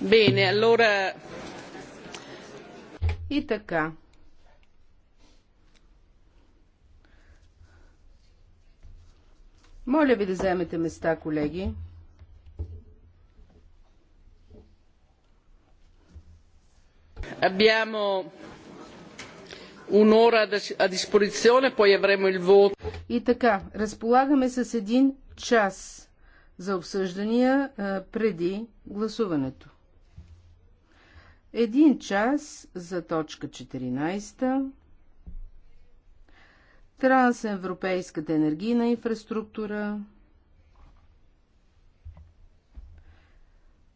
Bene, allora... И така. Моля ви да вземете места, колеги. Abbiamo un'ora a disposizione, poi avremo il voto. И така, разполагаме с един час за обсъждания преди гласуването. Един час за точка 14. Трансевропейската енергийна инфраструктура.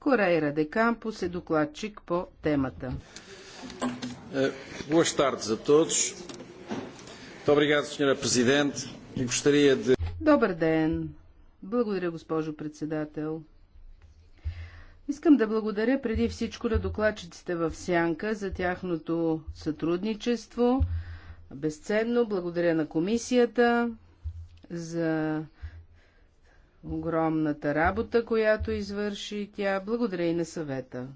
Корейра де Кампус е докладчик по темата. Boas tardes a todos. Muito obrigado, Sra. Presidente. Добър ден. Благодаря, госпожо председател. Искам да благодаря преди всичко на докладчиците в Сянка за тяхното сътрудничество. Безценно благодаря на комисията за огромната работа, която извърши тя. Благодаря и на съвета.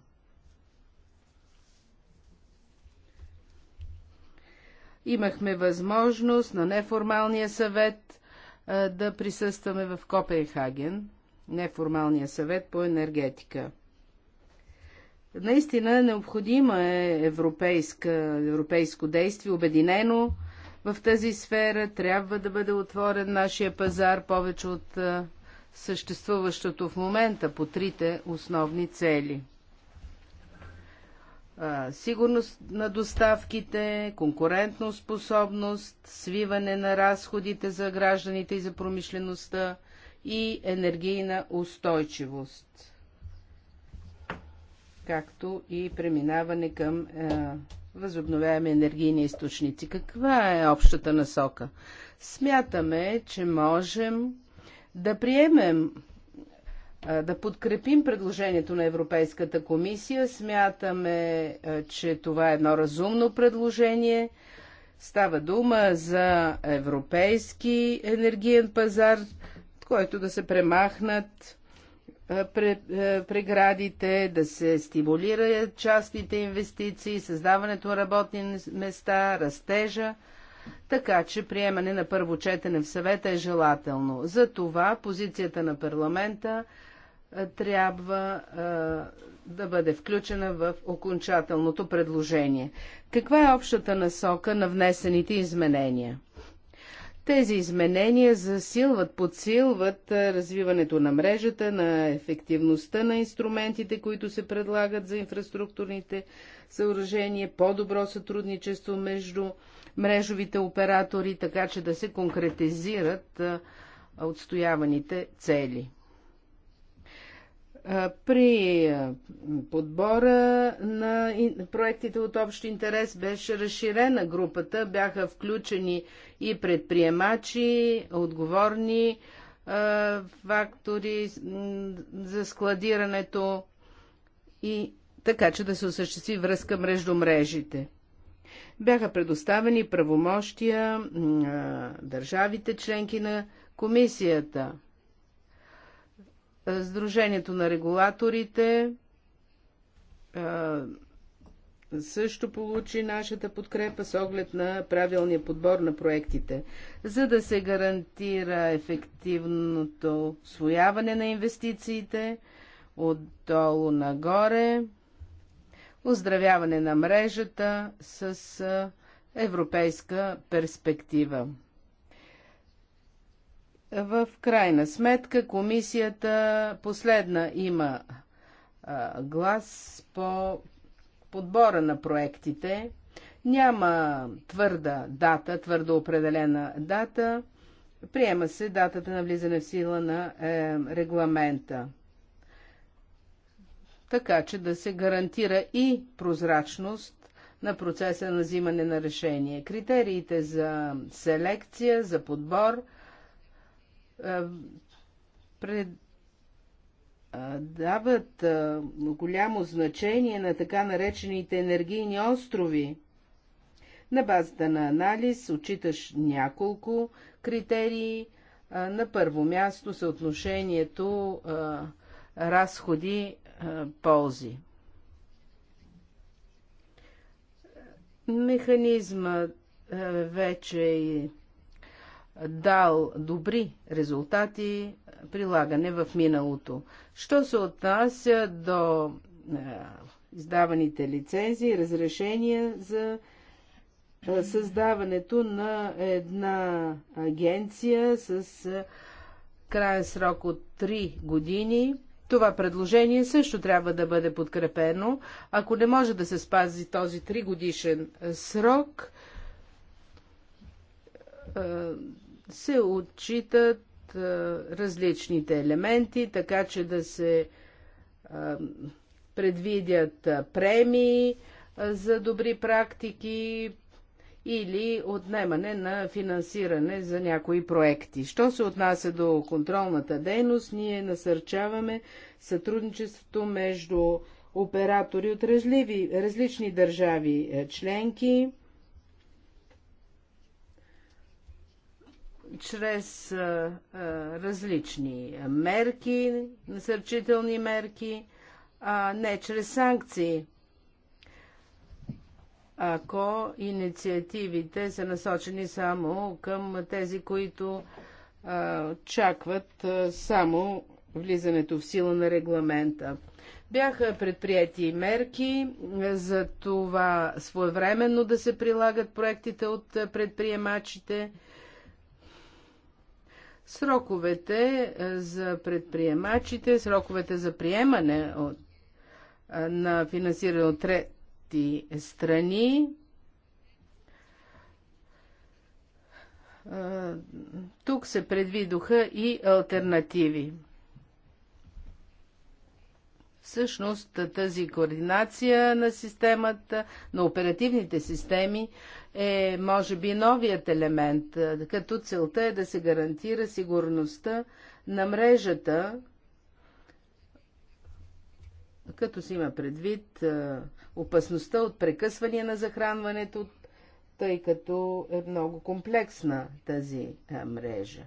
Имахме възможност на неформалния съвет да присъстваме в Копенхаген, неформалния съвет по енергетика. Наистина необходима е европейска, европейско действие, обединено в тази сфера. Трябва да бъде отворен нашия пазар повече от съществуващото в момента по трите основни цели. Сигурност на доставките, конкурентно способност, свиване на разходите за гражданите и за промишлеността и енергийна устойчивост както и преминаване към е, възобновяеми енергийни източници. Каква е общата насока? Смятаме, че можем да приемем, е, да подкрепим предложението на Европейската комисия. Смятаме, е, че това е едно разумно предложение. Става дума за европейски енергиен пазар, който да се премахнат преградите, да се стимулира частните инвестиции, създаването на работни места, растежа, така че приемане на първо четене в съвета е желателно. За това позицията на парламента трябва а, да бъде включена в окончателното предложение. Каква е общата насока на внесените изменения? Тези изменения засилват, подсилват развиването на мрежата, на ефективността на инструментите, които се предлагат за инфраструктурните съоръжения, по-добро сътрудничество между мрежовите оператори, така че да се конкретизират отстояваните цели. При подбора на проектите от общ интерес беше разширена групата, бяха включени и предприемачи, отговорни фактори за складирането и така, че да се осъществи връзка между мрежите. Бяха предоставени правомощия на държавите членки на комисията – е, Сдружението на регулаторите е, също получи нашата подкрепа с оглед на правилния подбор на проектите, за да се гарантира ефективното освояване на инвестициите отдолу нагоре, оздравяване на мрежата с е, европейска перспектива. В крайна сметка комисията последна има а, глас по подбора на проектите. Няма твърда дата, твърдо определена дата. Приема се датата на влизане в сила на е, регламента. Така че да се гарантира и прозрачност на процеса на взимане на решение. Критериите за селекция, за подбор – дават голямо значение на така наречените енергийни острови. На базата на анализ отчиташ няколко критерии. На първо място съотношението разходи-ползи. Механизма вече е дал добри резултати прилагане в миналото. Що се отнася до е, издаваните лицензии, разрешения за е, създаването на една агенция с е, крайен срок от 3 години. Това предложение също трябва да бъде подкрепено. Ако не може да се спази този 3 годишен срок, се отчитат различните елементи, така че да се предвидят премии за добри практики или отнемане на финансиране за някои проекти. Що се отнася до контролната дейност, ние насърчаваме сътрудничеството между оператори от различни държави е, членки, чрез а, а, различни мерки, насърчителни мерки, а не чрез санкции. Ако инициативите са насочени само към тези, които а, чакват а, само влизането в сила на регламента. Бяха предприяти мерки за това своевременно да се прилагат проектите от предприемачите – Сроковете е, за предприемачите, сроковете за приемане от, е, на финансиране от трети страни, е, тук се предвидоха и альтернативи. Всъщност тази координация на системата, на оперативните системи е, може би, новият елемент, е, като целта е да се гарантира сигурността на мрежата, като си има предвид е, опасността от прекъсване на захранването, тъй като е много комплексна тази е, мрежа.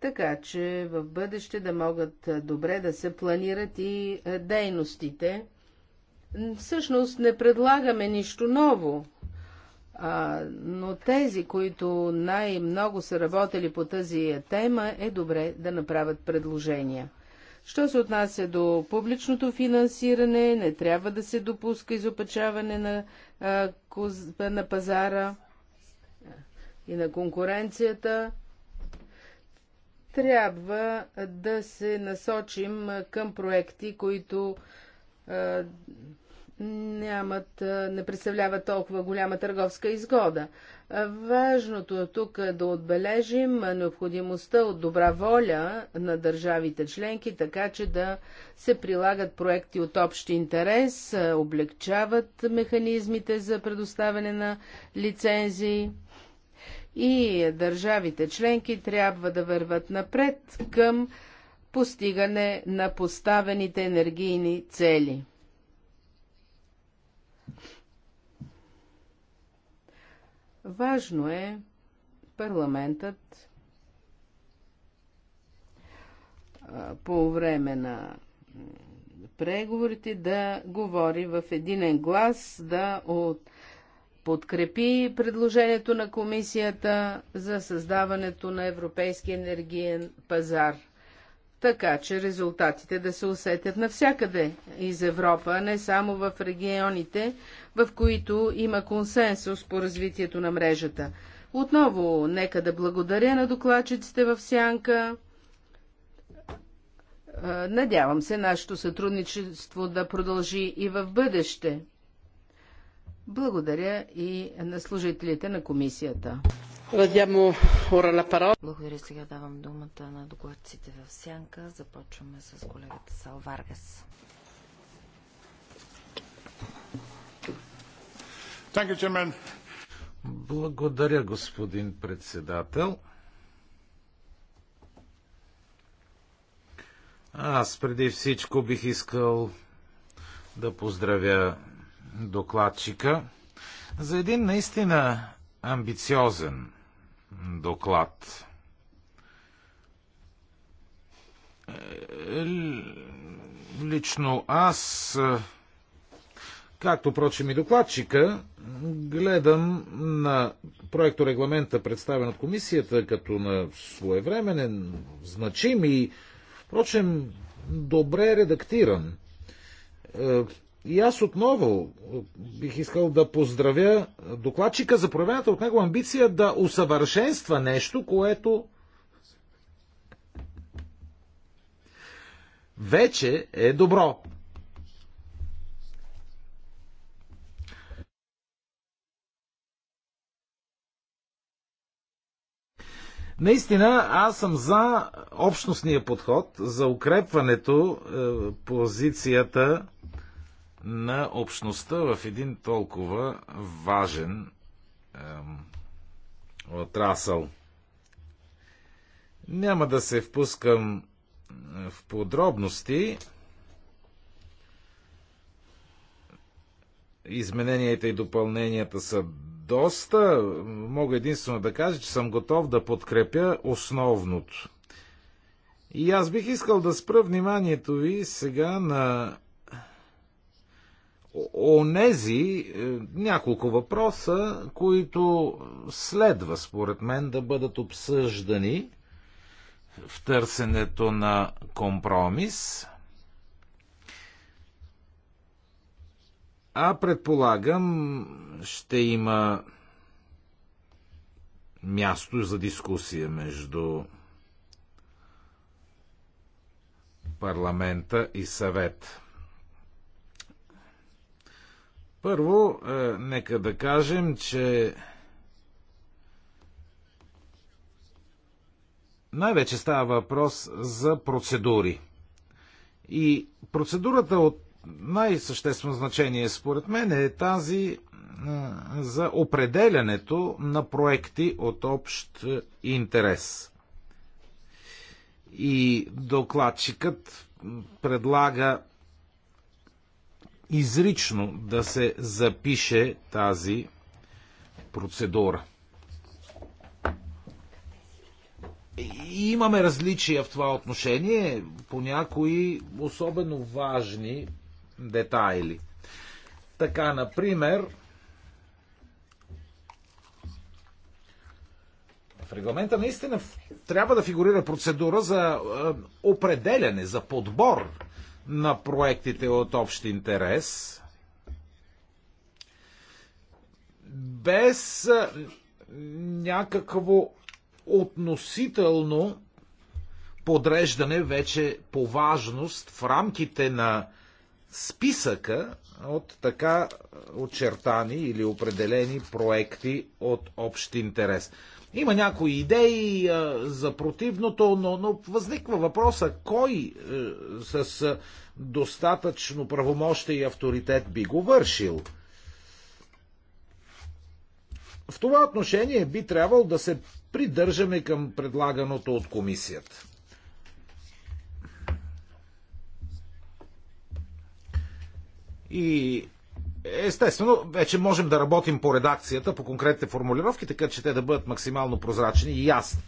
Така че в бъдеще да могат добре да се планират и дейностите. Всъщност не предлагаме нищо ново. А, но тези, които най-много са работили по тази тема, е добре да направят предложения. Що се отнася до публичното финансиране, не трябва да се допуска изопачаване на, а, коз... на пазара и на конкуренцията. Трябва да се насочим към проекти, които а, нямат, не представляват толкова голяма търговска изгода. Важното е тук е да отбележим необходимостта от добра воля на държавите членки, така че да се прилагат проекти от общ интерес, облегчават механизмите за предоставяне на лицензии и държавите членки трябва да върват напред към постигане на поставените енергийни цели. Важно е парламентът по време на преговорите да говори в единен глас, да от... подкрепи предложението на комисията за създаването на Европейски енергиен пазар – така че резултатите да се усетят навсякъде из Европа, не само в регионите, в които има консенсус по развитието на мрежата. Отново, нека да благодаря на докладчиците в Сянка. Надявам се нашето сътрудничество да продължи и в бъдеще. Благодаря и на служителите на комисията. Благодаря. Сега давам думата на докладците в Сянка. Започваме с колегата Салваргас. Благодаря, господин председател. Аз преди всичко бих искал да поздравя докладчика за един наистина амбициозен доклад. Е, лично аз, е, както прочим и докладчика, гледам на проекто регламента, представен от комисията, като на своевременен, значим и, прочим, добре редактиран е, и аз отново е, бих искал да поздравя докладчика за проявената от него амбиция да усъвършенства нещо, което вече е добро. Наистина, аз съм за общностния подход, за укрепването е, позицията на общността в един толкова важен ем, отрасъл. Няма да се впускам е, в подробности. Измененията и допълненията са доста. Мога единствено да кажа, че съм готов да подкрепя основното. И аз бих искал да спра вниманието ви сега на онези е, няколко въпроса, които следва, според мен, да бъдат обсъждани в търсенето на компромис. А предполагам, ще има място за дискусия между парламента и съвет. Първо, е, нека да кажем, че най-вече става въпрос за процедури. И процедурата от най-съществено значение, според мен, е тази е, за определянето на проекти от общ е, интерес. И докладчикът предлага изрично да се запише тази процедура. И имаме различия в това отношение по някои особено важни детайли. Така, например, в регламента наистина трябва да фигурира процедура за е, определяне, за подбор на проектите от общ интерес, без някакво относително подреждане вече по важност в рамките на списъка от така очертани или определени проекти от общ интерес. Има някои идеи а, за противното, но, но възниква въпроса кой а, е, с а, достатъчно правомощие и авторитет би го вършил. В това отношение би трябвало да се придържаме към предлаганото от комисията. И естествено, вече можем да работим по редакцията, по конкретните формулировки, така че те да бъдат максимално прозрачни и ясни.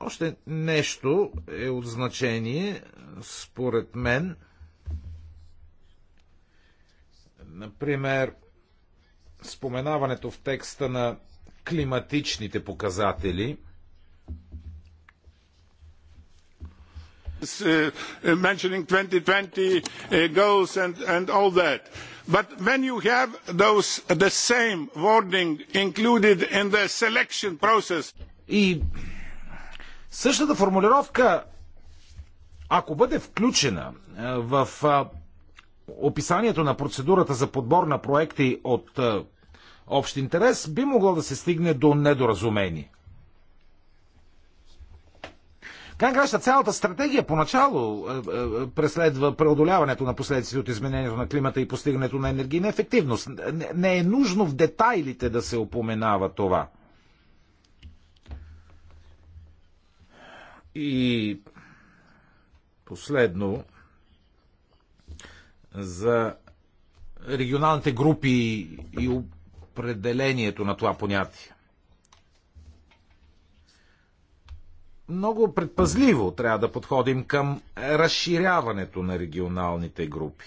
Още нещо е от значение, според мен. Например, споменаването в текста на климатичните показатели. Uh, uh, mentioning 2020 uh, goals and, and all that. But when you have those, the same wording included in the selection process... И същата формулировка, ако бъде включена е, в описанието на процедурата за подбор на проекти от общ интерес, би могло да се стигне до недоразумение. Как граща цялата стратегия поначало е, е, преследва преодоляването на последиците от изменението на климата и постигането на енергийна ефективност. Не, не е нужно в детайлите да се опоменава това. И последно за регионалните групи и определението на това понятие. Много предпазливо трябва да подходим към разширяването на регионалните групи.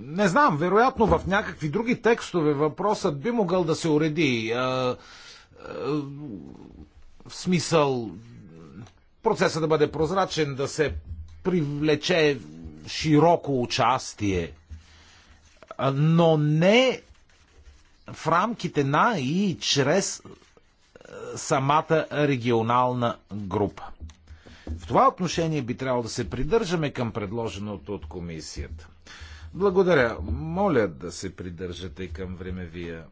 Не знам, вероятно в някакви други текстове въпросът би могъл да се уреди. в смисъл процесът да бъде прозрачен, да се привлече широко участие, но не в рамките на и чрез самата регионална група. В това отношение би трябвало да се придържаме към предложеното от комисията. Благодаря. Моля да се придържате към времевия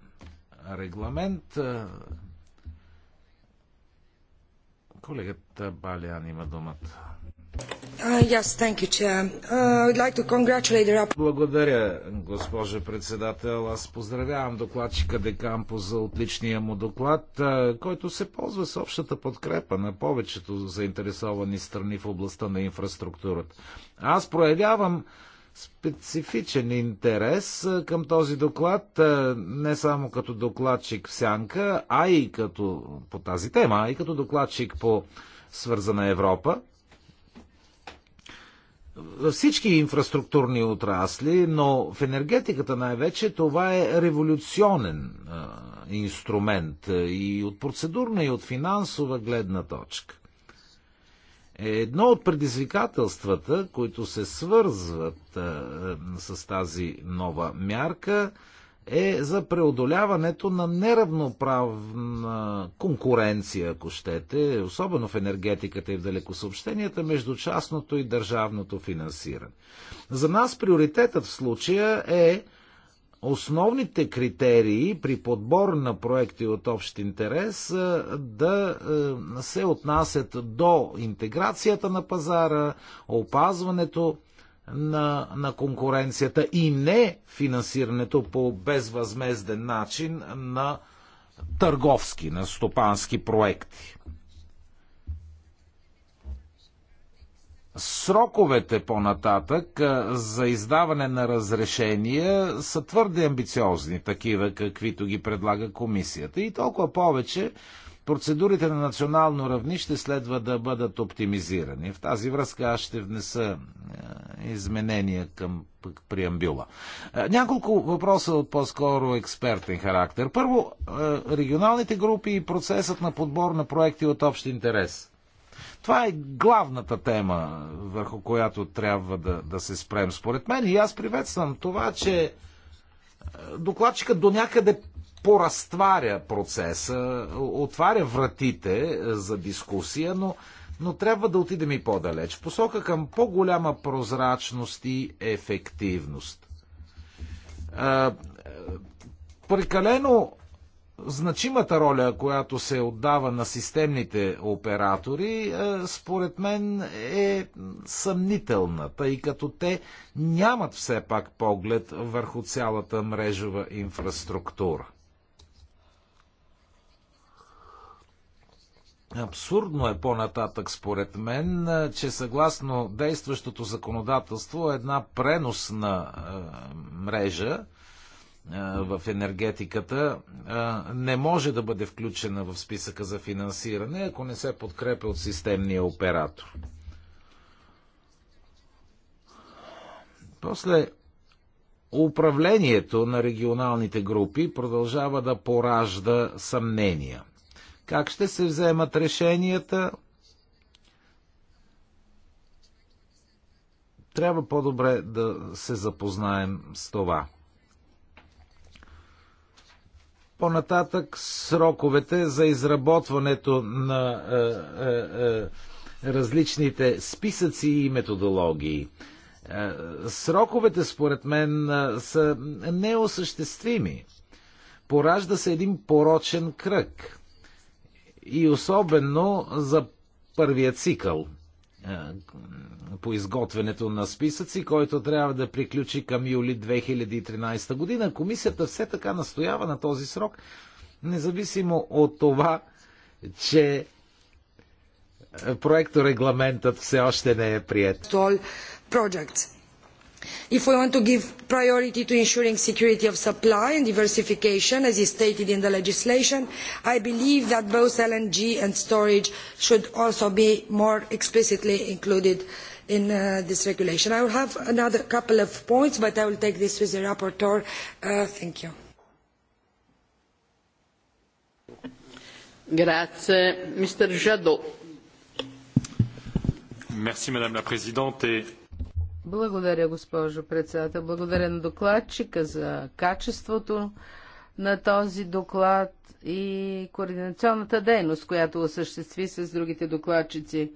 регламент. Колегата Балиан има думата. Uh, yes, you, uh, like the... Благодаря, госпожо председател. Аз поздравявам докладчика Декампо за отличния му доклад, uh, който се ползва с общата подкрепа на повечето заинтересовани страни в областта на инфраструктурата. Аз проявявам специфичен интерес към този доклад, не само като докладчик в Сянка, а и като по тази тема, а и като докладчик по свързана Европа. всички инфраструктурни отрасли, но в енергетиката най-вече това е революционен инструмент и от процедурна, и от финансова гледна точка. Е едно от предизвикателствата, които се свързват с тази нова мярка, е за преодоляването на неравноправна конкуренция, ако щете, особено в енергетиката и в далекосъобщенията, между частното и държавното финансиране. За нас приоритетът в случая е основните критерии при подбор на проекти от общ интерес да се отнасят до интеграцията на пазара, опазването на, на конкуренцията и не финансирането по безвъзмезден начин на търговски, на стопански проекти. Сроковете по-нататък за издаване на разрешения са твърде амбициозни, такива каквито ги предлага комисията. И толкова повече процедурите на национално равнище следва да бъдат оптимизирани. В тази връзка аз ще внеса изменения към преамбюла. Няколко въпроса от по-скоро експертен характер. Първо, регионалните групи и процесът на подбор на проекти от общ интерес – това е главната тема, върху която трябва да, да се спрем, според мен. И аз приветствам това, че е, докладчика до някъде поразтваря процеса, отваря вратите е, за дискусия, но, но трябва да отидем и по-далеч. Посока към по-голяма прозрачност и ефективност. Е, прекалено значимата роля, която се отдава на системните оператори, е, според мен е съмнителна, тъй като те нямат все пак поглед върху цялата мрежова инфраструктура. Абсурдно е по-нататък, според мен, е, че съгласно действащото законодателство една преносна е, мрежа, в енергетиката не може да бъде включена в списъка за финансиране, ако не се подкрепя от системния оператор. После управлението на регионалните групи продължава да поражда съмнения. Как ще се вземат решенията? Трябва по-добре да се запознаем с това. По-нататък сроковете за изработването на е, е, е, различните списъци и методологии. Е, сроковете, според мен, е, са неосъществими. Поражда се един порочен кръг. И особено за първия цикъл – е, по изготвянето на списъци, който трябва да приключи към юли 2013 година. Комисията все така настоява на този срок, независимо от това, че е, проекторегламентът все още не е прият if we want to give priority to ensuring security of supply and diversification as is stated in the legislation i believe that both lng and storage should also be more explicitly included in this regulation. i have another couple of points but i will take this with the rapporteur. thank you. madame la présidente благодаря, госпожо председател. Благодаря на докладчика за качеството на този доклад и координационната дейност, която осъществи с другите докладчици.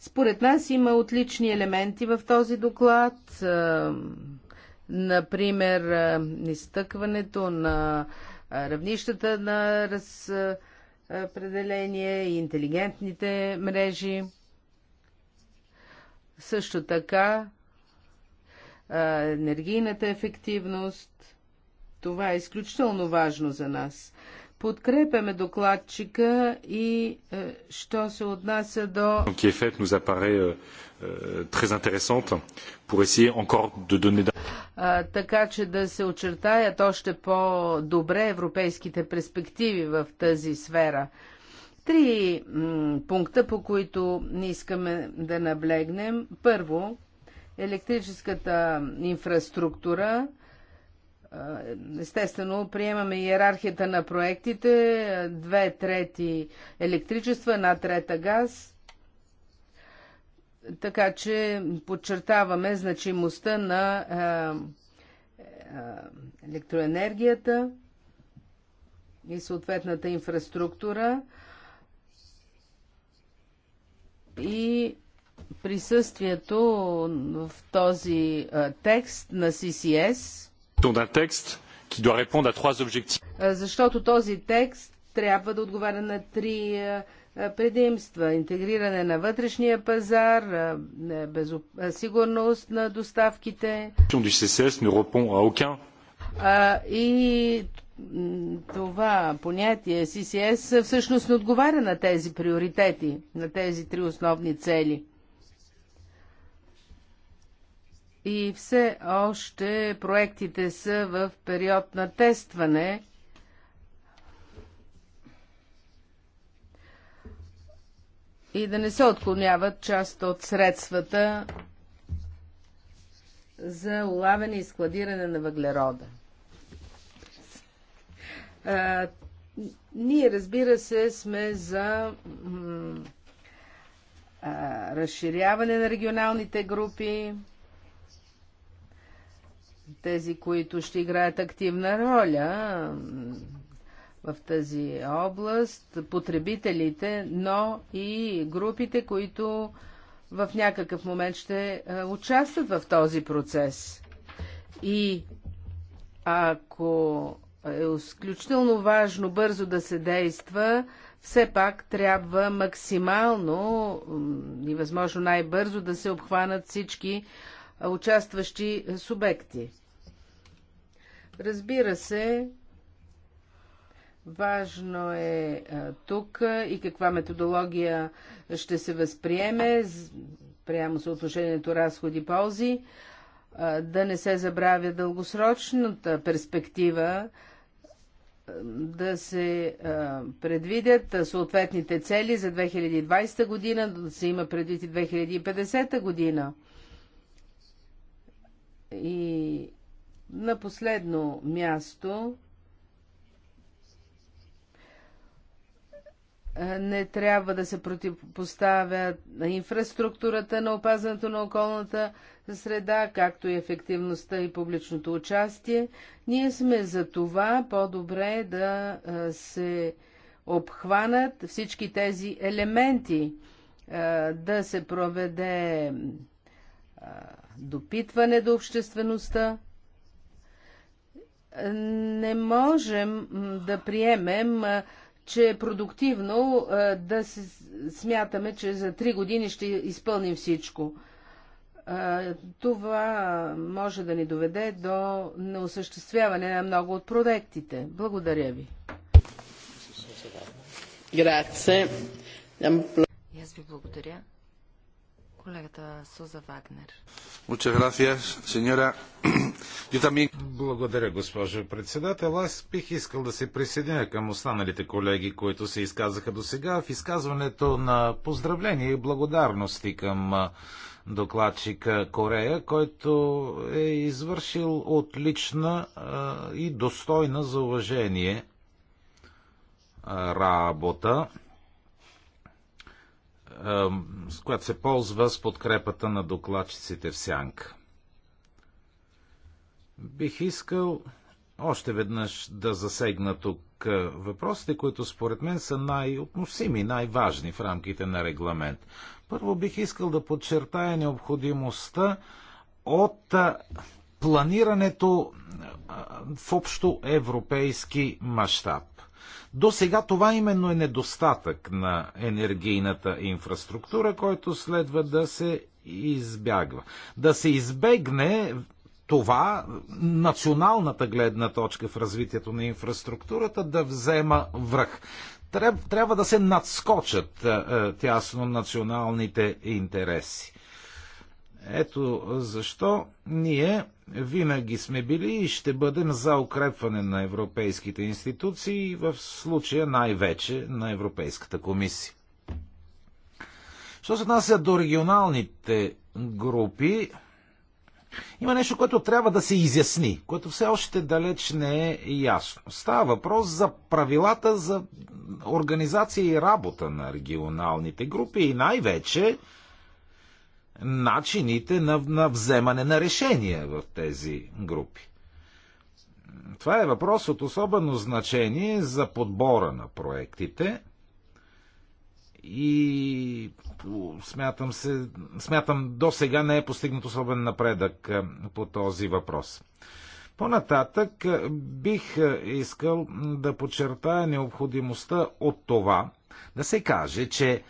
Според нас има отлични елементи в този доклад. Например, изтъкването на равнищата на разпределение и интелигентните мрежи. Също така енергийната ефективност. Това е изключително важно за нас. Подкрепяме докладчика и е, що се отнася до... Euh, euh, така че да се очертаят още по-добре европейските перспективи в тази сфера. Три пункта, по които не искаме да наблегнем. Първо, електрическата инфраструктура. Естествено, приемаме иерархията на проектите. Две трети електричество, една трета газ. Така че подчертаваме значимостта на електроенергията и съответната инфраструктура. И присъствието в този текст на CCS. Защото този текст трябва да отговаря на три предимства. Интегриране на вътрешния пазар, сигурност на доставките. И това понятие CCS всъщност не отговаря на тези приоритети, на тези три основни цели. и все още проектите са в период на тестване. И да не се отклоняват част от средствата за улавяне и складиране на въглерода. А, ние, разбира се, сме за а, разширяване на регионалните групи, тези, които ще играят активна роля в тази област, потребителите, но и групите, които в някакъв момент ще е, участват в този процес. И ако е изключително важно бързо да се действа, все пак трябва максимално и възможно най-бързо да се обхванат всички участващи субекти. Разбира се, важно е тук и каква методология ще се възприеме прямо съотношението разходи-ползи, да не се забравя дългосрочната перспектива, да се предвидят съответните цели за 2020 година, да се има предвид и 2050 година. И на последно място е, не трябва да се противопоставя инфраструктурата на опазването на околната среда, както и ефективността и публичното участие. Ние сме за това по-добре да е, се обхванат всички тези елементи, е, да се проведе допитване до обществеността, не можем да приемем, че е продуктивно да смятаме, че за три години ще изпълним всичко. Това може да ни доведе до неосъществяване на много от проектите. Благодаря ви. Аз ви благодаря. Колегата Суза Вагнер. Благодаря, госпожо председател. Аз бих искал да се присъединя към останалите колеги, които се изказаха до сега в изказването на поздравления и благодарности към докладчика Корея, който е извършил отлична и достойна за уважение работа с която се ползва с подкрепата на докладчиците в Сянка. Бих искал още веднъж да засегна тук въпросите, които според мен са най-относими, най-важни в рамките на регламент. Първо бих искал да подчертая необходимостта от планирането в общо европейски мащаб. До сега това именно е недостатък на енергийната инфраструктура, който следва да се избягва. Да се избегне това националната гледна точка в развитието на инфраструктурата да взема връх. трябва да се надскочат е, е, тясно националните интереси. Ето защо ние винаги сме били и ще бъдем за укрепване на европейските институции и в случая най-вече на Европейската комисия. Що се отнася до регионалните групи, има нещо, което трябва да се изясни, което все още далеч не е ясно. Става въпрос за правилата за организация и работа на регионалните групи и най-вече начините на, на вземане на решения в тези групи. Това е въпрос от особено значение за подбора на проектите и смятам, се, смятам до сега не е постигнат особен напредък е, по този въпрос. По-нататък е, бих е, искал да подчертая необходимостта от това да се каже, че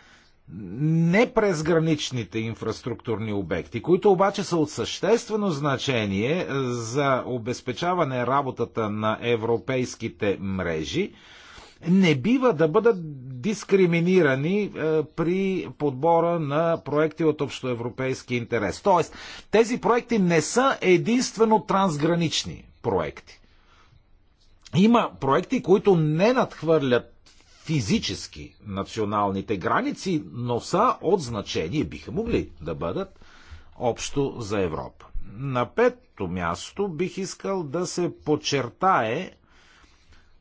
не през граничните инфраструктурни обекти, които обаче са от съществено значение за обезпечаване работата на европейските мрежи, не бива да бъдат дискриминирани е, при подбора на проекти от общоевропейски интерес. Тоест, тези проекти не са единствено трансгранични проекти. Има проекти, които не надхвърлят физически националните граници, но са от значение, биха могли да бъдат общо за Европа. На пето място бих искал да се подчертае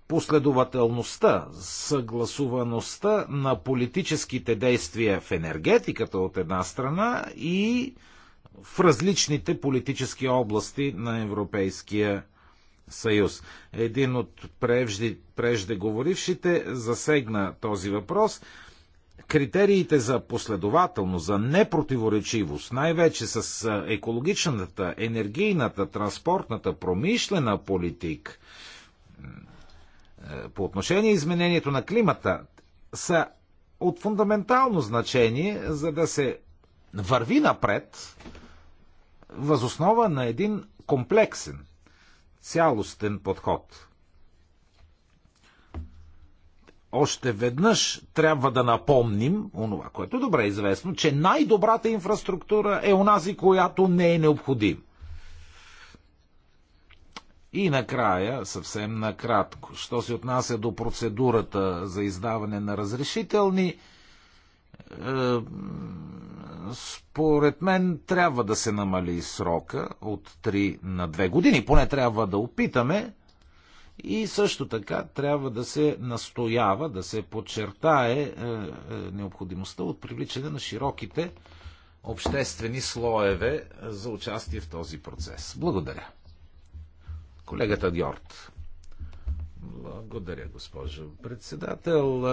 последователността, съгласуваността на политическите действия в енергетиката от една страна и в различните политически области на Европейския съюз. Един от прежде, преждеговорившите засегна този въпрос. Критериите за последователност, за непротиворечивост, най-вече с екологичната, енергийната, транспортната, промишлена политика, е, по отношение изменението на климата, са от фундаментално значение, за да се върви напред възоснова на един комплексен цялостен подход. Още веднъж трябва да напомним онова, което е добре известно, че най-добрата инфраструктура е онази, която не е необходима. И накрая, съвсем накратко, що се отнася до процедурата за издаване на разрешителни, е, според мен трябва да се намали срока от 3 на 2 години, поне трябва да опитаме и също така трябва да се настоява, да се подчертае е, е, необходимостта от привличане на широките обществени слоеве за участие в този процес. Благодаря. Колегата Дьорд. Благодаря, госпожо председател.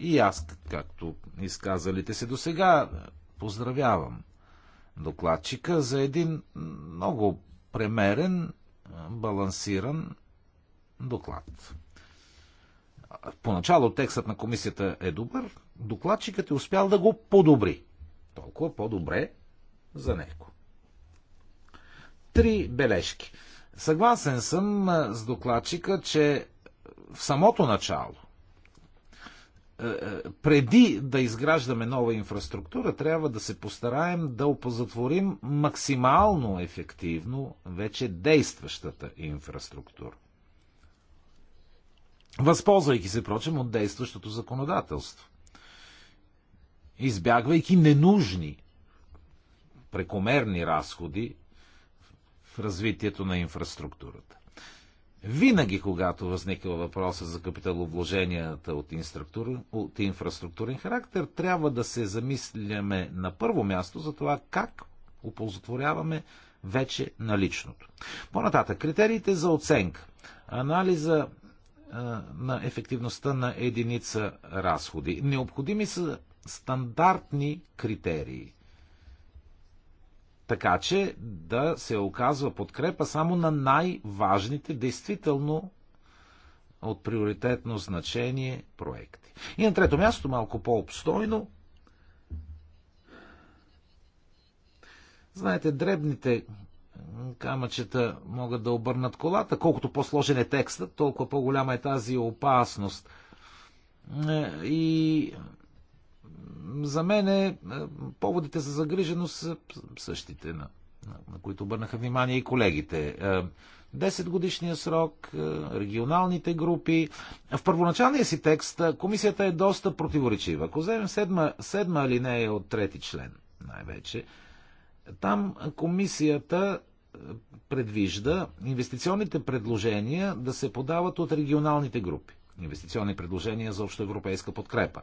И аз, както изказалите се до сега, поздравявам докладчика за един много премерен, балансиран доклад. Поначало текстът на комисията е добър, докладчикът е успял да го подобри. Толкова по-добре за него. Три бележки. Съгласен съм с докладчика, че в самото начало е, е, преди да изграждаме нова инфраструктура, трябва да се постараем да опозатворим максимално ефективно вече действащата инфраструктура. Възползвайки се, прочим, от действащото законодателство. Избягвайки ненужни, прекомерни разходи в развитието на инфраструктурата. Винаги, когато възниква въпроса за капиталовложенията от, от инфраструктурен характер, трябва да се замисляме на първо място за това как оползотворяваме вече наличното. По-нататък, критериите за оценка. Анализа на ефективността на единица разходи. Необходими са стандартни критерии така че да се оказва подкрепа само на най-важните, действително от приоритетно значение проекти. И на трето място, малко по-обстойно, знаете, дребните камъчета могат да обърнат колата. Колкото по-сложен е текстът, толкова по-голяма е тази опасност. Е, и за мен е, е, поводите за загриженост са същите, на, на които обърнаха внимание и колегите. 10 е, годишния срок, е, регионалните групи. В първоначалния си текст комисията е доста противоречива. Ако вземем седма, седма алинея от трети член, най-вече, там комисията предвижда инвестиционните предложения да се подават от регионалните групи. Инвестиционни предложения за общоевропейска подкрепа.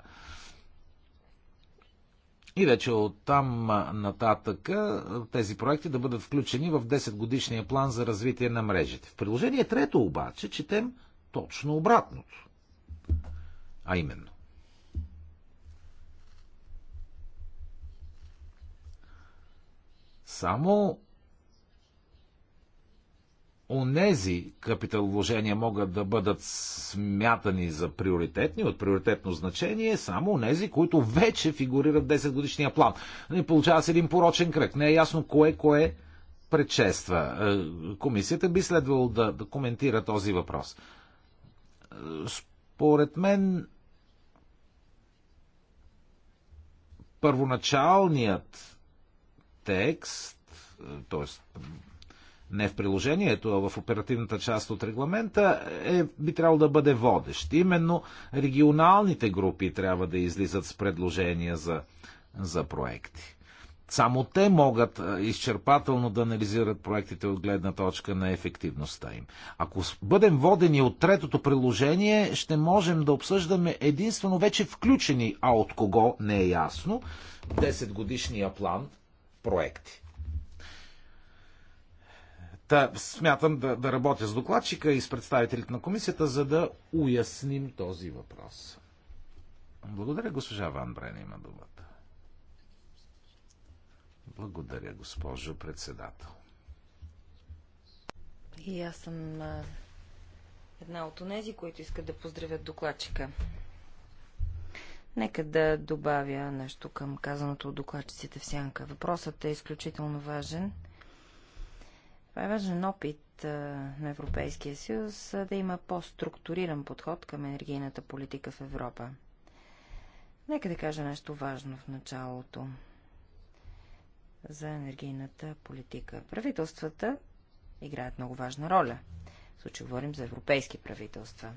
И вече от там нататък тези проекти да бъдат включени в 10-годишния план за развитие на мрежите. В приложение трето обаче четем точно обратното. А именно. Само онези вложения могат да бъдат смятани за приоритетни, от приоритетно значение, само онези, които вече фигурират 10 годишния план. Не нали, получава се един порочен кръг. Не е ясно кое кое предшества. Е, комисията би следвало да, да коментира този въпрос. Е, според мен първоначалният текст, е, т.е не в приложението, а в оперативната част от регламента, е, би трябвало да бъде водещ. Именно регионалните групи трябва да излизат с предложения за, за проекти. Само те могат изчерпателно да анализират проектите от гледна точка на ефективността им. Ако бъдем водени от третото приложение, ще можем да обсъждаме единствено вече включени, а от кого не е ясно, 10 годишния план проекти. Та, смятам да, да работя с докладчика и с представителите на комисията, за да уясним този въпрос. Благодаря, госпожа Ван Брена има думата. Благодаря, госпожо председател. И аз съм а, една от онези, които искат да поздравят докладчика. Нека да добавя нещо към казаното от докладчиците в сянка. Въпросът е изключително важен – това е важен опит на Европейския съюз да има по-структуриран подход към енергийната политика в Европа. Нека да кажа нещо важно в началото за енергийната политика. Правителствата играят много важна роля. В случай говорим за европейски правителства.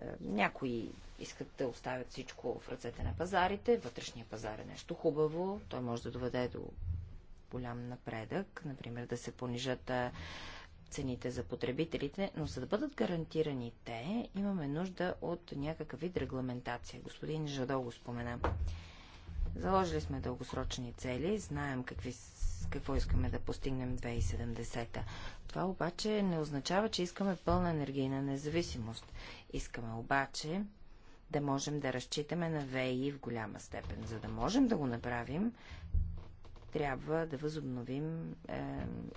Е, някои искат да оставят всичко в ръцете на пазарите. Вътрешния пазар е нещо хубаво. Той може да доведе до голям напредък, например да се понижат цените за потребителите, но за да бъдат гарантирани те, имаме нужда от някакъв вид регламентация. Господин Жадол го спомена. Заложили сме дългосрочни цели, знаем какви, какво искаме да постигнем 2070-та. Това обаче не означава, че искаме пълна енергийна независимост. Искаме обаче да можем да разчитаме на ВЕИ в голяма степен. За да можем да го направим, трябва да възобновим е,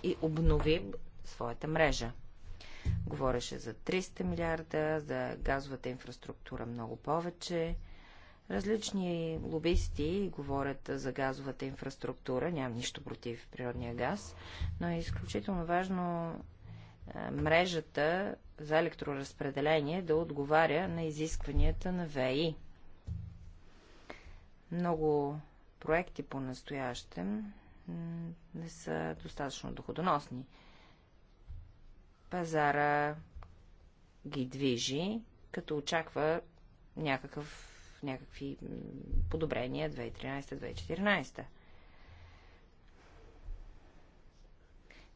и обновим своята мрежа. Говореше за 300 милиарда, за газовата инфраструктура много повече. Различни лобисти говорят за газовата инфраструктура, нямам нищо против природния газ, но е изключително важно е, мрежата за електроразпределение да отговаря на изискванията на ВИ. Много проекти по-настоящем не са достатъчно доходоносни. Пазара ги движи, като очаква някакъв, някакви подобрения 2013-2014.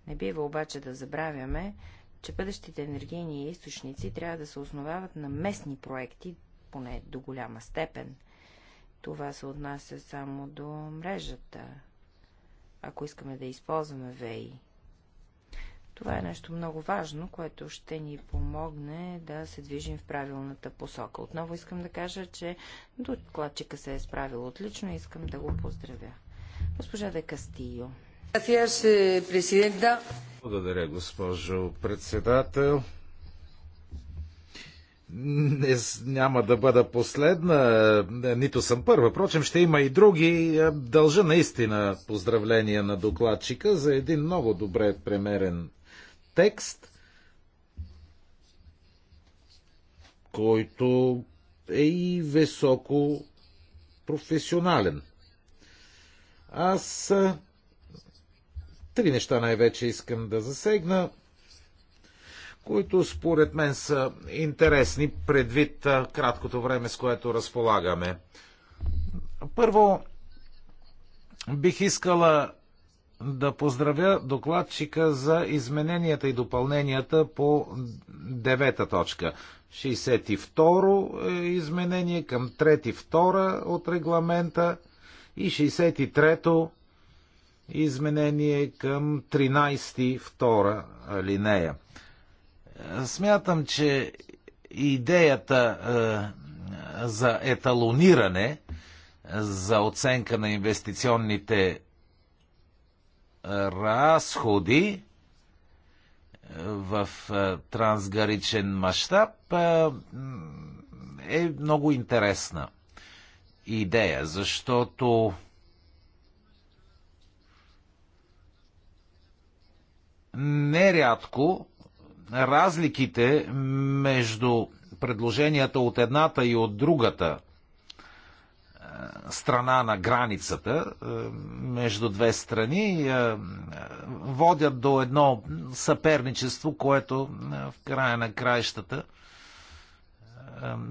Не бива обаче да забравяме, че бъдещите енергийни източници трябва да се основават на местни проекти, поне до голяма степен – това се отнася само до мрежата, ако искаме да използваме ВЕИ. Това е нещо много важно, което ще ни помогне да се движим в правилната посока. Отново искам да кажа, че докладчика се е справил отлично и искам да го поздравя. Госпожа Де Кастио. Eh, Благодаря, госпожо председател не, няма да бъда последна, е, нито съм първа. Впрочем, ще има и други. Е, дължа наистина поздравления на докладчика за един много добре премерен текст, който е и високо професионален. Аз е, три неща най-вече искам да засегна които според мен са интересни предвид краткото време, с което разполагаме. Първо, бих искала да поздравя докладчика за измененията и допълненията по девета точка. 62 е, изменение към 3-2 от регламента и 63-то изменение към 13-2 линея. Смятам, че идеята е, за еталониране, за оценка на инвестиционните е, разходи е, в трансгаричен мащаб е много интересна идея, защото нерядко разликите между предложенията от едната и от другата е, страна на границата е, между две страни е, водят до едно съперничество, което в края на краищата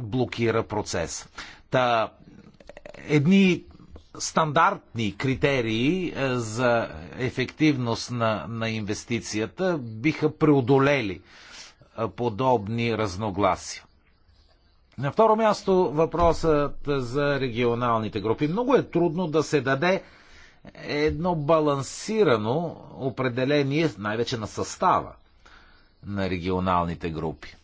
блокира процес. Та едни стандартни критерии е, за ефективност на, на инвестицията биха преодолели е, подобни разногласия. На второ място въпросът за регионалните групи. Много е трудно да се даде едно балансирано определение, най-вече на състава на регионалните групи.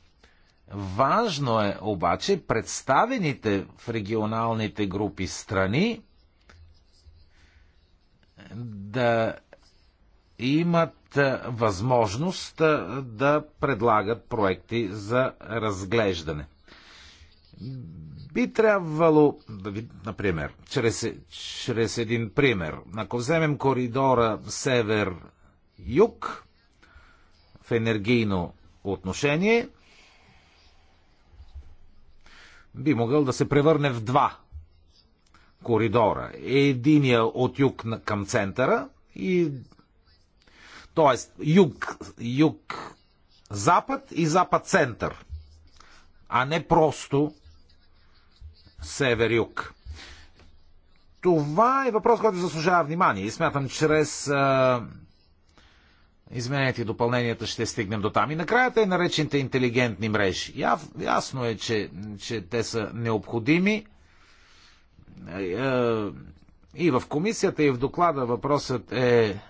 Важно е обаче представените в регионалните групи страни да имат възможност да предлагат проекти за разглеждане. Би трябвало, например, чрез, чрез един пример, ако вземем коридора север-юг в енергийно отношение, би могъл да се превърне в два коридора. Единия от юг към центъра и Тоест, юг, юг, запад и запад център. А не просто север-юг. Това е въпрос, който заслужава внимание. И смятам, чрез а, измененията и допълненията ще стигнем до там. И накрая те наречените интелигентни мрежи. Яв, ясно е, че, че те са необходими е, и в комисията, и в доклада въпросът е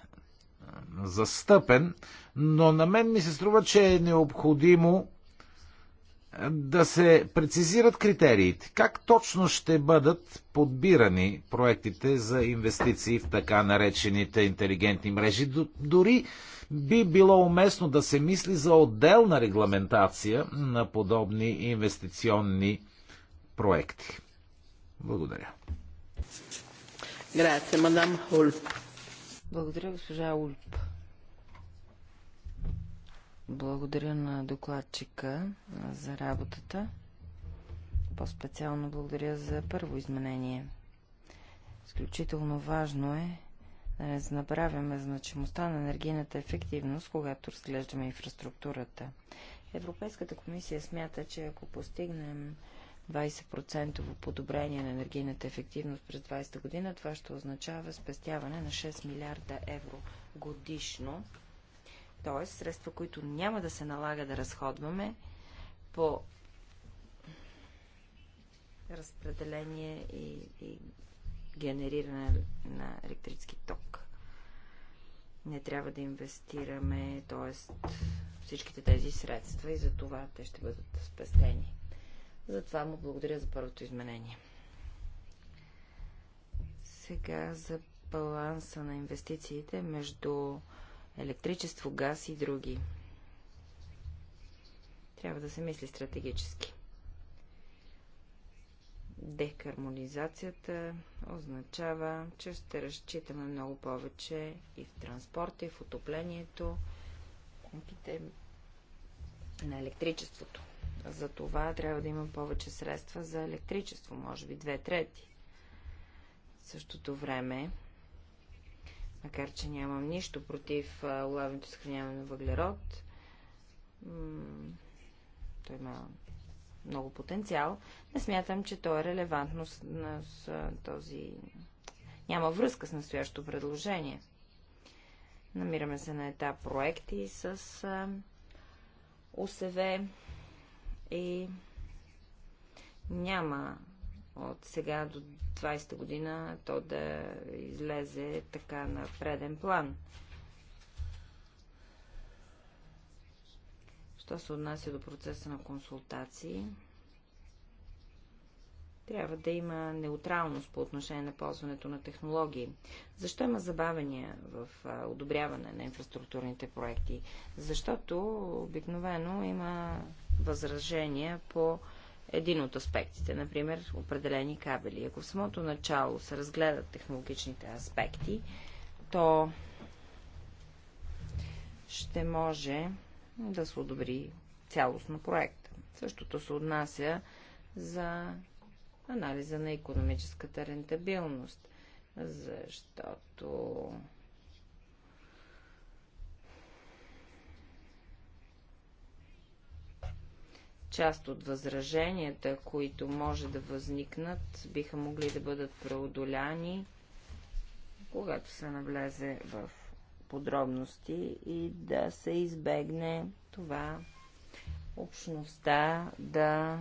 застъпен, но на мен ми се струва, че е необходимо да се прецизират критериите. Как точно ще бъдат подбирани проектите за инвестиции в така наречените интелигентни мрежи? Дори би било уместно да се мисли за отделна регламентация на подобни инвестиционни проекти. Благодаря. Грация, мадам Ульп. Благодаря, госпожа Ульп. Благодаря на докладчика за работата. По-специално благодаря за първо изменение. Изключително важно е да не забравяме значимостта на енергийната ефективност, когато разглеждаме инфраструктурата. Европейската комисия смята, че ако постигнем 20% подобрение на енергийната ефективност през 2020 година, това ще означава спестяване на 6 милиарда евро годишно, т.е. средства, които няма да се налага да разходваме по разпределение и, и генериране на електрически ток. Не трябва да инвестираме, т.е. всичките тези средства и за това те ще бъдат спестени. Затова му благодаря за първото изменение. Сега за баланса на инвестициите между електричество, газ и други. Трябва да се мисли стратегически. Декармонизацията означава, че ще разчитаме много повече и в транспорта, и в отоплението, помпите на електричеството. За това трябва да има повече средства за електричество, може би две трети. В същото време, макар че нямам нищо против улавното съхраняване на въглерод, той има много потенциал, не смятам, че то е релевантно с, на, с този... Няма връзка с настоящото предложение. Намираме се на етап проекти с а, ОСВ и няма от сега до 20-та година то да излезе така на преден план. Що се отнася до процеса на консултации, трябва да има неутралност по отношение на ползването на технологии. Защо има забавения в одобряване на инфраструктурните проекти? Защото обикновено има възражения по един от аспектите, например определени кабели. Ако в самото начало се разгледат технологичните аспекти, то ще може да се одобри цялостно проекта. Същото се отнася за анализа на економическата рентабилност, защото Част от възраженията, които може да възникнат, биха могли да бъдат преодоляни, когато се навлезе в подробности и да се избегне това общността да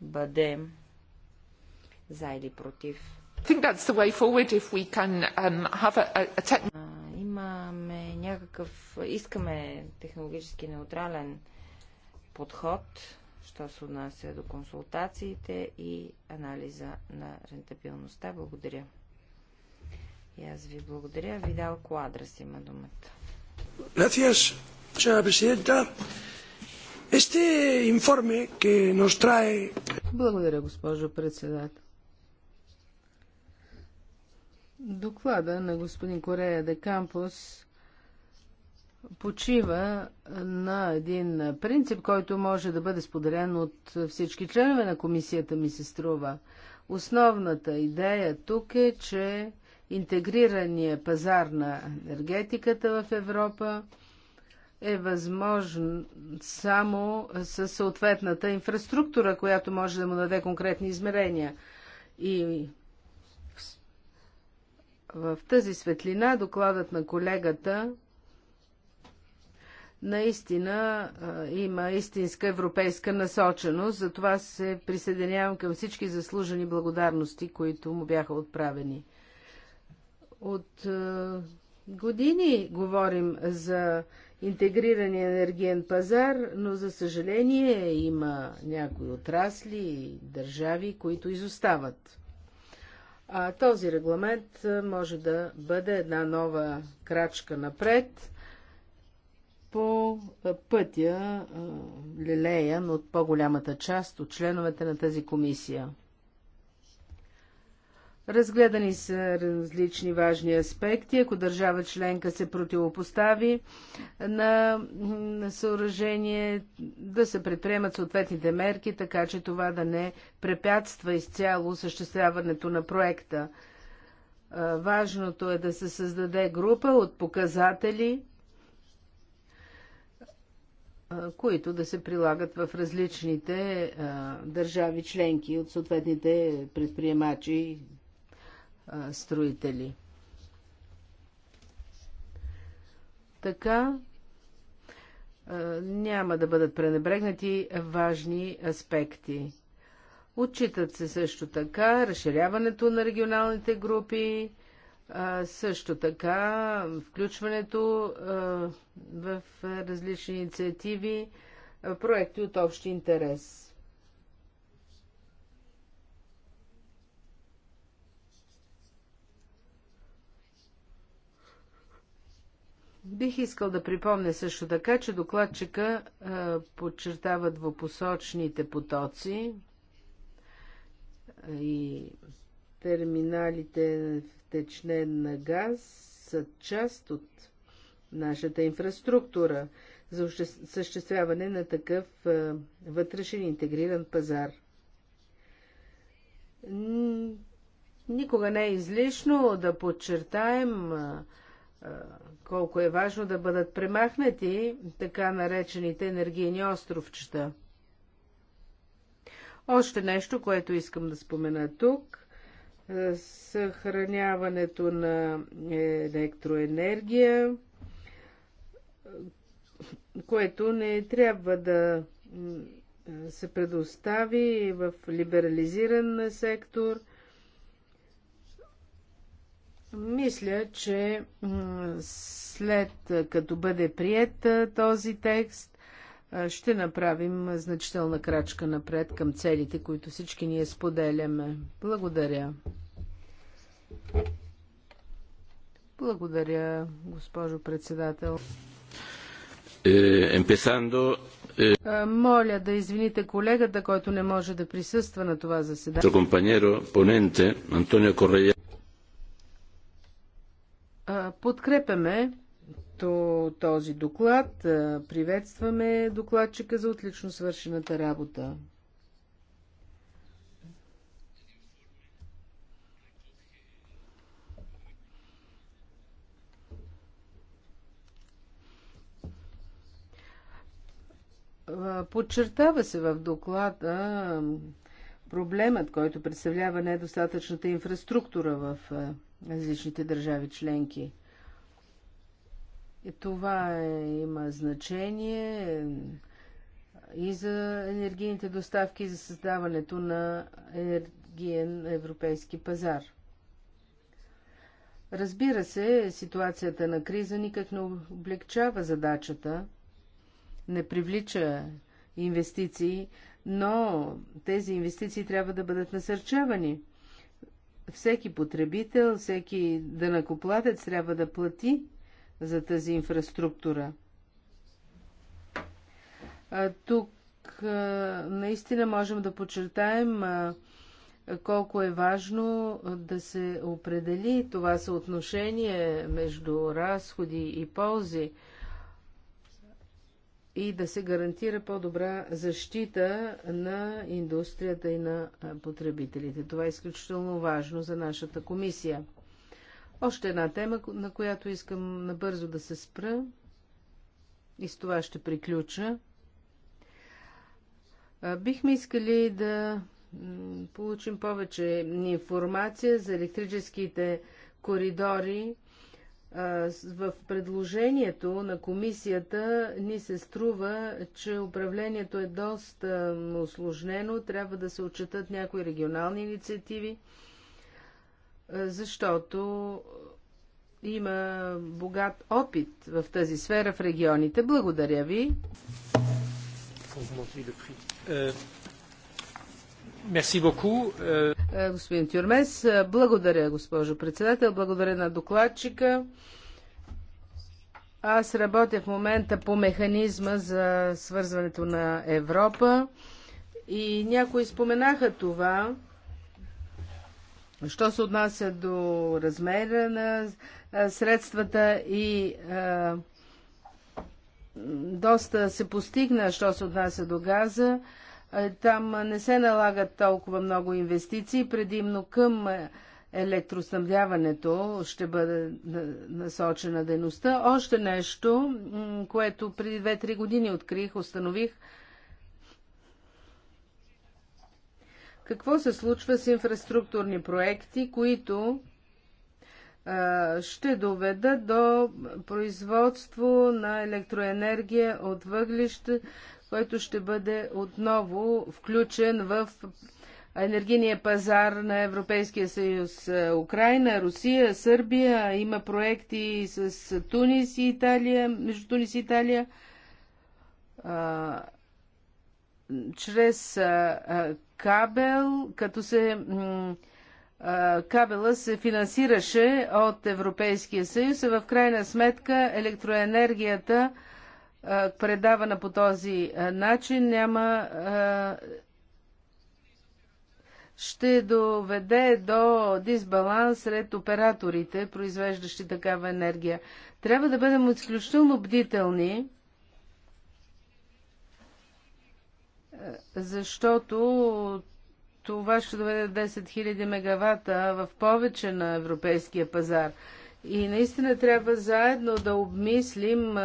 бъде за или против. I think that's the way forward if we can um, have a, a, a някакъв, искаме технологически неутрален подход, що се отнася до консултациите и анализа на рентабилността. Благодаря. И аз ви благодаря. Видал Куадрас има думата. Gracias, señora presidenta. Este informe que nos trae... Благодаря, госпожо председател. Доклада на господин Корея де Кампус почива на един принцип, който може да бъде споделен от всички членове на комисията, ми се струва. Основната идея тук е, че интегрирания пазар на енергетиката в Европа е възможен само със съответната инфраструктура, която може да му даде конкретни измерения. И в тази светлина докладът на колегата наистина има истинска европейска насоченост, затова се присъединявам към всички заслужени благодарности, които му бяха отправени. От години говорим за интегрирания енергиен пазар, но за съжаление има някои отрасли и държави, които изостават. А този регламент може да бъде една нова крачка напред – по пътя, лелеян от по-голямата част от членовете на тази комисия. Разгледани са различни важни аспекти. Ако държава членка се противопостави на, съоръжение, да се предприемат съответните мерки, така че това да не препятства изцяло съществяването на проекта. Важното е да се създаде група от показатели, които да се прилагат в различните държави членки от съответните предприемачи и строители. Така няма да бъдат пренебрегнати важни аспекти. Отчитат се също така разширяването на регионалните групи, също така, включването в различни инициативи, проекти от общи интерес. Бих искал да припомня също така, че докладчика подчертава двупосочните потоци и терминалите в течнен на газ са част от нашата инфраструктура за съществяване на такъв вътрешен интегриран пазар. Никога не е излишно да подчертаем колко е важно да бъдат премахнати така наречените енергийни островчета. Още нещо, което искам да спомена тук – е, съхраняването на електроенергия, което не трябва да се предостави в либерализиран сектор. Мисля, че след като бъде прият този текст, ще направим значителна крачка напред към целите, които всички ние споделяме. Благодаря. Благодаря, госпожо председател. Е, емпесандо... Е... Моля да извините колегата, който не може да присъства на това заседание. Компаньеро, поненте, Антонио Подкрепяме проекто този доклад. Приветстваме докладчика за отлично свършената работа. Подчертава се в доклада проблемът, който представлява недостатъчната инфраструктура в различните държави членки – това е, има значение и за енергийните доставки, и за създаването на енергиен европейски пазар. Разбира се, ситуацията на криза никак не облегчава задачата, не привлича инвестиции, но тези инвестиции трябва да бъдат насърчавани. Всеки потребител, всеки дънакоплатец трябва да плати за тази инфраструктура. Тук наистина можем да подчертаем колко е важно да се определи това съотношение между разходи и ползи и да се гарантира по-добра защита на индустрията и на потребителите. Това е изключително важно за нашата комисия. Още една тема, на която искам набързо да се спра и с това ще приключа. Бихме искали да получим повече информация за електрическите коридори. В предложението на комисията ни се струва, че управлението е доста осложнено, трябва да се отчитат някои регионални инициативи защото има богат опит в тази сфера в регионите. Благодаря ви. Е, господин Тюрмес, благодаря, госпожо председател, благодаря на докладчика. Аз работя в момента по механизма за свързването на Европа и някои споменаха това. Що се отнася до размера на средствата и а, доста се постигна, що се отнася до газа. Там не се налагат толкова много инвестиции, предимно към електроснабдяването ще бъде насочена дейността. Още нещо, което преди 2-3 години открих, установих, Какво се случва с инфраструктурни проекти, които ще доведат до производство на електроенергия от въглища, който ще бъде отново включен в енергийния пазар на Европейския съюз. Украина, Русия, Сърбия, има проекти с Тунис и Италия, между Тунис и Италия чрез кабел, като се кабела се финансираше от Европейския съюз, а в крайна сметка електроенергията предавана по този начин няма ще доведе до дисбаланс сред операторите, произвеждащи такава енергия. Трябва да бъдем изключително бдителни защото това ще доведе 10 000 мегавата в повече на европейския пазар. И наистина трябва заедно да обмислим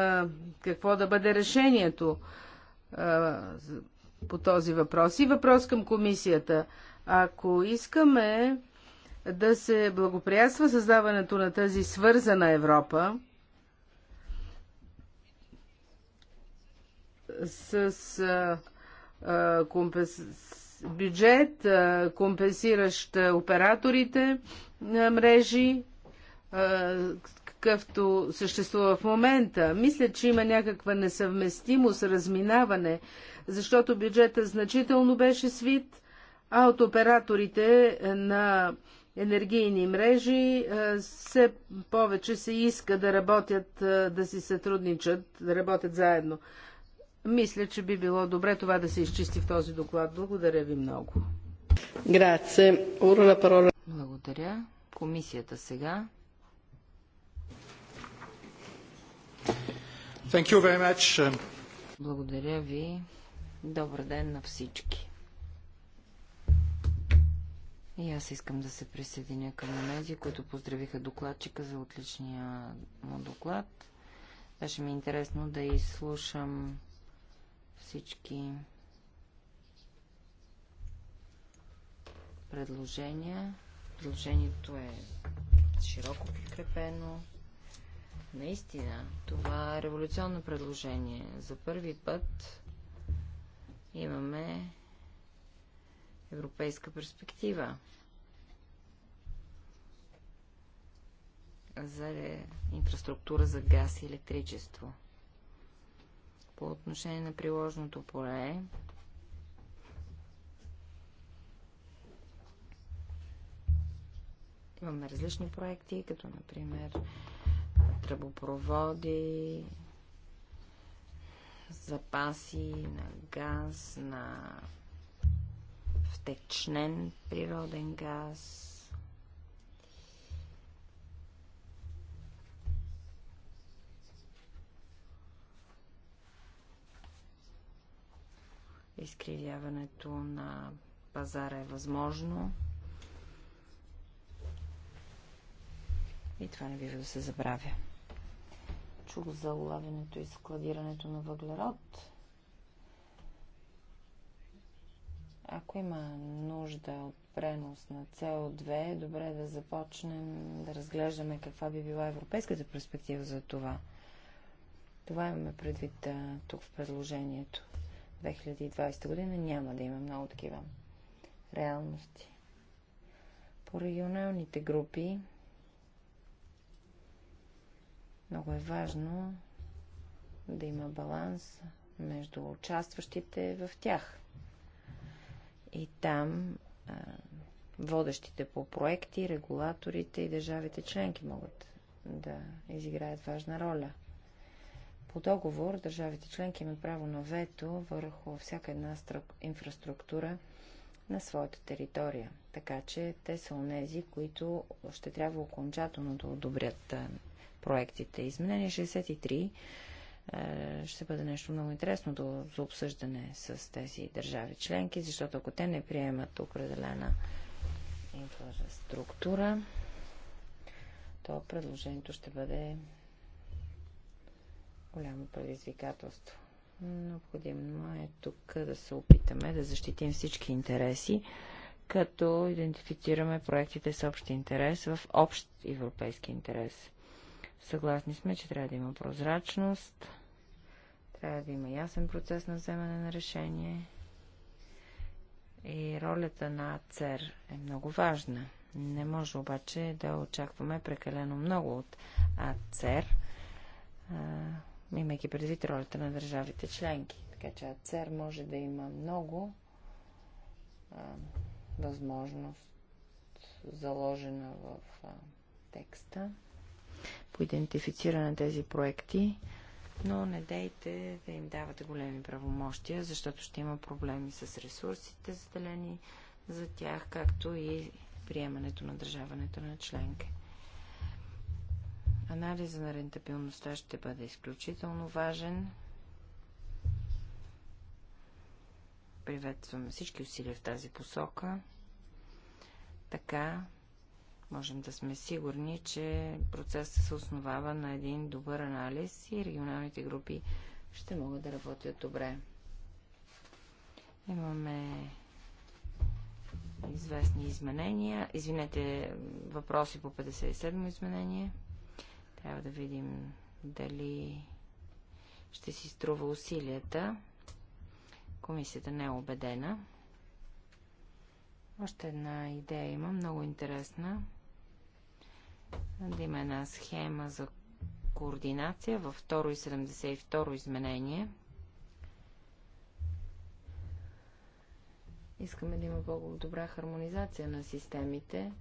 какво да бъде решението по този въпрос. И въпрос към комисията. Ако искаме да се благоприятства създаването на тази свързана Европа, с бюджет, компенсиращ операторите на мрежи, какъвто съществува в момента. Мисля, че има някаква несъвместимост, разминаване, защото бюджета значително беше свит, а от операторите на енергийни мрежи все повече се иска да работят, да си сътрудничат, да работят заедно. Мисля, че би било добре това да се изчисти в този доклад. Благодаря ви много. Благодаря. Комисията сега. Благодаря ви. Добър ден на всички. И аз искам да се присъединя към тези, които поздравиха докладчика за отличния му доклад. Беше ми интересно да изслушам всички предложения. Предложението е широко подкрепено. Наистина, това е революционно предложение. За първи път имаме европейска перспектива за инфраструктура за газ и електричество по отношение на приложното поле. Имаме различни проекти, като например тръбопроводи, запаси на газ, на втечнен природен газ, изкривяването на пазара е възможно. И това не бива да се забравя. Чух за улавянето и складирането на въглерод. Ако има нужда от пренос на CO2, е добре да започнем да разглеждаме каква би била европейската перспектива за това. Това имаме предвид тук в предложението. 2020 година няма да има много такива реалности. По регионалните групи много е важно да има баланс между участващите в тях. И там водещите по проекти, регулаторите и държавите членки могат да изиграят важна роля – по договор държавите членки имат право на вето върху всяка една инфраструктура на своята територия. Така че те са онези, които ще трябва окончателно да одобрят проектите. Изменение 63 ще бъде нещо много интересно до, за обсъждане с тези държави членки, защото ако те не приемат определена инфраструктура, то предложението ще бъде голямо предизвикателство. Необходимо е тук да се опитаме да защитим всички интереси, като идентифицираме проектите с общ интерес в общ европейски интерес. Съгласни сме, че трябва да има прозрачност, трябва да има ясен процес на вземане на решение и ролята на ЦЕР е много важна. Не може обаче да очакваме прекалено много от АЦЕР имайки предвид ролята на държавите членки. Така че АЦЕР може да има много а, възможност, заложена в а, текста, по идентифициране на тези проекти, но не дейте да им давате големи правомощия, защото ще има проблеми с ресурсите, заделени за тях, както и приемането на държаването на членки. Анализа на рентабилността ще бъде изключително важен. Приветствам всички усилия в тази посока. Така можем да сме сигурни, че процесът се основава на един добър анализ и регионалните групи ще могат да работят добре. Имаме известни изменения. Извинете, въпроси по 57 изменения. Трябва да видим дали ще си струва усилията. Комисията не е убедена. Още една идея има, много интересна. Да има една схема за координация във второ и 72 изменение. Искаме да има по-добра хармонизация на системите,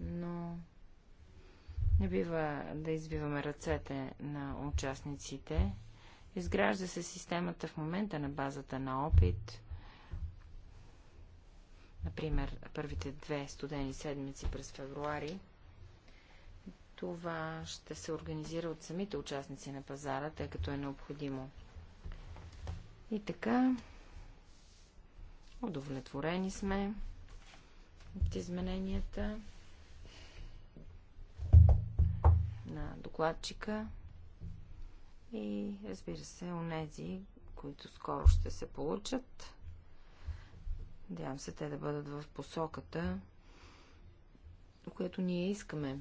но не бива да избиваме ръцете на участниците. Изгражда се системата в момента на базата на опит. Например, първите две студени седмици през февруари. Това ще се организира от самите участници на пазара, тъй като е необходимо. И така, удовлетворени сме от измененията. на докладчика и разбира се, онези, които скоро ще се получат. Надявам се те да бъдат в посоката, която ние искаме.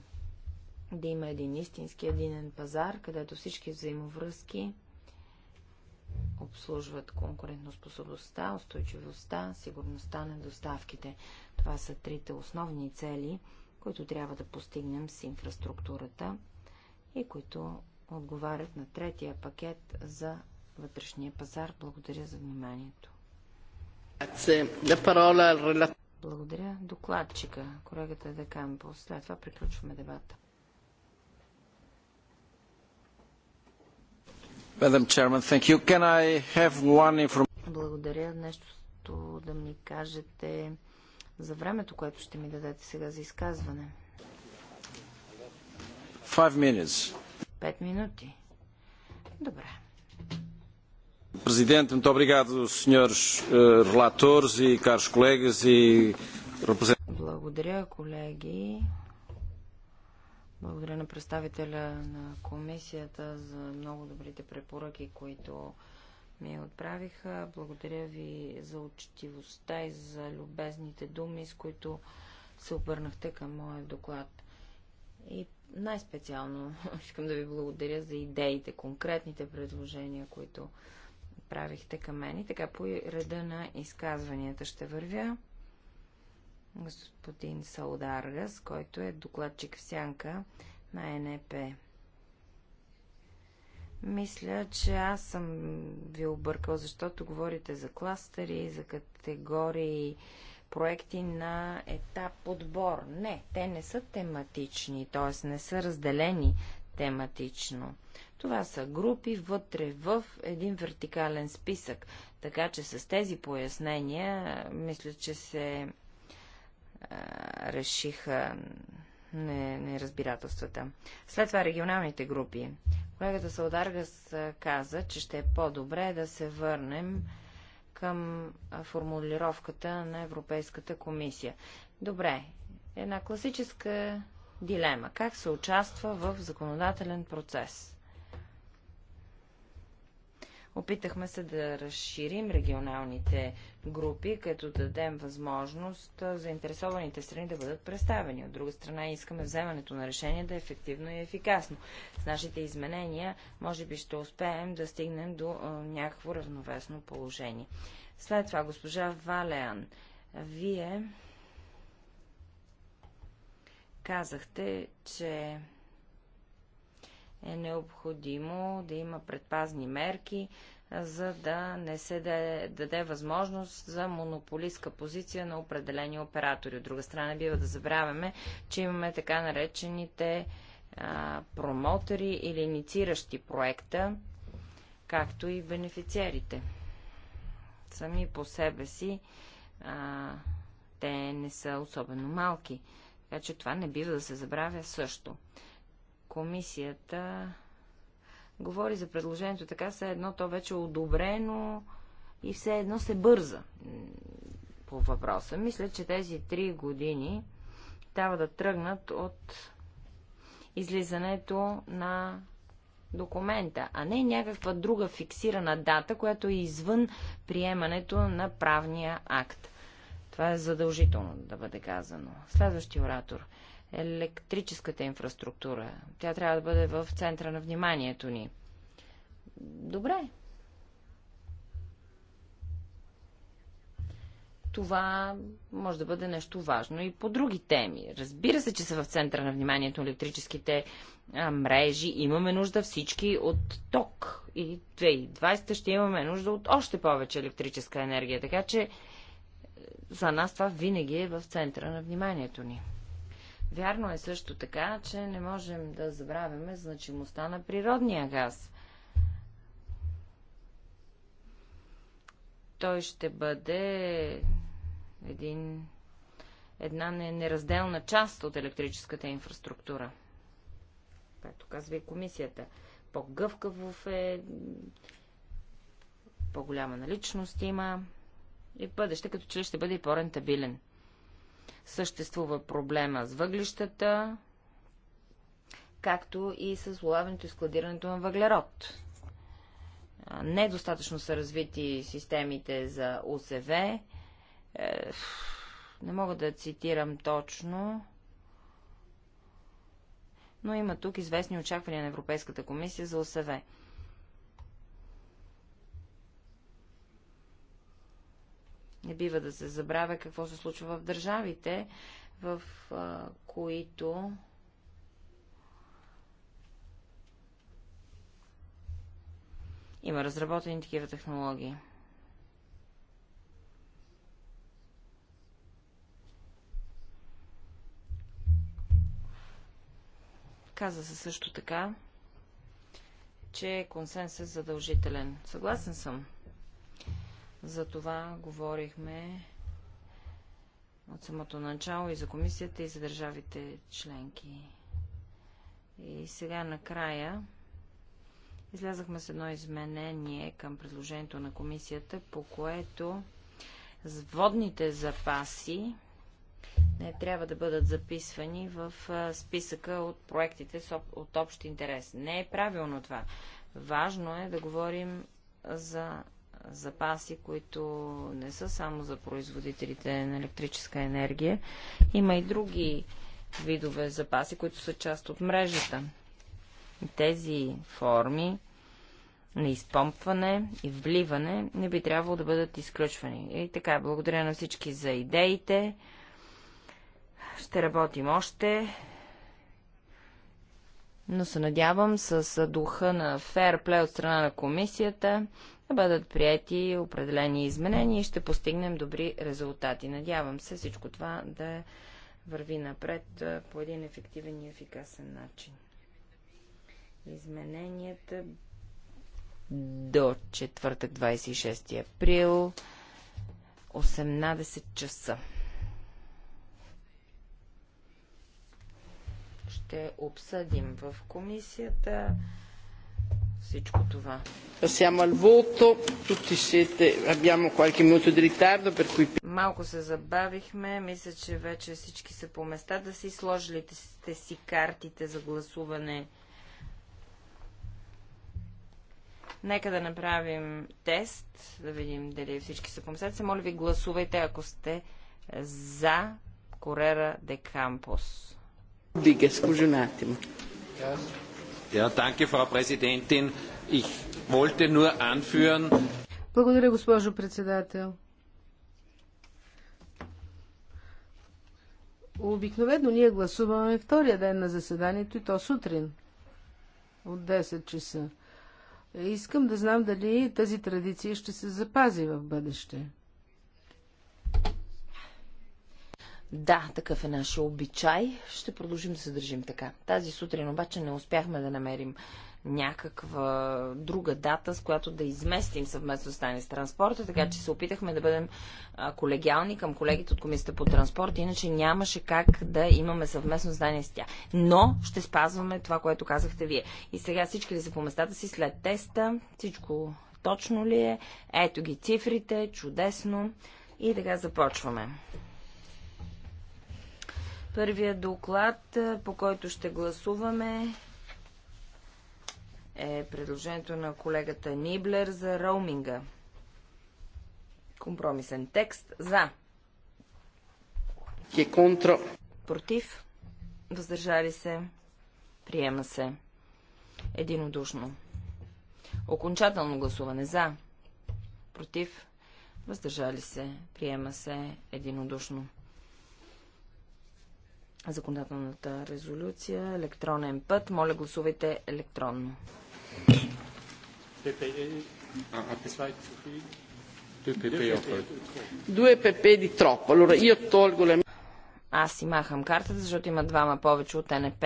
Да има един истински единен пазар, където всички взаимовръзки обслужват конкурентоспособността, устойчивостта, сигурността на доставките. Това са трите основни цели, които трябва да постигнем с инфраструктурата и които отговарят на третия пакет за вътрешния пазар. Благодаря за вниманието. Благодаря докладчика, колегата Декампо. След това приключваме дебата. Благодаря. Нещото да ми кажете за времето, което ще ми дадете сега за изказване. Пет минути. Добре. Президент, muito obrigado, senhores и eh, карш e colegas и e Благодаря, колеги. Благодаря на представителя на комисията за много добрите препоръки, които ми отправиха. Благодаря ви за учтивостта и за любезните думи, с които се обърнахте към моя доклад. И най-специално искам да ви благодаря за идеите, конкретните предложения, които правихте към мен. И така по реда на изказванията ще вървя. Господин Саударгас, който е докладчик в сянка на НЕП. Мисля, че аз съм ви объркал, защото говорите за кластери, за категории, проекти на етап подбор. Не, те не са тематични, т.е. не са разделени тематично. Това са групи вътре в един вертикален списък, така че с тези пояснения мисля, че се а, решиха неразбирателствата. След това регионалните групи. Колегата Саударгас каза, че ще е по-добре да се върнем към формулировката на Европейската комисия. Добре, една класическа дилема. Как се участва в законодателен процес? Опитахме се да разширим регионалните групи, като дадем възможност заинтересованите страни да бъдат представени. От друга страна искаме вземането на решение да е ефективно и ефикасно. С нашите изменения може би ще успеем да стигнем до а, някакво равновесно положение. След това госпожа Валеан, вие казахте, че е необходимо да има предпазни мерки, за да не се даде, даде възможност за монополистка позиция на определени оператори. От друга страна, бива да забравяме, че имаме така наречените а, промотори или иницииращи проекта, както и бенефициерите. Сами по себе си а, те не са особено малки, така че това не бива да се забравя също комисията говори за предложението така, все едно то вече е одобрено и все едно се бърза по въпроса. Мисля, че тези три години трябва да тръгнат от излизането на документа, а не някаква друга фиксирана дата, която е извън приемането на правния акт. Това е задължително да бъде казано. Следващия оратор – електрическата инфраструктура. Тя трябва да бъде в центъра на вниманието ни. Добре. Това може да бъде нещо важно и по други теми. Разбира се, че са в центъра на вниманието електрическите а, мрежи. Имаме нужда всички от ток. И 2020 ще имаме нужда от още повече електрическа енергия. Така че за нас това винаги е в центъра на вниманието ни. Вярно е също така, че не можем да забравяме значимостта на природния газ. Той ще бъде един, една неразделна част от електрическата инфраструктура. Както казва и комисията. По-гъвкаво е, по-голяма наличност има и бъдеще, като че ли ще бъде и по-рентабилен. Съществува проблема с въглищата, както и с улавянето и складирането на въглерод. Недостатъчно са развити системите за ОСВ. Е, не мога да цитирам точно, но има тук известни очаквания на Европейската комисия за ОСВ. Не бива да се забравя какво се случва в държавите, в а, които има разработени такива технологии. Каза се също така, че консенсус е задължителен. Съгласен съм. За това говорихме от самото начало и за комисията, и за държавите членки. И сега накрая излязахме с едно изменение към предложението на комисията, по което водните запаси не трябва да бъдат записвани в списъка от проектите от общ интерес. Не е правилно това. Важно е да говорим за запаси, които не са само за производителите на електрическа енергия. Има и други видове запаси, които са част от мрежата. И тези форми на изпомпване и вливане не би трябвало да бъдат изключвани. И така, благодаря на всички за идеите. Ще работим още. Но се надявам с духа на фейерплей от страна на комисията да бъдат прияти определени изменения и ще постигнем добри резултати. Надявам се всичко това да върви напред по един ефективен и ефикасен начин. Измененията до четвъртък 26 април 18 часа. Ще обсъдим в комисията всичко това. Малко се забавихме. Мисля, че вече всички са по места да си сложили сте си картите за гласуване. Нека да направим тест, да видим дали всички са по местата. Моля ви, гласувайте, ако сте за Корера де Кампос. Бига, скажи на Frau Präsidentin. Ich wollte nur anführen. Благодаря, госпожо председател. Обикновено ние гласуваме втория ден на заседанието и то сутрин от 10 часа. Искам да знам дали тази традиция ще се запази в бъдеще. Да, такъв е нашия обичай. Ще продължим да се държим така. Тази сутрин обаче не успяхме да намерим някаква друга дата, с която да изместим съвместно стане с транспорта, така че се опитахме да бъдем колегиални към колегите от Комисията по транспорт, иначе нямаше как да имаме съвместно здание с тях. Но ще спазваме това, което казахте вие. И сега всички ли са по местата си след теста? Всичко точно ли е? Ето ги цифрите, чудесно. И така започваме. Първият доклад, по който ще гласуваме, е предложението на колегата Ниблер за роуминга. Компромисен текст за. Е контра. Против. Въздържали се. Приема се. Единодушно. Окончателно гласуване за. Против. Въздържали се. Приема се единодушно законодателната резолюция електронен път. Моля, гласувайте електронно. Аз си махам картата, защото има двама повече от НП.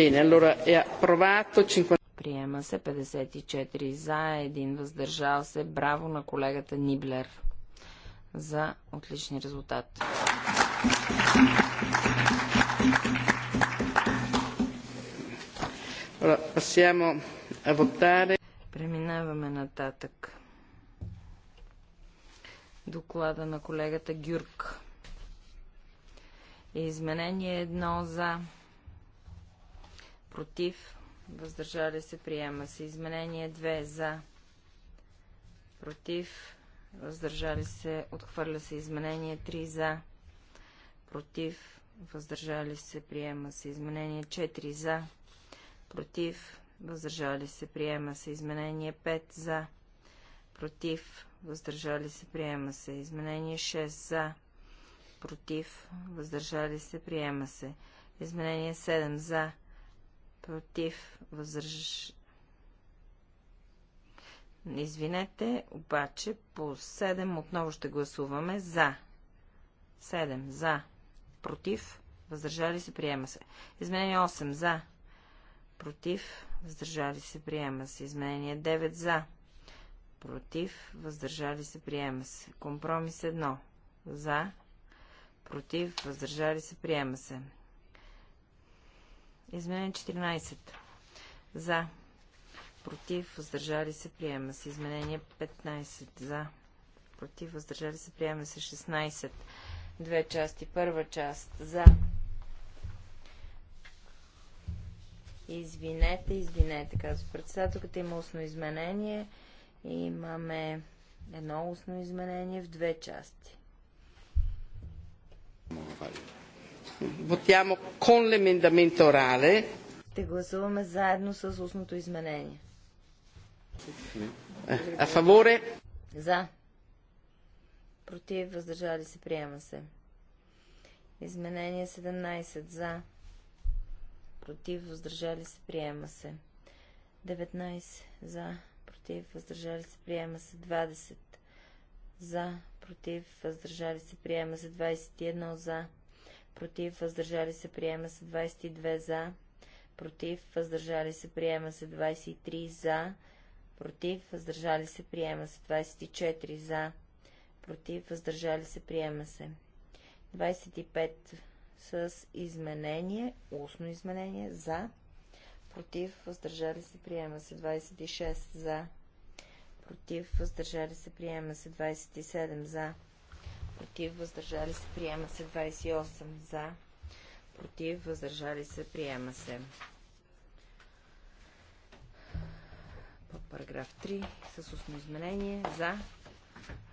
Bene, allora è approvato 50 Приема се 54 за, един въздържал се. Браво на колегата Ниблер за отлични резултати. Преминаваме нататък. Доклада на колегата Гюрк. Изменение едно за против, въздържали се, приема се. Изменение 2 за против, въздържали се, отхвърля се изменение 3 за, против, въздържали се, приема се изменение 4 за, против, въздържали се, приема се изменение 5 за, против, въздържали се, приема се изменение 6 за, против, въздържали се, приема се изменение 7 за, против, се. Извинете, обаче по 7 отново ще гласуваме за. 7 за. Против. Въздържали се. Приема се. Изменение 8 за. Против. Въздържали се. Приема се. Изменение 9 за. Против. Въздържали се. Приема се. Компромис 1. За. Против. Въздържали се. Приема се. Изменение 14. За против, въздържали се, приема се. Изменение 15 за, против, въздържали се, приема се 16. Две части. Първа част за. Извинете, извинете, казва председателката. Има устно изменение. Имаме едно устно изменение в две части. Votiamo con l'emendamento orale. Ще гласуваме заедно с устното изменение. Е, а фаворе? За. Против, въздържали се, приема се. Изменение 17. За. Против, въздържали се, приема се. 19. За. Против, въздържали се, приема се. 20. За. Против, въздържали се, приема се. 21. За. Против, въздържали се, приема се. 22. За. Против, въздържали се, приема се. 23. За против, въздържали се, приема се. 24 за, против, въздържали се, приема се. 25 с изменение, устно изменение, за, против, въздържали се, приема се. 26 за, против, въздържали се, приема се. 27 за, против, въздържали се, приема се. 28 за, против, въздържали се, приема се. Параграф 3 с устно изменение. За.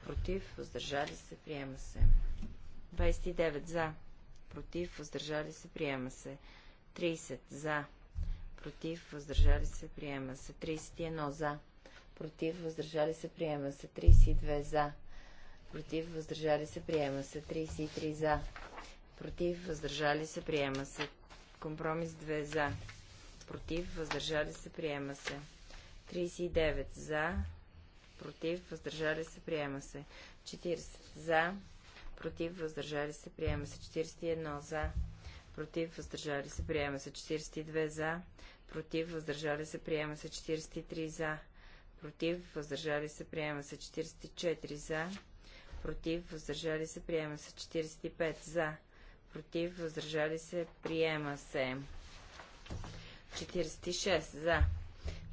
Против. Въздържали се. Приема се. 29. За. Против. Въздържали се. Приема се. 30. За. Против. Въздържали се. Приема се. 31. За. Против. Въздържали се. Приема се. 32. За. Против. Въздържали се. Приема се. 33. За. Против. Въздържали се. Приема се. Компромис 2. За. Против. Въздържали се. Приема се. 39 за, против, въздържали се, приема се. 40 за, против, въздържали се, приема се. 41 за, против, въздържали се, приема се. 42 за, против, въздържали се, приема се. 43 за, против, въздържали се, приема се. 44 за, против, въздържали се, приема се. 45 за, против, въздържали се, приема се. 46 за,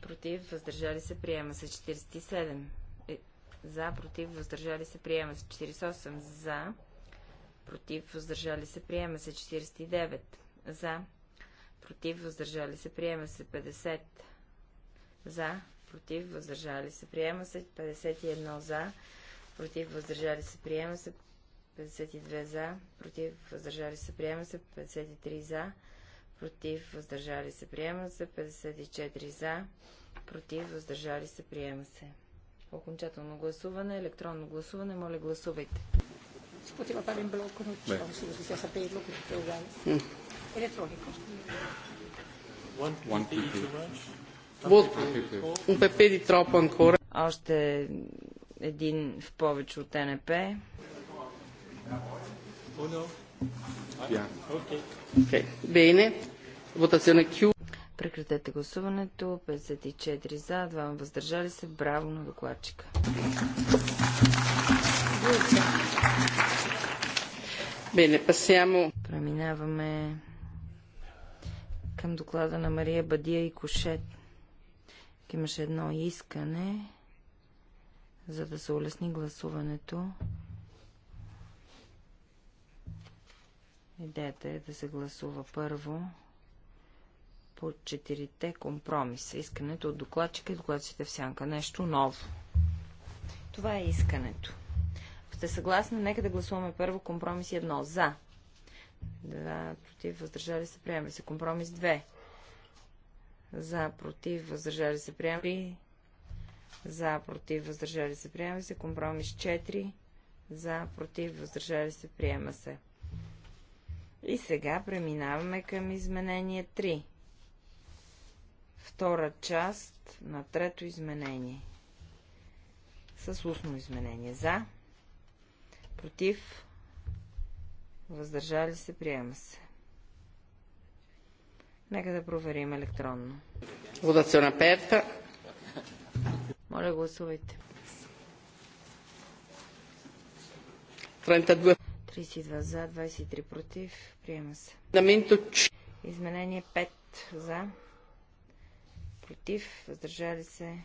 против, въздържали се, приема се 47. Е, за, против, въздържали се, приема се 48. За, против, въздържали се, приема се 49. За, против, въздържали се, приема се 50. За, против, въздържали се, приема се 51. За, против, въздържали се, приема се 52. За, против, въздържали се, приема се 53. За, против, въздържали се, приема се. 54 за, против, въздържали се, приема се. Окончателно гласуване, електронно гласуване, моля гласувайте. Si poteva fare in blocco, non ci sono, saperlo, è uguale. Mm. Elettronico. Un di troppo ancora. Още един в повече от НП. Oh Votazione Прекратете гласуването. 54 за, 2 въздържали се. Браво на докладчика. Бене, пасямо. Преминаваме към доклада на Мария Бадия и Кошет. Имаше едно искане, за да се улесни гласуването. Идеята е да се гласува първо по четирите компромиса. Искането от докладчика и докладчите в сянка. Нещо ново. Това е искането. сте съгласни, нека да гласуваме първо компромис 1. За. Да, против, въздържали се, приема се. Компромис 2. За, против, въздържали се, приема се. За, против, въздържали се, приема се. Компромис 4. За, против, въздържали се, приема се. И сега преминаваме към изменение 3. Втора част на трето изменение. С устно изменение. За. Против. Въздържали се. Приема се. Нека да проверим електронно. Votazione aperta. Моля, гласувайте. 32. 32 за, 23 против. Приема се. Изменение 5 за. Против. Въздържали се.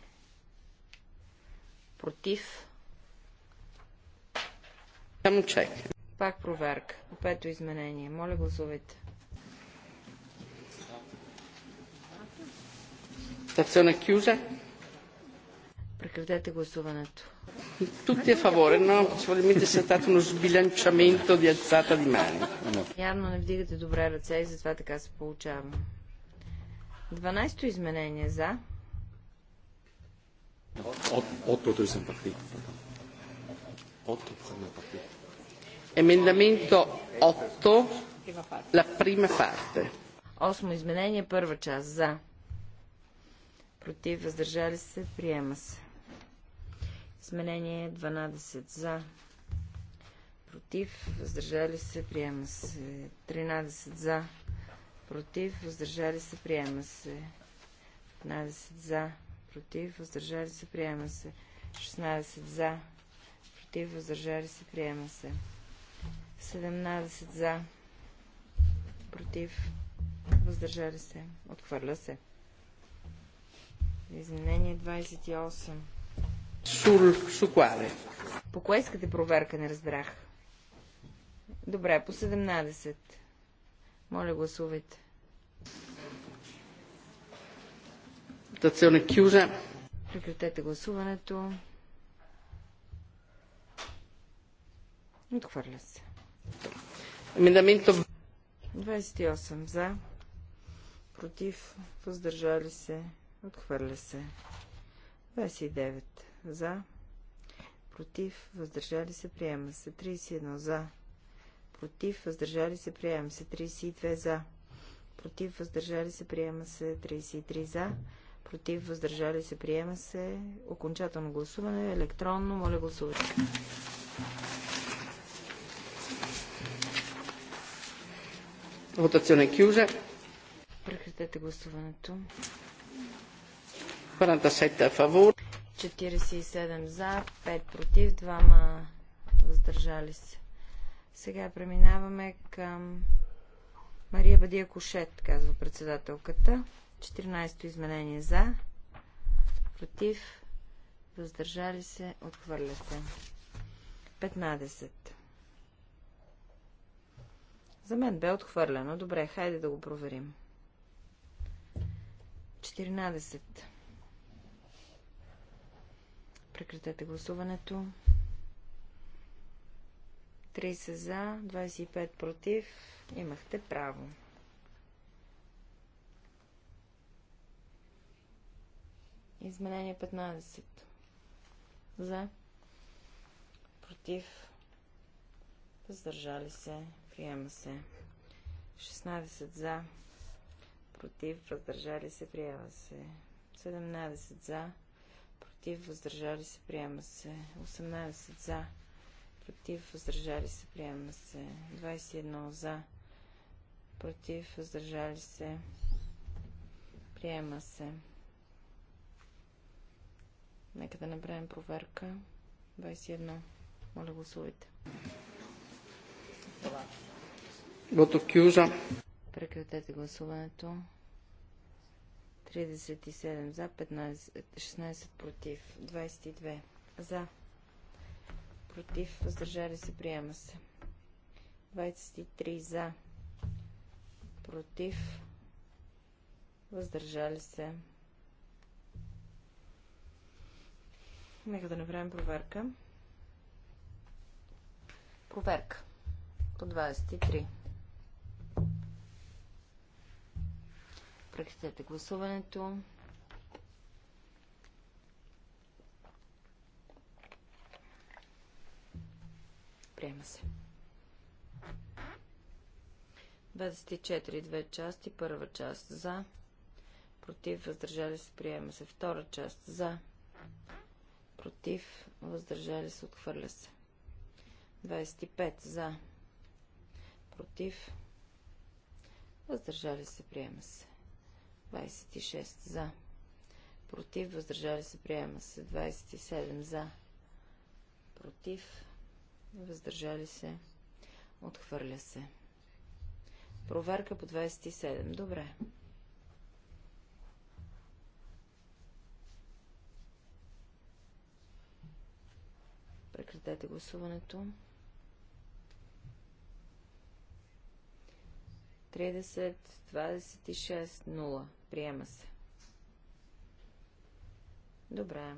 Против. Пак проверка. По пето изменение. Моля гласувайте. Стационна Кюжа. Прекратете гласуването. Tutti a favore, no? Solamente c'è stato uno sbilanciamento di alzata di mani. Явно не вдигате добре ръце и затова така се получава. 12-то изменение за. Оттото съм партий. Отто партий. Емендаменто 8, la prima parte. Осмо изменение, първа част за. Против, въздържали се, приема се. Сменение 12 за. Против. Въздържали се. Приема се. 13 за. Против. Въздържали се. Приема се. 15 за. Против. Въздържали се. Приема се. 16 за. Против. Въздържали се. Приема се. 17 за. Против. Въздържали се. Отхвърля се. Изменение 28. Сул, су По кое искате проверка, не разбрах. Добре, по 17. Моля, гласувайте. Тационе Кюза. Прекратете гласуването. Отхвърля се. Аминдаменто. 28 за. Против. Въздържали се. Отхвърля се. 29 за, против, въздържали се, приема се. 31 за, против, въздържали се, приема се. 32 за, против, въздържали се, приема се. 33 за, против, въздържали се, приема се. Окончателно гласуване, електронно, моля гласувайте. Votazione кюжа. Прекратете гласуването. 47 a 47 за, 5 против, 2 ма въздържали се. Сега преминаваме към Мария Бадия Кошет, казва председателката. 14-то изменение за, против, въздържали се, отхвърля се. 15. За мен бе отхвърлено. Добре, хайде да го проверим. 14. Прекратете гласуването. 30 за, 25 против. Имахте право. Изменение 15. За. Против. Въздържали се. Приема се. 16 за. Против. Въздържали се. Приема се. 17 за против, въздържали се, приема се. 18 за, против, въздържали се, приема се. 21 за, против, въздържали се, приема се. Нека да направим проверка. 21. Моля гласувайте. Готов Кюжа. Прекратете гласуването. 37 за, 15, 16 против, 22 за, против, въздържали се, приема се. 23 за, против, въздържали се. Нека да направим проверка. Проверка по 23. Прекратете гласуването. Приема се. 24 две части. Първа част за. Против. Въздържали се. Приема се. Втора част за. Против. Въздържали се. Отхвърля се. 25 за. Против. Въздържали се. Приема се. 26 за. Против. Въздържали се. Приема се. 27 за. Против. Въздържали се. Отхвърля се. Проверка по 27. Добре. Прекратете гласуването. 30, 26, 0. Приема се. Добре.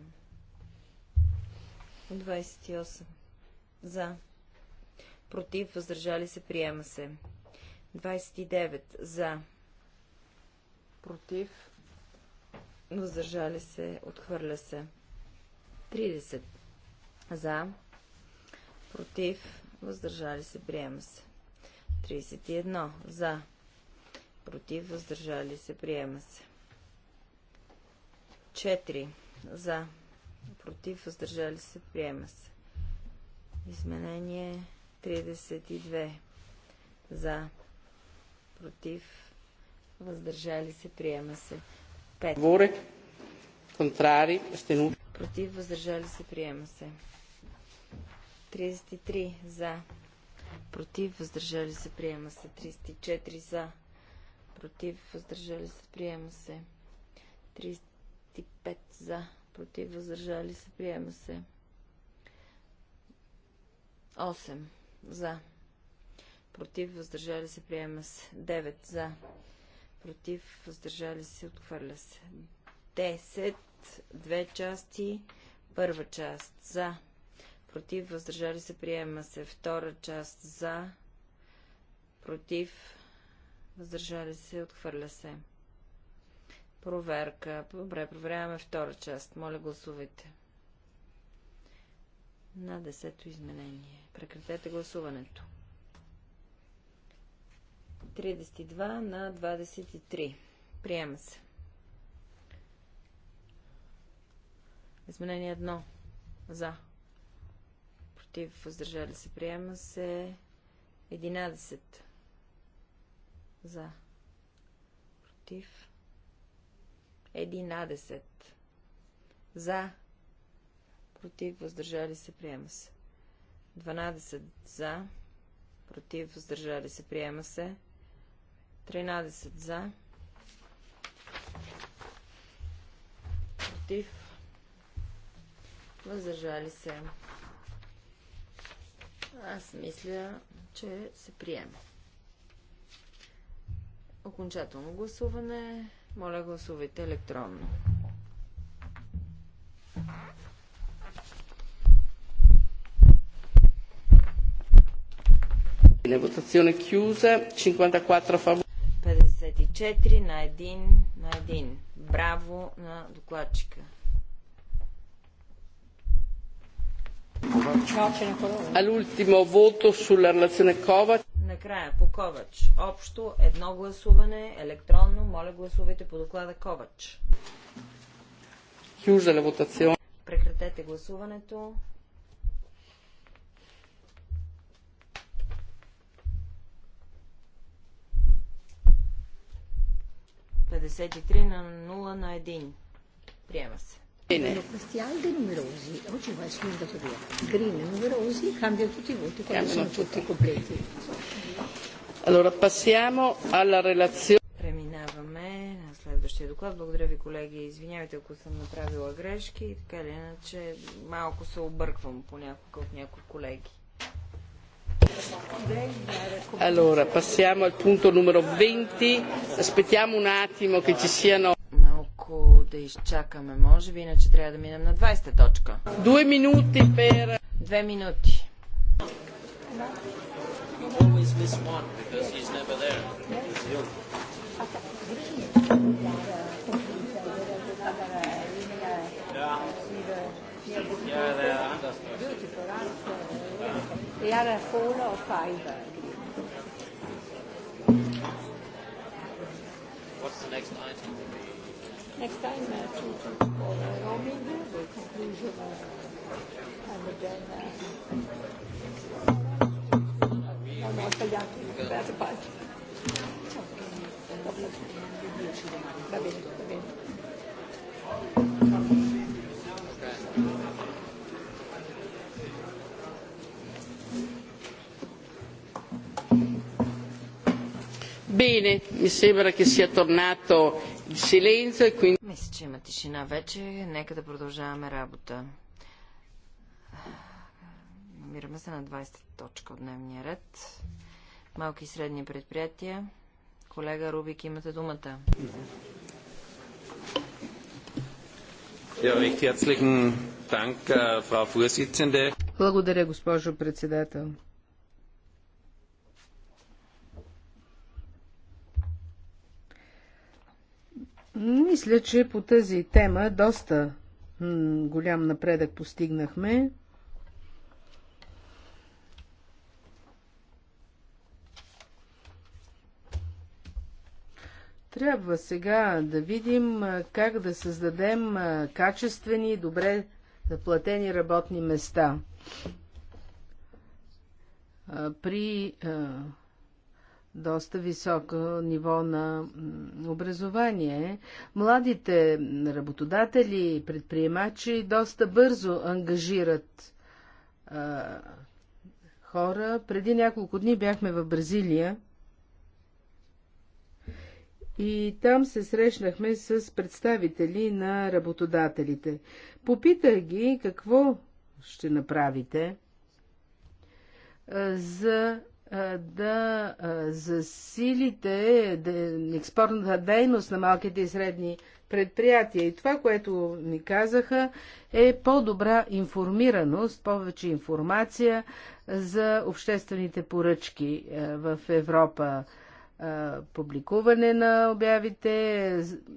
28. За. Против, въздържали се, приема се. 29. За. Против, въздържали се, отхвърля се. 30. За. Против, въздържали се, приема се. 31 за. Против, въздържали се, приема се. 4 за. Против, въздържали се, приема се. Изменение 32 за. Против, въздържали се, приема се. 5. Говори. Контрари. Против, въздържали се, приема се. 33 за против, въздържали се, приема се. 34 за, против, въздържали се, приема се. 35 за, против, въздържали се, приема се. 8 за, против, въздържали се, приема се. 9 за, против, въздържали се, отхвърля се. 10, две части, първа част за, против, въздържали се, приема се. Втора част за, против, въздържали се, отхвърля се. Проверка. Добре, проверяваме втора част. Моля, гласувайте. На десето изменение. Прекратете гласуването. 32 на 23. Приема се. Изменение 1. За против, въздържали се, приема се. 11 за, против, 11 за, против, въздържали се, приема се. 12 за, против, въздържали се, приема се. 13 за, против, въздържали се. Аз мисля, че се приема. Окончателно гласуване. Моля, гласувайте електронно. La votazione chiusa, 54 favore. 54 на 1 на 1. Браво на докладчика. Накрая по Ковач. Общо едно гласуване, електронно. Моля гласувайте по доклада Ковач. Прекратете гласуването. Пятдесет и три на нула на един. Приема се. Bene. Questi alde numerosi, oggi va il sindaco green numerosi, cambiano tutti i voti quando sono tutti completi. Allora passiamo alla relazione. следващия доклад. Благодаря ви, колеги. Извинявайте, ако съм направила грешки. Така или иначе, малко се обърквам понякога от някои колеги. Allora, passiamo al punto numero 20. Aspettiamo un attimo che ci siano да изчакаме, може би, иначе трябва да минем на 20-та точка. Две минути, пера. Две минути. What's the next item? to be? Next time uh, two for roaming, the conclusion, uh, and then. Uh, no, no, but perso Va bene, va bene. Bene, mi sembra che sia tornato il silenzio e quindi... Мисля, че има тишина вече. Нека да продължаваме работа. Намираме се на 20 точка от дневния ред. Малки и средни предприятия. Колега Рубик, имате думата. Äh, Благодаря, госпожо председател. Мисля, че по тази тема доста голям напредък постигнахме. Трябва сега да видим как да създадем качествени, добре заплатени работни места. При доста високо ниво на образование. Младите работодатели и предприемачи доста бързо ангажират а, хора. Преди няколко дни бяхме в Бразилия и там се срещнахме с представители на работодателите. Попитах ги какво ще направите за да засилите експортната дейност на малките и средни предприятия. И това, което ни казаха, е по-добра информираност, повече информация за обществените поръчки в Европа. Публикуване на обявите,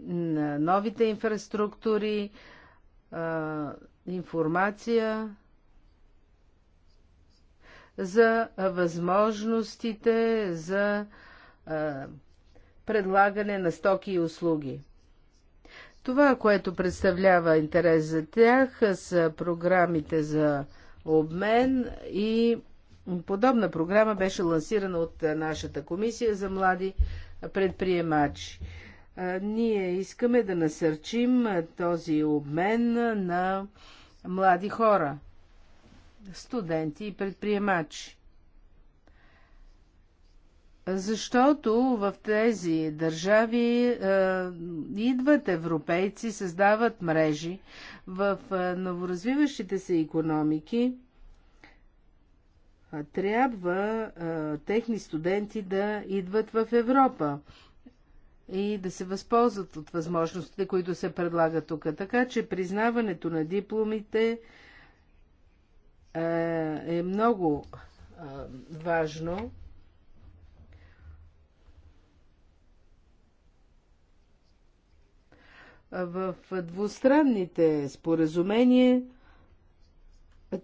на новите инфраструктури, информация за възможностите за а, предлагане на стоки и услуги. Това, което представлява интерес за тях, са програмите за обмен и подобна програма беше лансирана от нашата комисия за млади предприемачи. Ние искаме да насърчим този обмен на млади хора – студенти и предприемачи. Защото в тези държави е, идват европейци, създават мрежи в е, новоразвиващите се економики. Е, трябва е, техни студенти да идват в Европа и да се възползват от възможностите, които се предлагат тук. Така че признаването на дипломите е, е, е много важно в двустранните споразумения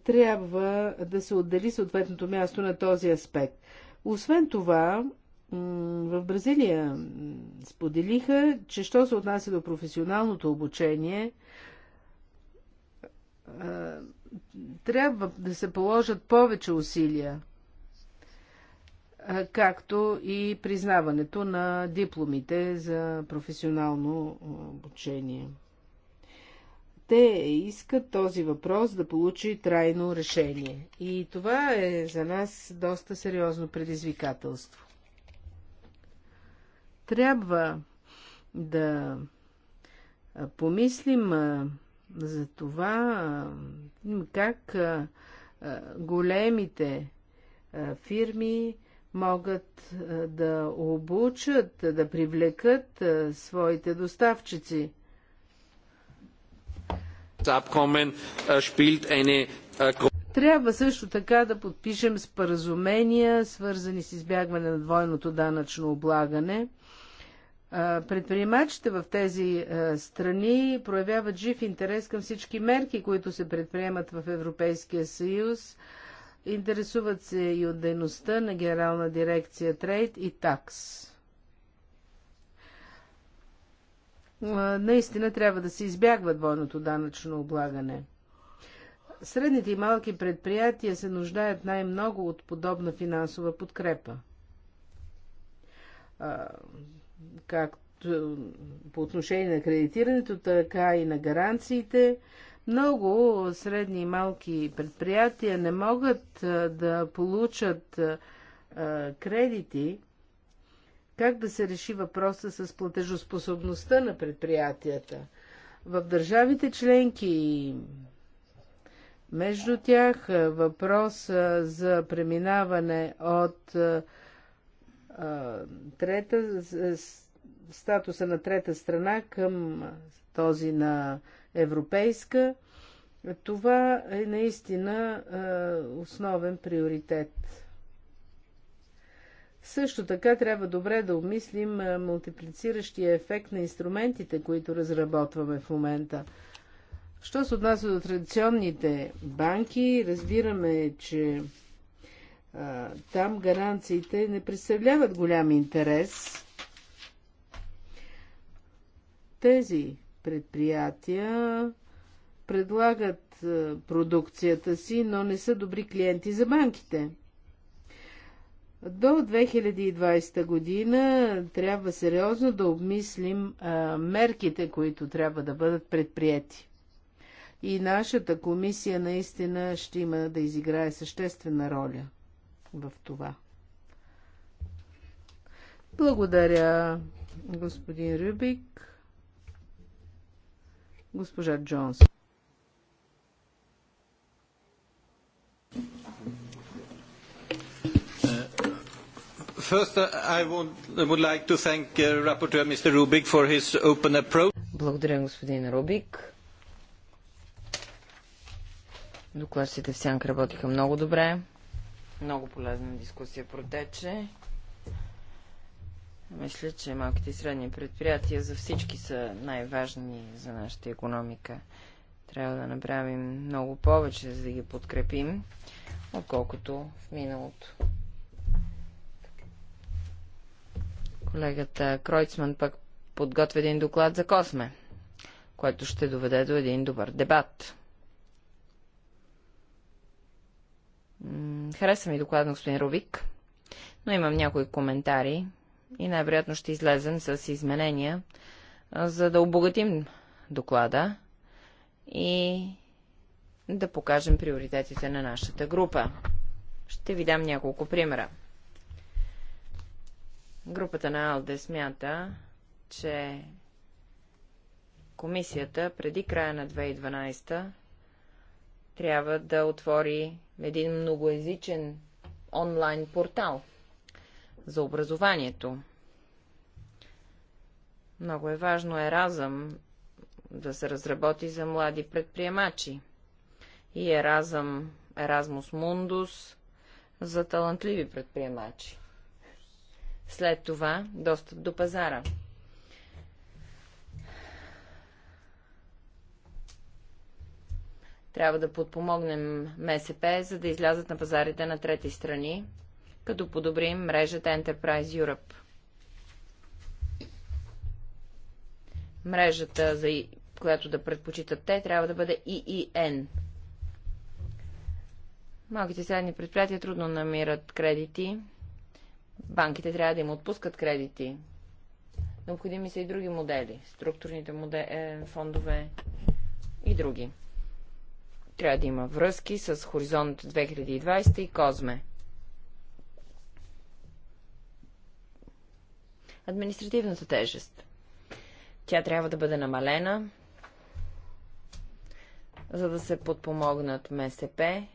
трябва да се отдели съответното място на този аспект. Освен това, в Бразилия споделиха, че що се отнася до професионалното обучение, трябва да се положат повече усилия, както и признаването на дипломите за професионално обучение. Те искат този въпрос да получи трайно решение. И това е за нас доста сериозно предизвикателство. Трябва да помислим за това как големите фирми могат да обучат, да привлекат своите доставчици. Uh, uh, Трябва също така да подпишем споразумения, свързани с избягване на двойното данъчно облагане Предприемачите в тези страни проявяват жив интерес към всички мерки, които се предприемат в Европейския съюз. Интересуват се и от дейността на Генерална дирекция Трейд и Такс. Наистина трябва да се избягва двойното данъчно облагане. Средните и малки предприятия се нуждаят най-много от подобна финансова подкрепа както по отношение на кредитирането, така и на гаранциите. Много средни и малки предприятия не могат да получат кредити. Как да се реши въпроса с платежоспособността на предприятията? В държавите членки и между тях въпрос за преминаване от трета, статуса на трета страна към този на европейска, това е наистина основен приоритет. Също така трябва добре да обмислим мултиплициращия ефект на инструментите, които разработваме в момента. Що се отнася до традиционните банки, разбираме, че там гаранциите не представляват голям интерес. Тези предприятия предлагат продукцията си, но не са добри клиенти за банките. До 2020 година трябва сериозно да обмислим мерките, които трябва да бъдат предприяти. И нашата комисия наистина ще има да изиграе съществена роля в това. Благодаря, господин Рюбик. Госпожа Джонс. First, I would like to thank uh, Rapporteur Mr. Rubik for his open approach. Благодаря, господин Рубик. Докладчите в Сянка работиха много добре. Много полезна дискусия протече. Мисля, че малките и средни предприятия за всички са най-важни за нашата економика. Трябва да направим много повече, за да ги подкрепим, отколкото в миналото. Колегата Кройцман пък подготвя един доклад за Косме, който ще доведе до един добър дебат. Харесва ми доклада на господин Рубик, но имам някои коментари и най-вероятно ще излезем с изменения, за да обогатим доклада и да покажем приоритетите на нашата група. Ще ви дам няколко примера. Групата на Алде смята, че комисията преди края на 2012 трябва да отвори един многоязичен онлайн портал за образованието. Много е важно Еразъм да се разработи за млади предприемачи и Еразъм, Еразмус Мундус за талантливи предприемачи. След това достъп до пазара – Трябва да подпомогнем МСП, за да излязат на пазарите на трети страни, като подобрим мрежата Enterprise Europe. Мрежата, за която да предпочитат те, трябва да бъде EEN. Малките средни предприятия трудно намират кредити. Банките трябва да им отпускат кредити. Необходими са и други модели. Структурните модели, е, фондове и други. Трябва да има връзки с Хоризонт 2020 и Козме. Административната тежест. Тя трябва да бъде намалена, за да се подпомогнат МСП.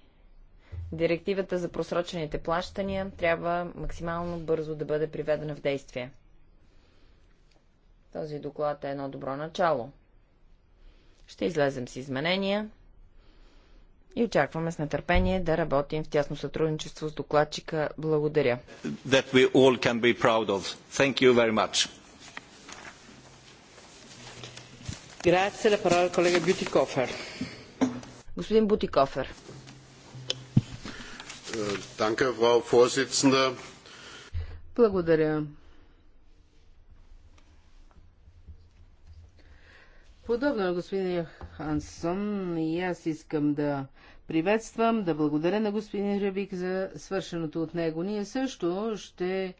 Директивата за просрочените плащания трябва максимално бързо да бъде приведена в действие. Този доклад е едно добро начало. Ще излезем с изменения и очакваме с нетърпение да работим в тясно сътрудничество с докладчика. Благодаря. Господин Бутикофер. Е, Благодаря, Подобно на господин Хансон, и аз искам да приветствам, да благодаря на господин Рюбик за свършеното от него. Ние също ще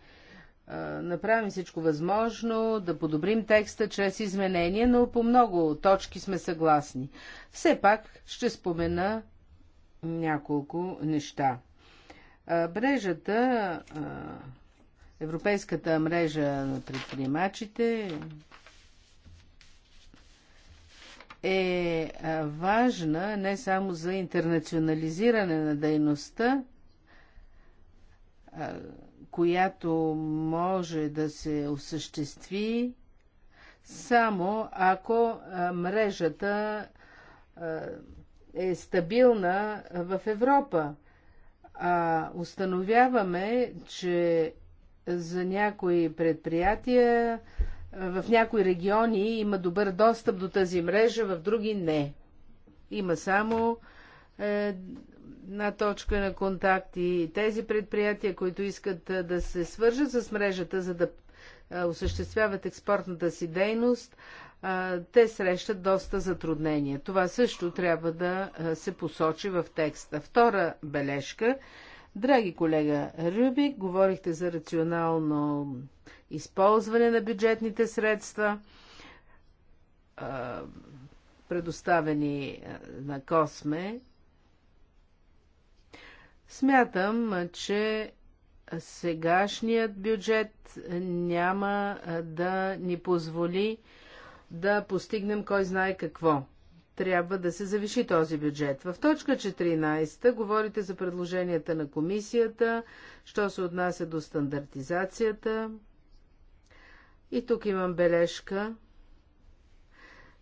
а, направим всичко възможно, да подобрим текста чрез изменения, но по много точки сме съгласни. Все пак ще спомена няколко неща. А, брежата, а, европейската мрежа на предприемачите, е важна не само за интернационализиране на дейността, която може да се осъществи само ако мрежата е стабилна в Европа. А установяваме, че за някои предприятия в някои региони има добър достъп до тази мрежа, в други не. Има само е, една точка на контакт и тези предприятия, които искат е, да се свържат с мрежата, за да е, осъществяват експортната си дейност, те срещат доста затруднения. Това също трябва да се посочи в текста. Втора бележка. Драги колега Рюбик, говорихте за рационално използване на бюджетните средства, предоставени на Косме, смятам, че сегашният бюджет няма да ни позволи да постигнем кой знае какво. Трябва да се завиши този бюджет. В точка 14 говорите за предложенията на комисията, що се отнася до стандартизацията, и тук имам бележка.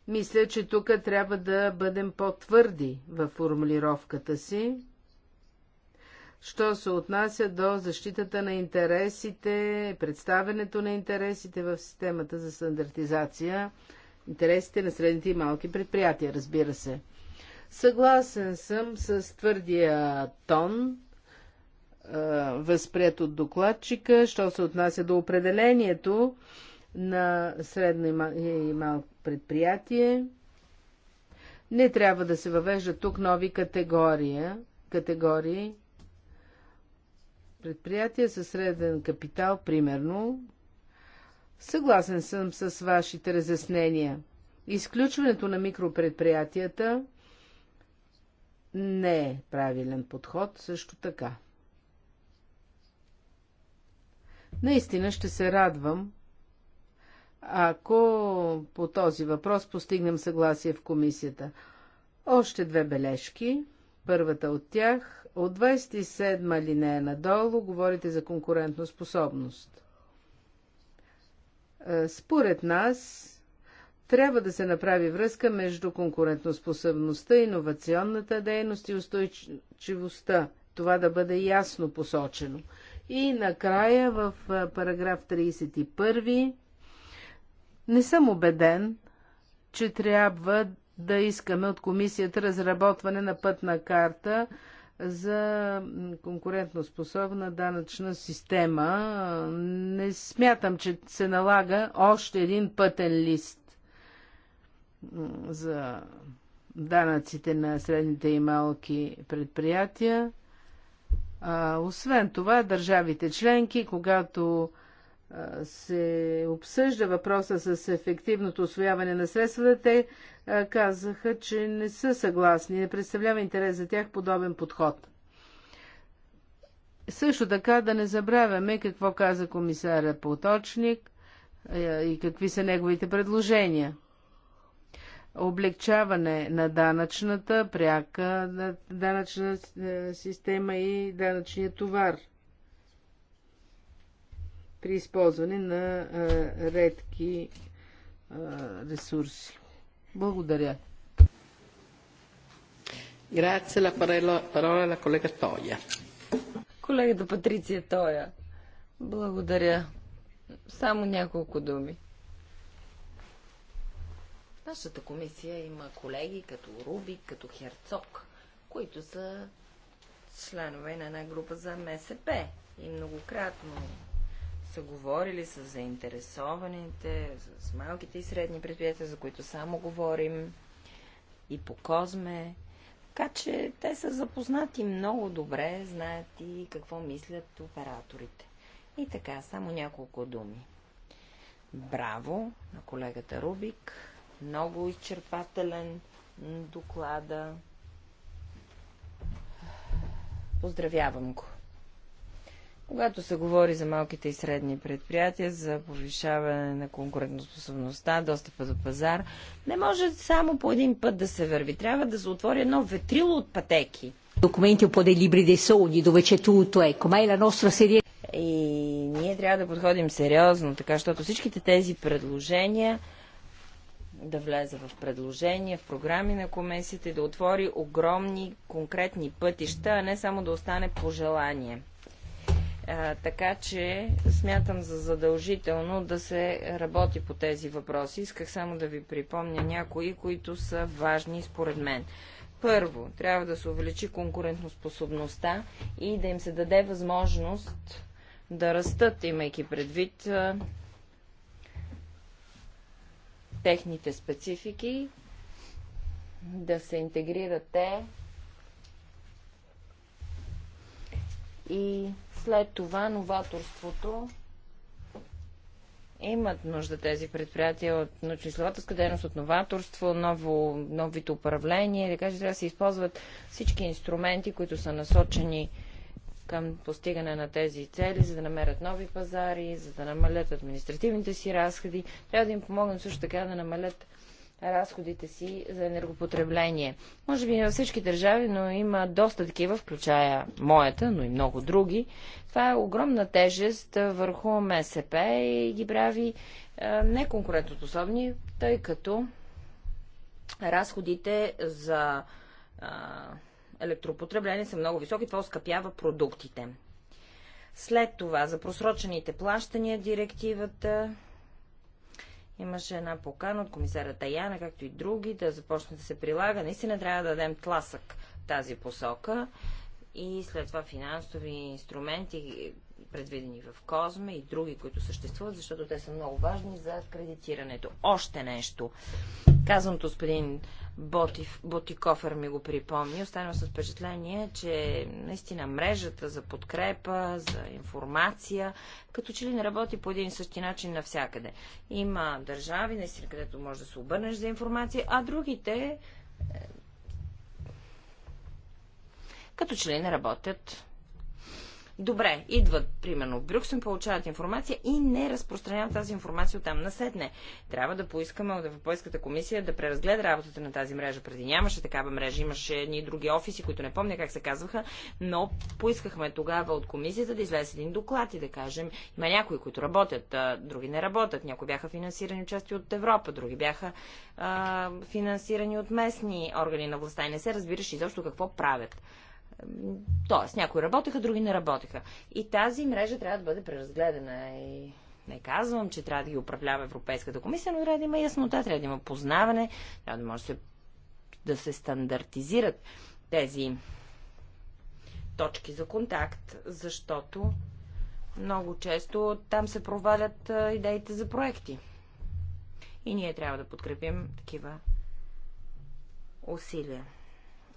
Мисля, че тук трябва да бъдем по-твърди във формулировката си, що се отнася до защитата на интересите, представенето на интересите в системата за стандартизация, интересите на средните и малки предприятия, разбира се. Съгласен съм с твърдия тон, възпред от докладчика, що се отнася до определението на средно и малко предприятие. Не трябва да се въвежда тук нови категория, категории. Предприятия със среден капитал, примерно. Съгласен съм с вашите разяснения. Изключването на микропредприятията не е правилен подход също така. Наистина ще се радвам, ако по този въпрос постигнем съгласие в комисията. Още две бележки. Първата от тях, от 27-ма линея надолу, говорите за конкурентно способност. Е, според нас, трябва да се направи връзка между конкурентоспособността, иновационната дейност и устойчивостта. Това да бъде ясно посочено. И накрая в е, параграф 31 не съм убеден, че трябва да искаме от комисията разработване на пътна карта за конкурентоспособна данъчна система. Не смятам, че се налага още един пътен лист за данъците на средните и малки предприятия. А, освен това, държавите членки, когато се обсъжда въпроса с ефективното освояване на средствата, те казаха, че не са съгласни, не представлява интерес за тях подобен подход. Също така да не забравяме какво каза комисаря Поточник и какви са неговите предложения. Облегчаване на данъчната, пряка данъчна система и данъчния товар – при използване на редки ресурси. Благодаря. Grazie, la parola alla collega Toia. Колегата Патриция Тоя. Благодаря. Само няколко думи. нашата комисия има колеги като Руби, като Херцог, които са членове на една група за МСП и многократно са говорили с заинтересованите, с малките и средни предприятия, за които само говорим, и по Козме. Така че те са запознати много добре, знаят и какво мислят операторите. И така, само няколко думи. Браво на колегата Рубик. Много изчерпателен доклада. Поздравявам го. Когато се говори за малките и средни предприятия, за повишаване на конкурентоспособността, достъпа до пазар, не може само по един път да се върви. Трябва да се отвори едно ветрило от пътеки. Документи по dei libri dei sogni, dove c'è tutto, е, ma è е И ние трябва да подходим сериозно, така, защото всичките тези предложения да влезе в предложения, в програми на комисията и да отвори огромни конкретни пътища, а не само да остане пожелание. А, така че смятам за задължително да се работи по тези въпроси. Исках само да ви припомня някои, които са важни според мен. Първо, трябва да се увеличи конкурентоспособността и да им се даде възможност да растат, имайки предвид а, техните специфики, да се интегрират те и след това новаторството имат нужда тези предприятия от научно-изследователска дейност, от новаторство, ново, новите управления. Да кажа, трябва да се използват всички инструменти, които са насочени към постигане на тези цели, за да намерят нови пазари, за да намалят административните си разходи. Трябва да им помогнат също така да намалят разходите си за енергопотребление. Може би не във всички държави, но има доста такива, включая моята, но и много други. Това е огромна тежест върху МСП и ги прави неконкурентоспособни, тъй като разходите за електропотребление са много високи, това оскъпява продуктите. След това за просрочените плащания директивата Имаше една покана от комисаря Таяна, както и други, да започне да се прилага. Наистина трябва да дадем тласък тази посока и след това финансови инструменти, предвидени в Козме и други, които съществуват, защото те са много важни за кредитирането. Още нещо. Казвам господин Ботиф, Ботикофер ми го припомни. Останам с впечатление, че наистина мрежата за подкрепа, за информация, като че ли не работи по един и същи начин навсякъде. Има държави, наистина, където може да се обърнеш за информация, а другите е, като че ли не работят Добре, идват примерно в Брюксен, получават информация и не разпространяват тази информация оттам насетне. Трябва да поискаме от Европейската комисия да преразгледа работата на тази мрежа. Преди нямаше такава мрежа, имаше едни други офиси, които не помня как се казваха, но поискахме тогава от комисията да излезе един доклад и да кажем, има някои, които работят, а други не работят. Някои бяха финансирани части от Европа, други бяха а, финансирани от местни органи на властта и не се разбираше изобщо какво правят. Тоест, някои работеха, други не работеха. И тази мрежа трябва да бъде преразгледана. И не казвам, че трябва да ги управлява Европейската комисия, но трябва да има яснота, трябва да има познаване, трябва да може да се, да се стандартизират тези точки за контакт, защото много често там се провалят идеите за проекти. И ние трябва да подкрепим такива усилия.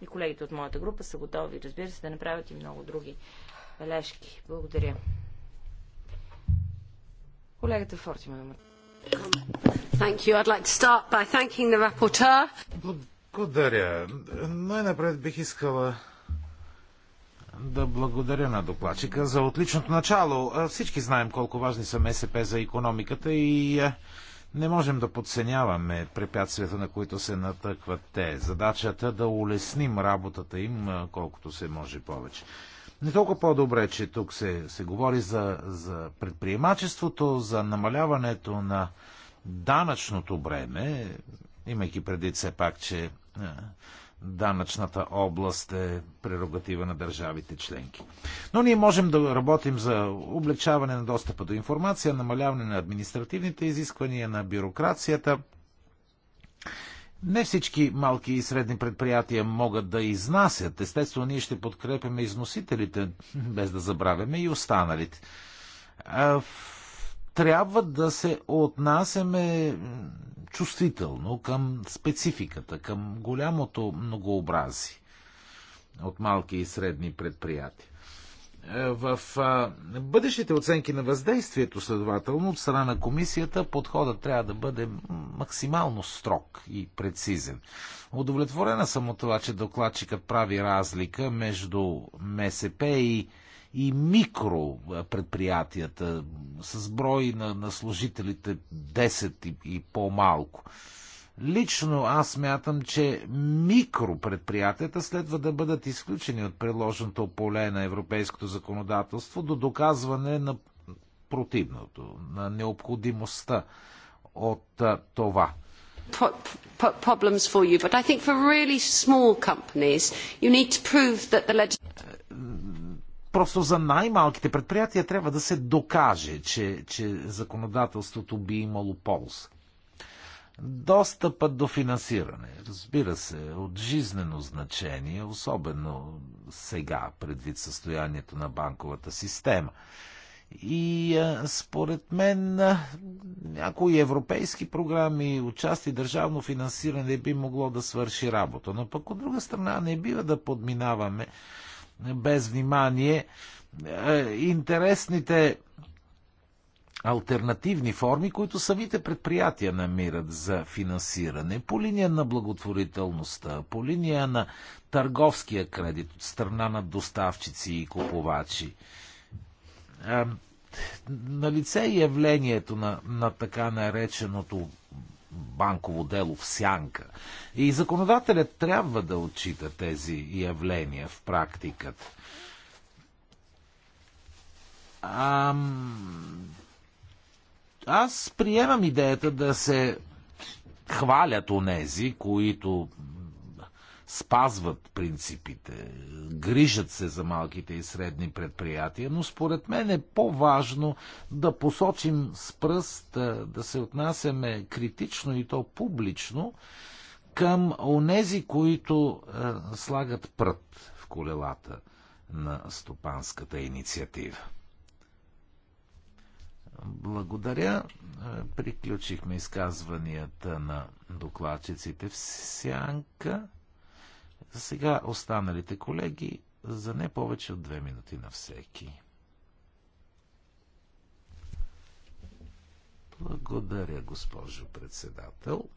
И колегите от моята група са готови, разбира се, да направят и много други бележки. Благодаря. Колегата Форти има думата. Like благодаря. Най-напред бих искала да благодаря на докладчика за отличното начало. Всички знаем колко важни са МСП за економиката и е, не можем да подценяваме препятствията, на които се натъкват те. Задачата е да улесним работата им колкото се може повече. Не толкова по-добре, че тук се, се говори за, за предприемачеството, за намаляването на данъчното бреме, имайки преди все пак, че данъчната област е прерогатива на държавите членки. Но ние можем да работим за облегчаване на достъпа до информация, намаляване на административните изисквания, на бюрокрацията. Не всички малки и средни предприятия могат да изнасят. Естествено, ние ще подкрепяме износителите, без да забравяме и останалите. Трябва да се отнасяме чувствително към спецификата, към голямото многообразие от малки и средни предприятия. Е, в бъдещите оценки на въздействието, следователно, от страна на комисията, подходът трябва да бъде максимално строг и прецизен. Удовлетворена съм от това, че докладчикът прави разлика между МСП и и предприятията с брой на, на служителите 10 и, и по-малко. Лично аз мятам, че микропредприятията следва да бъдат изключени от предложеното поле на европейското законодателство до доказване на противното, на необходимостта от това problems for you, but I think for really small companies, you need to prove that the legislation. Просто за най-малките предприятия трябва да се докаже, че, че законодателството би имало полза. Достъпът до финансиране, разбира се, е от жизнено значение, особено сега, предвид състоянието на банковата система. И според мен някои европейски програми, участие държавно финансиране би могло да свърши работа. Но пък от друга страна не бива да подминаваме без внимание интересните альтернативни форми, които самите предприятия намират за финансиране по линия на благотворителността, по линия на търговския кредит от страна на доставчици и купувачи. Налице е явлението на, на така нареченото банково дело в сянка. И законодателят трябва да отчита тези явления в практиката. Ам... Аз приемам идеята да се хвалят онези, които спазват принципите, грижат се за малките и средни предприятия, но според мен е по-важно да посочим с пръст, да се отнасяме критично и то публично към онези, които слагат прът в колелата на стопанската инициатива. Благодаря. Приключихме изказванията на докладчиците в Сянка. За сега останалите колеги за не повече от две минути на всеки. Благодаря, госпожо председател.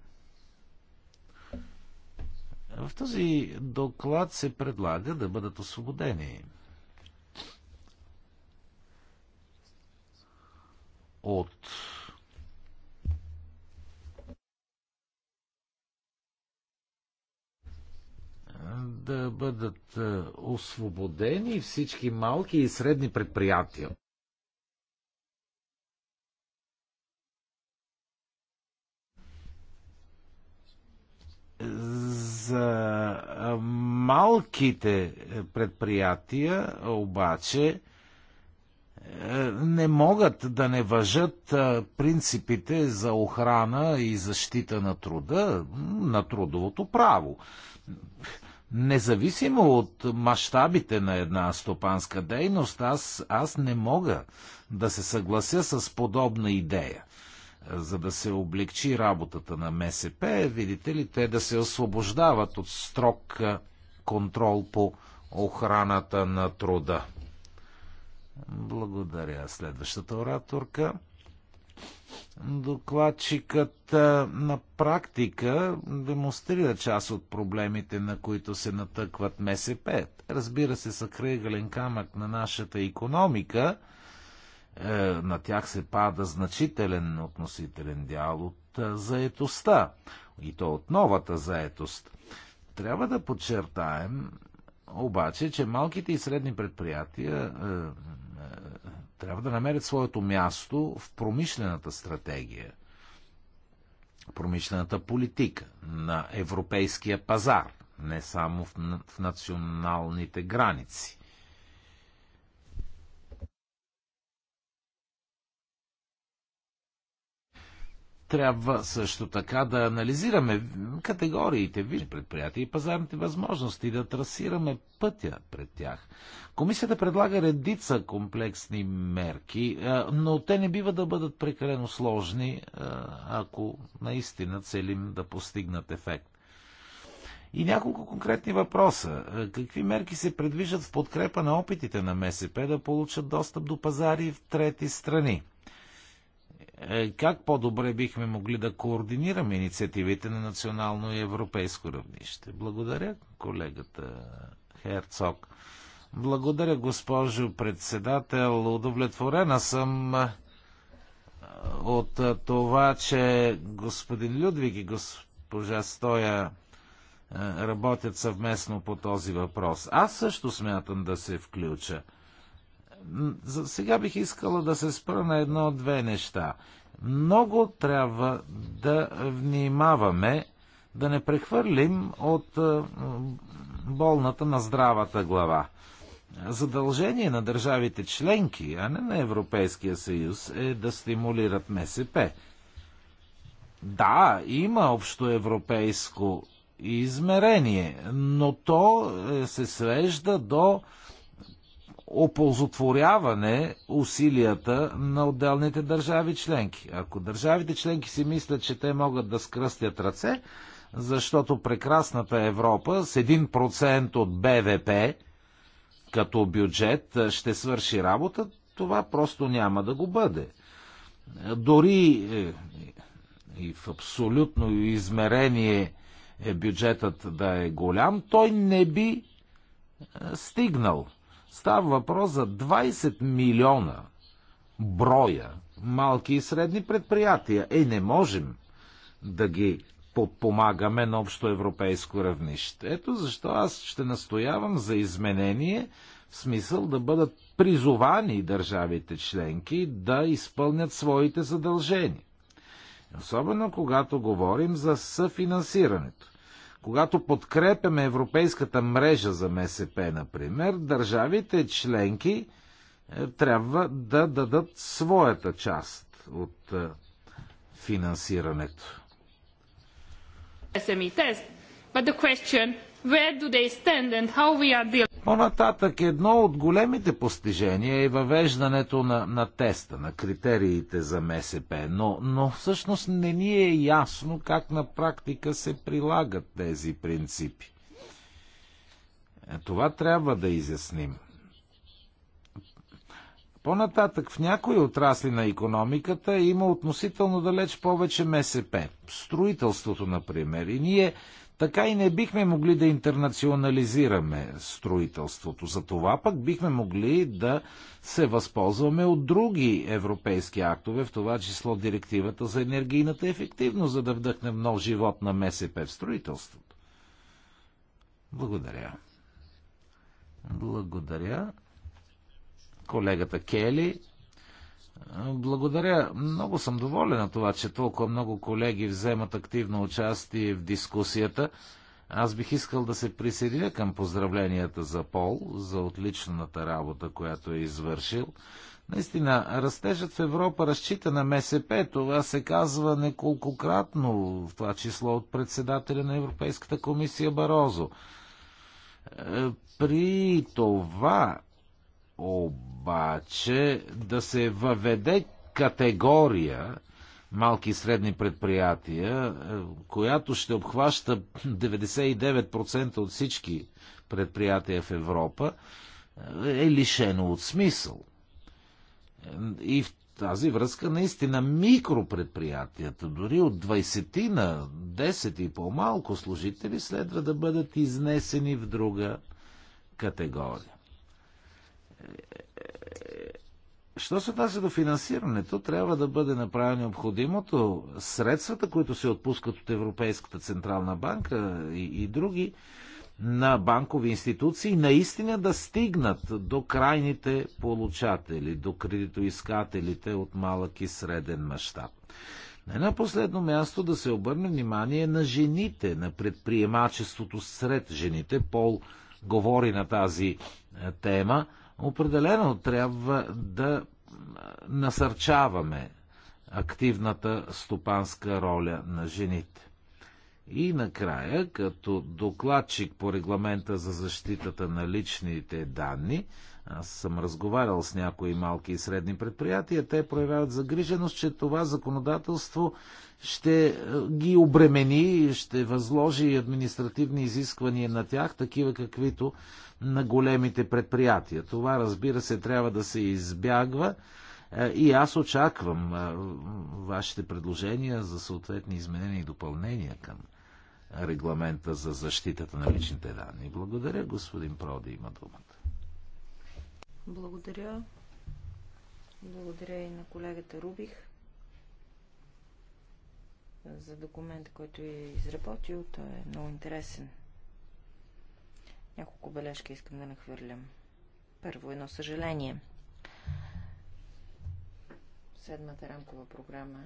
В този доклад се предлага да бъдат освободени от да бъдат е, освободени всички малки и средни предприятия. За е, малките е, предприятия обаче не могат да не въжат принципите за охрана и защита на труда, на трудовото право. Независимо от мащабите на една стопанска дейност, аз, аз не мога да се съглася с подобна идея. За да се облегчи работата на МСП, видите ли, те да се освобождават от строг контрол по охраната на труда. Благодаря следващата ораторка. Докладчикът на практика демонстрира част от проблемите, на които се натъкват МСП. Разбира се, са кръгален камък на нашата економика. Е, на тях се пада значителен относителен дял от заетостта. И то от новата заетост. Трябва да подчертаем, обаче, че малките и средни предприятия е, трябва да намерят своето място в промишлената стратегия, промишлената политика на европейския пазар, не само в националните граници. Трябва също така да анализираме категориите, виж предприятия и пазарните възможности, да трасираме пътя пред тях. Комисията предлага редица комплексни мерки, но те не бива да бъдат прекалено сложни, ако наистина целим да постигнат ефект. И няколко конкретни въпроса. Какви мерки се предвиждат в подкрепа на опитите на МСП да получат достъп до пазари в трети страни? Е, как по-добре бихме могли да координираме инициативите на национално и европейско равнище. Благодаря, колегата Херцог. Благодаря, госпожо председател. Удовлетворена съм е, от е, това, че господин Людвиг и госпожа Стоя работят съвместно по този въпрос. Аз също смятам да се включа. За сега бих искала да се спра на едно-две неща. Много трябва да внимаваме да не прехвърлим от болната на здравата глава. Задължение на държавите членки, а не на Европейския съюз, е да стимулират МСП. Да, има общоевропейско измерение, но то е, се свежда до оползотворяване усилията на отделните държави членки. Ако държавите членки си мислят, че те могат да скръстят ръце, защото прекрасната Европа с 1% от БВП като бюджет ще свърши работа, това просто няма да го бъде. Дори е, и в абсолютно измерение е бюджетът да е голям, той не би е, стигнал Става въпрос за 20 милиона броя малки и средни предприятия. Е, не можем да ги подпомагаме на общо европейско равнище. Ето защо аз ще настоявам за изменение в смисъл да бъдат призовани държавите членки да изпълнят своите задължения. Особено когато говорим за съфинансирането. Когато подкрепяме Европейската мрежа за МСП, например, държавите членки е, трябва да дадат своята част от е, финансирането. SME test, but the question Where do they stand and how we are dealing? По-нататък едно от големите постижения е въвеждането на, на теста, на критериите за МСП, но, но всъщност не ни е ясно как на практика се прилагат тези принципи. Е, това трябва да изясним. По-нататък в някои отрасли на економиката има относително далеч повече МСП. Строителството, например. И ние така и не бихме могли да интернационализираме строителството. За това пък бихме могли да се възползваме от други европейски актове, в това число директивата за енергийната ефективност, за да вдъхнем нов живот на МСП в строителството. Благодаря. Благодаря. Колегата Кели. Благодаря. Много съм доволен на това, че толкова много колеги вземат активно участие в дискусията. Аз бих искал да се присъединя към поздравленията за Пол, за отличната работа, която е извършил. Наистина, растежът в Европа разчита на МСП. Това се казва неколкократно, в това число от председателя на Европейската комисия Барозо. Е, при това обаче да се въведе категория малки и средни предприятия, е, която ще обхваща 99% от всички предприятия в Европа, е, е лишено от смисъл. И в тази връзка наистина микропредприятията, дори от 20 на 10 и по-малко служители, следва да бъдат изнесени в друга категория. Що се отнася до финансирането, трябва да бъде направено необходимото. Средствата, които се отпускат от Европейската Централна банка и, и други на банкови институции, наистина да стигнат до крайните получатели, до кредитоискателите от малък и среден мащаб. Не на последно място да се обърне внимание на жените, на предприемачеството сред жените. Пол говори на тази е, тема определено трябва да насърчаваме активната стопанска роля на жените. И накрая, като докладчик по регламента за защитата на личните данни, аз съм разговарял с някои малки и средни предприятия. Те проявяват загриженост, че това законодателство ще е, ги обремени, ще възложи административни изисквания на тях, такива каквито на големите предприятия. Това, разбира се, трябва да се избягва. Е, и аз очаквам е, вашите предложения за съответни изменения и допълнения към регламента за защитата на личните данни. Благодаря, господин Проди, има думата. Благодаря. Благодаря и на колегата Рубих за документа, който е изработил. Той е много интересен. Няколко бележки искам да нахвърлям. Първо, едно съжаление. Седмата рамкова програма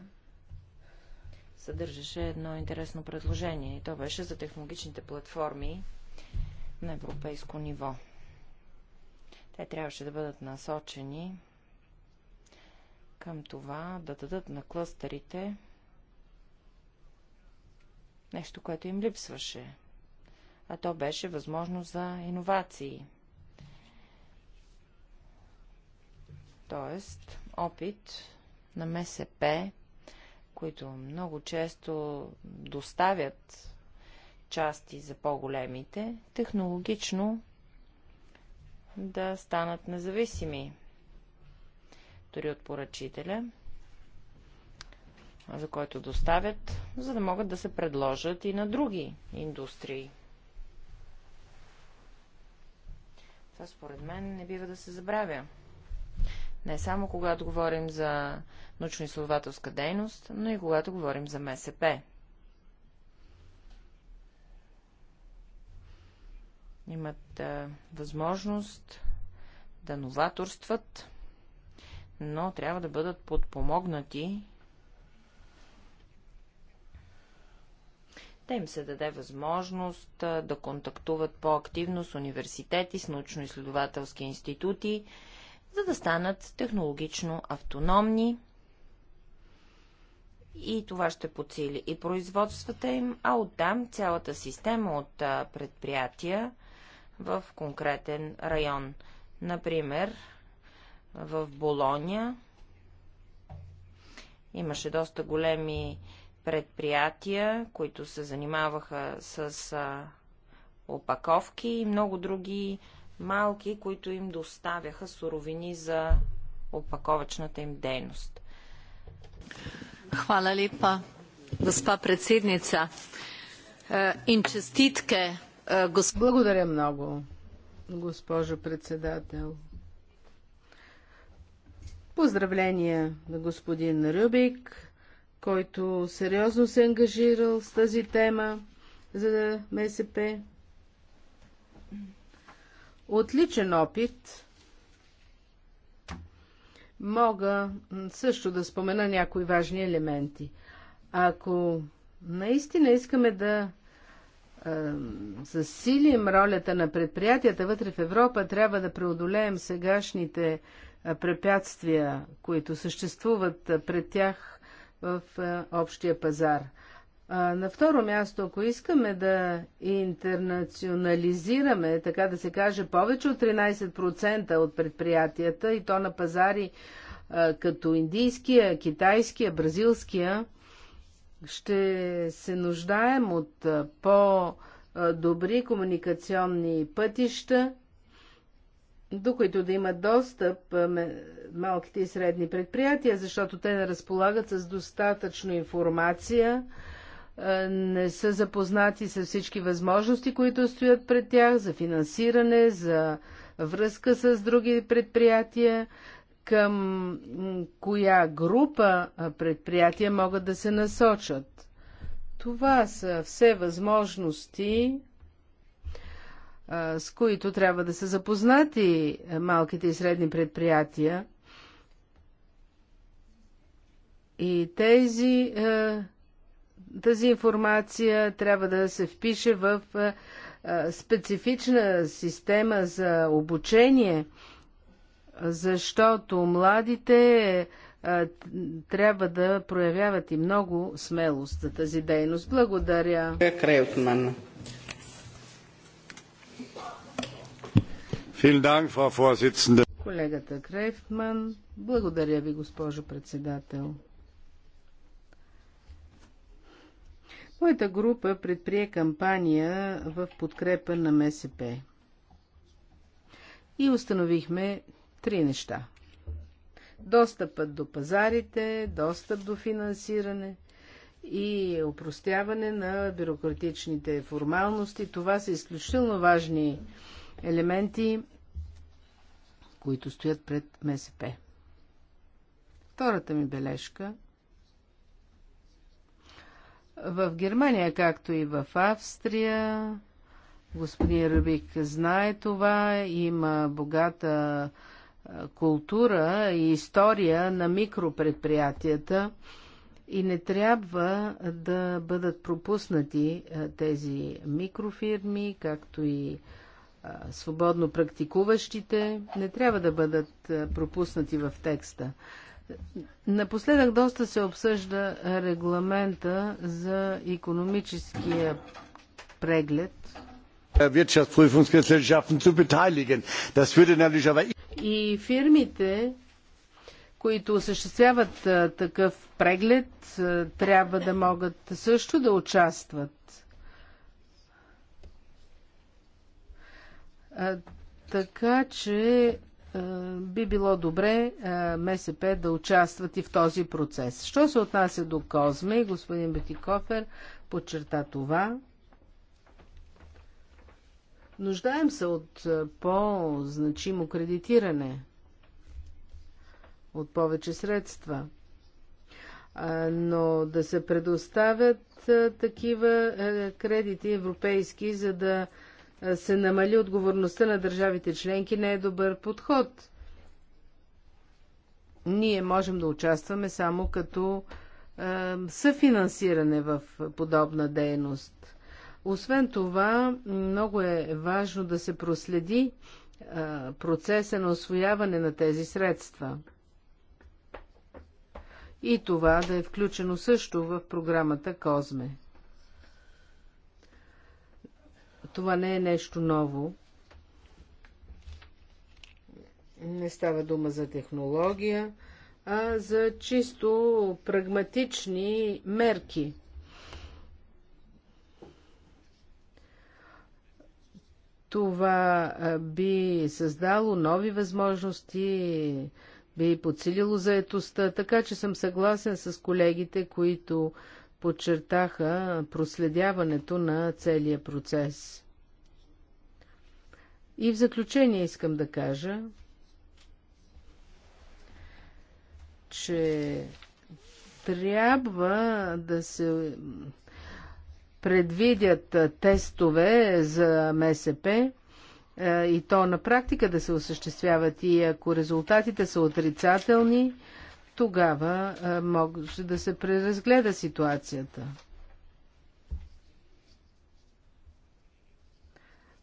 съдържаше едно интересно предложение и то беше за технологичните платформи на европейско ниво. Те трябваше да бъдат насочени към това да дадат на клъстерите нещо, което им липсваше. А то беше възможност за иновации. Тоест, опит на МСП, които много често доставят части за по-големите, технологично да станат независими, дори от поръчителя, за който доставят, за да могат да се предложат и на други индустрии. Това според мен не бива да се забравя. Не само когато говорим за научно-изследователска дейност, но и когато говорим за МСП. имат а, възможност да новаторстват, но трябва да бъдат подпомогнати. Да им се даде възможност а, да контактуват по-активно с университети, с научно-изследователски институти, за да станат технологично автономни. И това ще подсили и производствата им, а оттам цялата система от предприятия в конкретен район. Например, в Болония имаше доста големи предприятия, които се занимаваха с а, опаковки и много други малки, които им доставяха суровини за опаковачната им дейност. Хвала липа, gospa председница. In е, čestitke благодаря много, госпожо председател. Поздравления на господин Рюбик, който сериозно се е ангажирал с тази тема за МСП. Отличен опит. Мога също да спомена някои важни елементи. Ако наистина искаме да засилим ролята на предприятията вътре в Европа, трябва да преодолеем сегашните препятствия, които съществуват пред тях в общия пазар. На второ място, ако искаме да интернационализираме, така да се каже, повече от 13% от предприятията и то на пазари като индийския, китайския, бразилския, ще се нуждаем от по-добри комуникационни пътища, до които да имат достъп малките и средни предприятия, защото те не разполагат с достатъчно информация, не са запознати с всички възможности, които стоят пред тях за финансиране, за връзка с други предприятия, към коя група предприятия могат да се насочат. Това са все възможности, с които трябва да са запознати малките и средни предприятия. И тези, тази информация трябва да се впише в специфична система за обучение – защото младите трябва да проявяват и много смелост за тази дейност. Благодаря. Колегата Крейфман, благодаря ви, госпожо председател. Моята група предприе кампания в подкрепа на МСП. И установихме, Три неща. Достъпът до пазарите, достъп до финансиране и упростяване на бюрократичните формалности. Това са изключително важни елементи, които стоят пред МСП. Втората ми бележка. В Германия, както и в Австрия, господин Рубик знае това, има богата култура и история на микропредприятията и не трябва да бъдат пропуснати тези микрофирми, както и свободно практикуващите, не трябва да бъдат пропуснати в текста. Напоследък доста се обсъжда регламента за економическия преглед Wirtschaftsprüfungsgesellschaften zu beteiligen. Das würde natürlich aber и фирмите, които осъществяват а, такъв преглед, а, трябва да могат също да участват. А, така че би било добре МСП да участват и в този процес. Що се отнася до Козме, господин Бетикофер подчерта това. Нуждаем се от е, по-значимо кредитиране, от повече средства, но да се предоставят е, такива е, кредити европейски, за да се намали отговорността на държавите членки, не е добър подход. Ние можем да участваме само като съфинансиране в подобна дейност. Освен това, много е важно да се проследи процеса на освояване на тези средства. И това да е включено също в програмата Козме. Това не е нещо ново. Не става дума за технология, а за чисто прагматични мерки – Това би създало нови възможности, би подсилило заетостта, така че съм съгласен с колегите, които подчертаха проследяването на целия процес. И в заключение искам да кажа, че трябва да се предвидят тестове за МСП и то на практика да се осъществяват и ако резултатите са отрицателни, тогава може да се преразгледа ситуацията.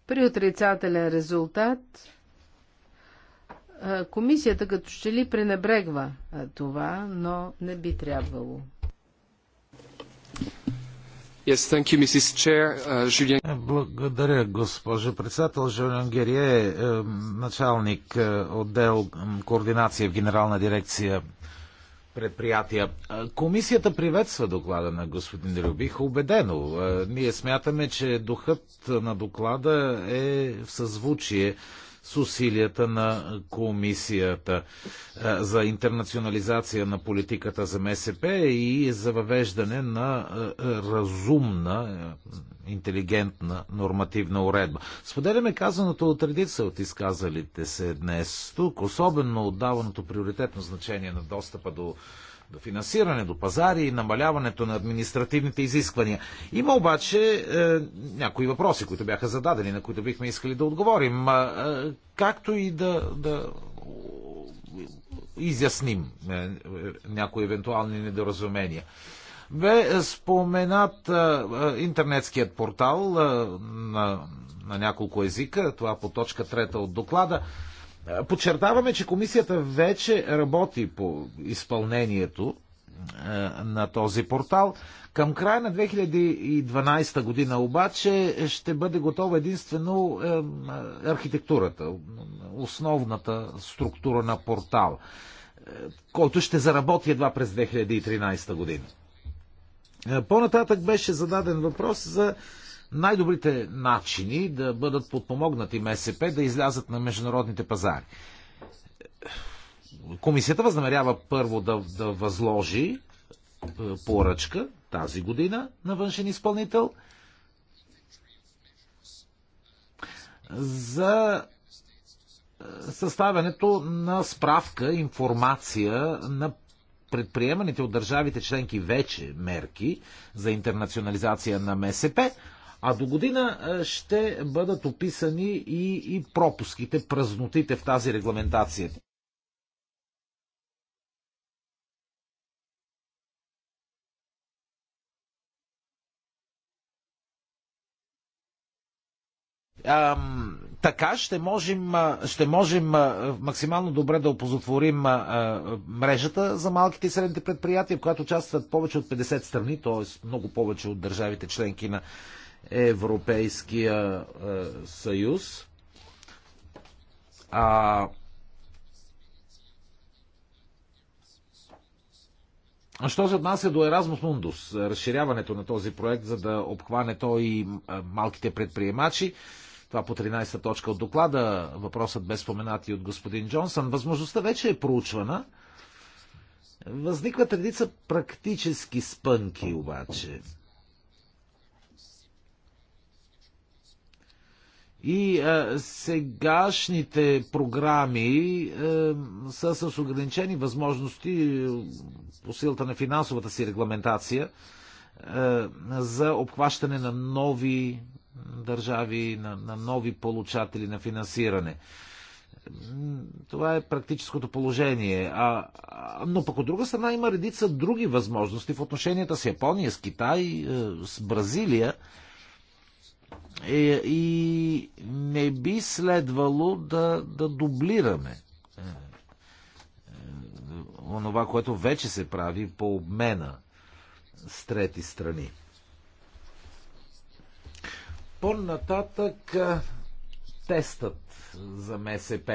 При отрицателен резултат комисията като ще ли пренебрегва това, но не би трябвало. Yes, thank you, Mrs. Chair. Uh, Julien... Е, благодаря, госпожо председател. Жулиан Герие, е, началник е, отдел координация в Генерална дирекция предприятия. Комисията приветства доклада на господин Рюбих убедено. Ние смятаме, че духът на доклада е в съзвучие с усилията на комисията за интернационализация на политиката за МСП и за въвеждане на разумна, интелигентна нормативна уредба. Споделяме казаното от редица от изказалите се днес тук, особено отдаваното приоритетно значение на достъпа до до финансиране, до пазари и намаляването на административните изисквания. Има обаче е, някои въпроси, които бяха зададени, на които бихме искали да отговорим, е, е както и да, да изясним е, е, някои евентуални недоразумения. Бе споменат е, е интернетският портал е, на, на няколко езика, това по точка трета от доклада. Е, подчертаваме, че комисията вече работи по изпълнението е, на този портал. Към края на 2012 година обаче ще бъде готова единствено е, архитектурата, основната структура на портал, който ще заработи едва през 2013 година. По-нататък беше зададен въпрос за най-добрите начини да бъдат подпомогнати МСП да излязат на международните пазари. Комисията възнамерява първо да, да възложи е, поръчка тази година на външен изпълнител за е, съставянето на справка, информация на предприеманите от държавите членки вече мерки за интернационализация на МСП, а до година е, ще бъдат описани и, и пропуските, празнотите в тази регламентация. така ще можем, ще можем максимално добре да опозотворим мрежата за малките и средните предприятия, в която участват повече от 50 страни, т.е. много повече от държавите членки на Европейския е, съюз. А Що се отнася до Erasmus Mundus, разширяването на този проект, за да обхване той и е, малките предприемачи, това по 13-та точка от доклада, въпросът без споменати от господин Джонсън, възможността вече е проучвана. Възникват редица практически спънки обаче. И а, сегашните програми а, са с ограничени възможности по силата на финансовата си регламентация а, за обхващане на нови държави, на, на нови получатели на финансиране. Това е практическото положение. А, но пък от друга страна има редица други възможности в отношенията с Япония, с Китай, с Бразилия е, и не би следвало да, да дублираме е, е, онова, което вече се прави по обмена с трети страни. По-нататък тестът за МСП.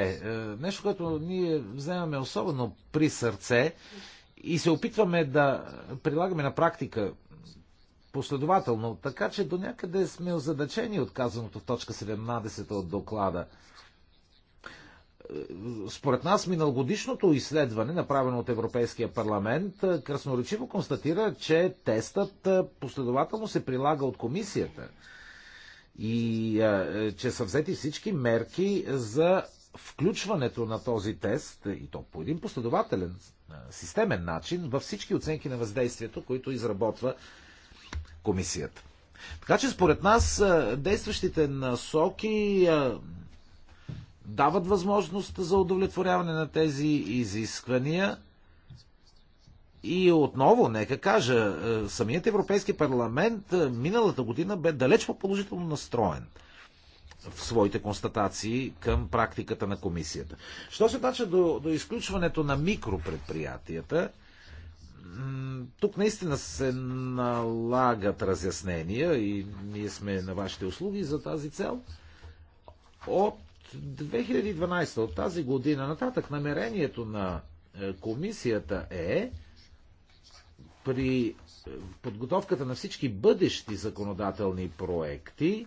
Нещо, което ние вземаме особено при сърце и се опитваме да прилагаме на практика последователно. Така че до някъде сме озадачени от казаното в точка 17 от доклада. Според нас миналогодишното изследване, направено от Европейския парламент, красноречиво констатира, че тестът последователно се прилага от комисията и че са взети всички мерки за включването на този тест, и то по един последователен, системен начин, във всички оценки на въздействието, които изработва комисията. Така че според нас действащите насоки дават възможност за удовлетворяване на тези изисквания. И отново, нека кажа, самият Европейски парламент миналата година бе далеч по-положително настроен в своите констатации към практиката на комисията. Що се отнася до, до изключването на микропредприятията, тук наистина се налагат разяснения и ние сме на вашите услуги за тази цел. От 2012, от тази година нататък, намерението на е, комисията е при е, подготовката на всички бъдещи законодателни проекти е,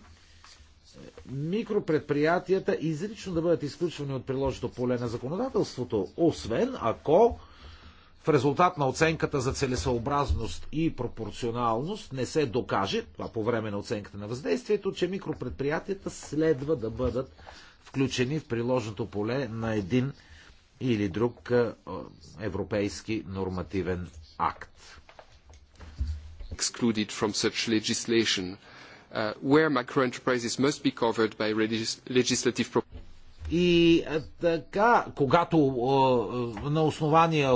микропредприятията изрично да бъдат изключвани от приложното поле на законодателството, освен ако в резултат на оценката за целесообразност и пропорционалност не се докаже, това по време на оценката на въздействието, че микропредприятията следва да бъдат включени в приложното поле на един или друг е, е, европейски нормативен акт. Excluded from such legislation, uh, where microenterprises must be covered by legislative proposals. И така, когато на основание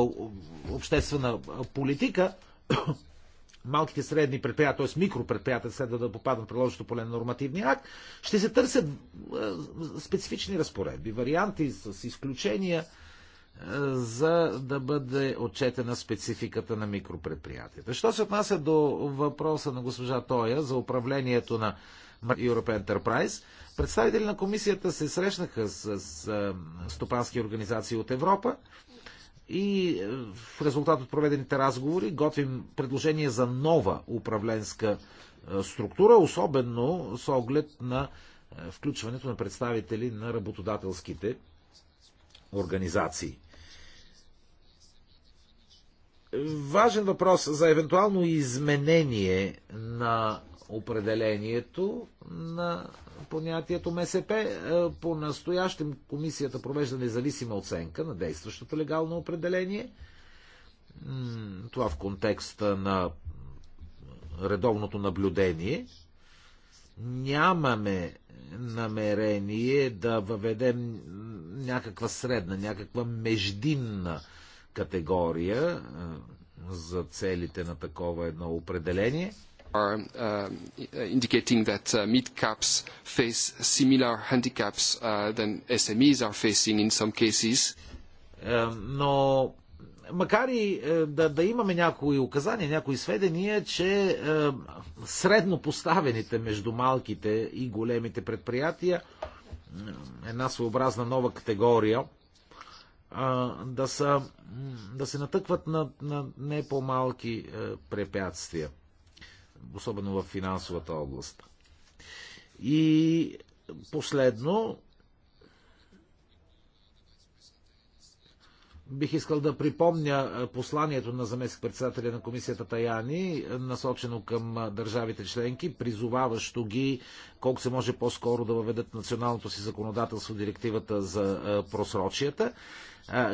обществена политика малките средни предприятия, т.е. микропредприятия, следва да попаднат в приложното поле на нормативния акт, ще се търсят специфични разпоредби, варианти с изключения, за да бъде отчетена спецификата на микропредприятията. Що се отнася до въпроса на госпожа Тоя за управлението на Europe Enterprise – Представители на комисията се срещнаха с, с стопански организации от Европа и е, в резултат от проведените разговори готвим предложение за нова управленска е, структура, особено с оглед на е, включването на представители на работодателските организации. Важен въпрос за евентуално изменение на определението на понятието МСП. Е, По настоящем комисията провежда независима оценка на действащото легално определение. Това в контекста на редовното наблюдение. Нямаме намерение да въведем някаква средна, някаква междинна категория е, за целите на такова едно определение – are um, uh, indicating that uh, mid-caps face similar handicaps uh, than SMEs are facing in some cases. Но макар и е, да, да имаме някои указания, някои сведения, че е, средно поставените между малките и големите предприятия, една своеобразна нова категория, е, да, са, да се натъкват на, на не по-малки е, препятствия особено в финансовата област. И последно, Бих искал да припомня посланието на заместник-председателя на комисията Таяни, насочено към държавите членки, призоваващо ги колко се може по-скоро да въведат националното си законодателство директивата за просрочията,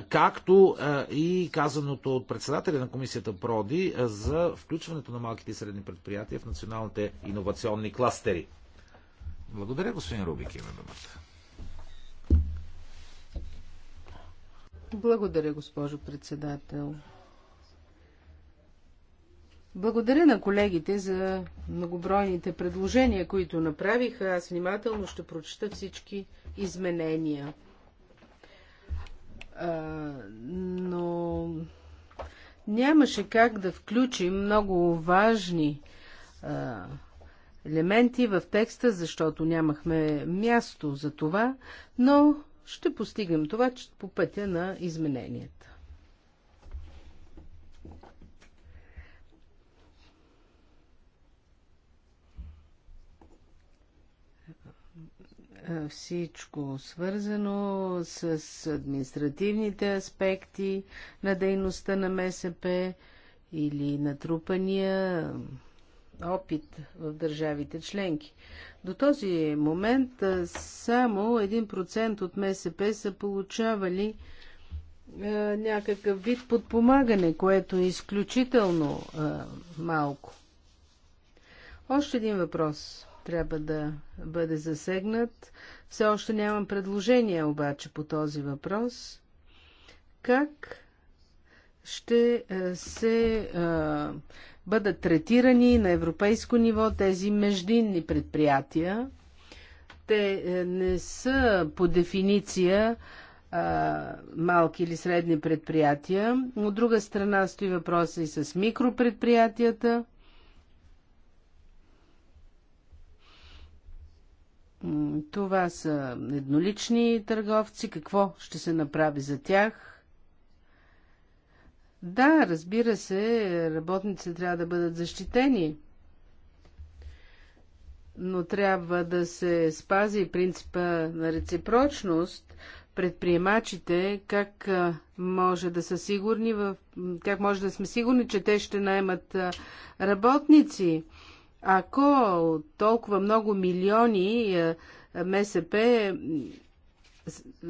както и казаното от председателя на комисията Проди за включването на малките и средни предприятия в националните иновационни кластери. Благодаря, господин Рубик, има думата. Благодаря, госпожо председател. Благодаря на колегите за многобройните предложения, които направиха. Аз внимателно ще прочета всички изменения. А, но нямаше как да включим много важни а, елементи в текста, защото нямахме място за това, но ще постигнем това че по пътя на измененията. Всичко свързано с административните аспекти на дейността на МСП или натрупания опит в държавите членки. До този момент само 1% от МСП са получавали някакъв вид подпомагане, което е изключително малко. Още един въпрос трябва да бъде засегнат. Все още нямам предложение обаче по този въпрос. Как ще се бъдат третирани на европейско ниво тези междинни предприятия. Те е, не са по дефиниция а, малки или средни предприятия. От друга страна стои въпроса и с микропредприятията. Това са еднолични търговци. Какво ще се направи за тях? Да, разбира се, работниците трябва да бъдат защитени, но трябва да се спази принципа на реципрочност. Предприемачите, как може да са сигурни, в, как може да сме сигурни, че те ще наймат работници? Ако толкова много милиони МСП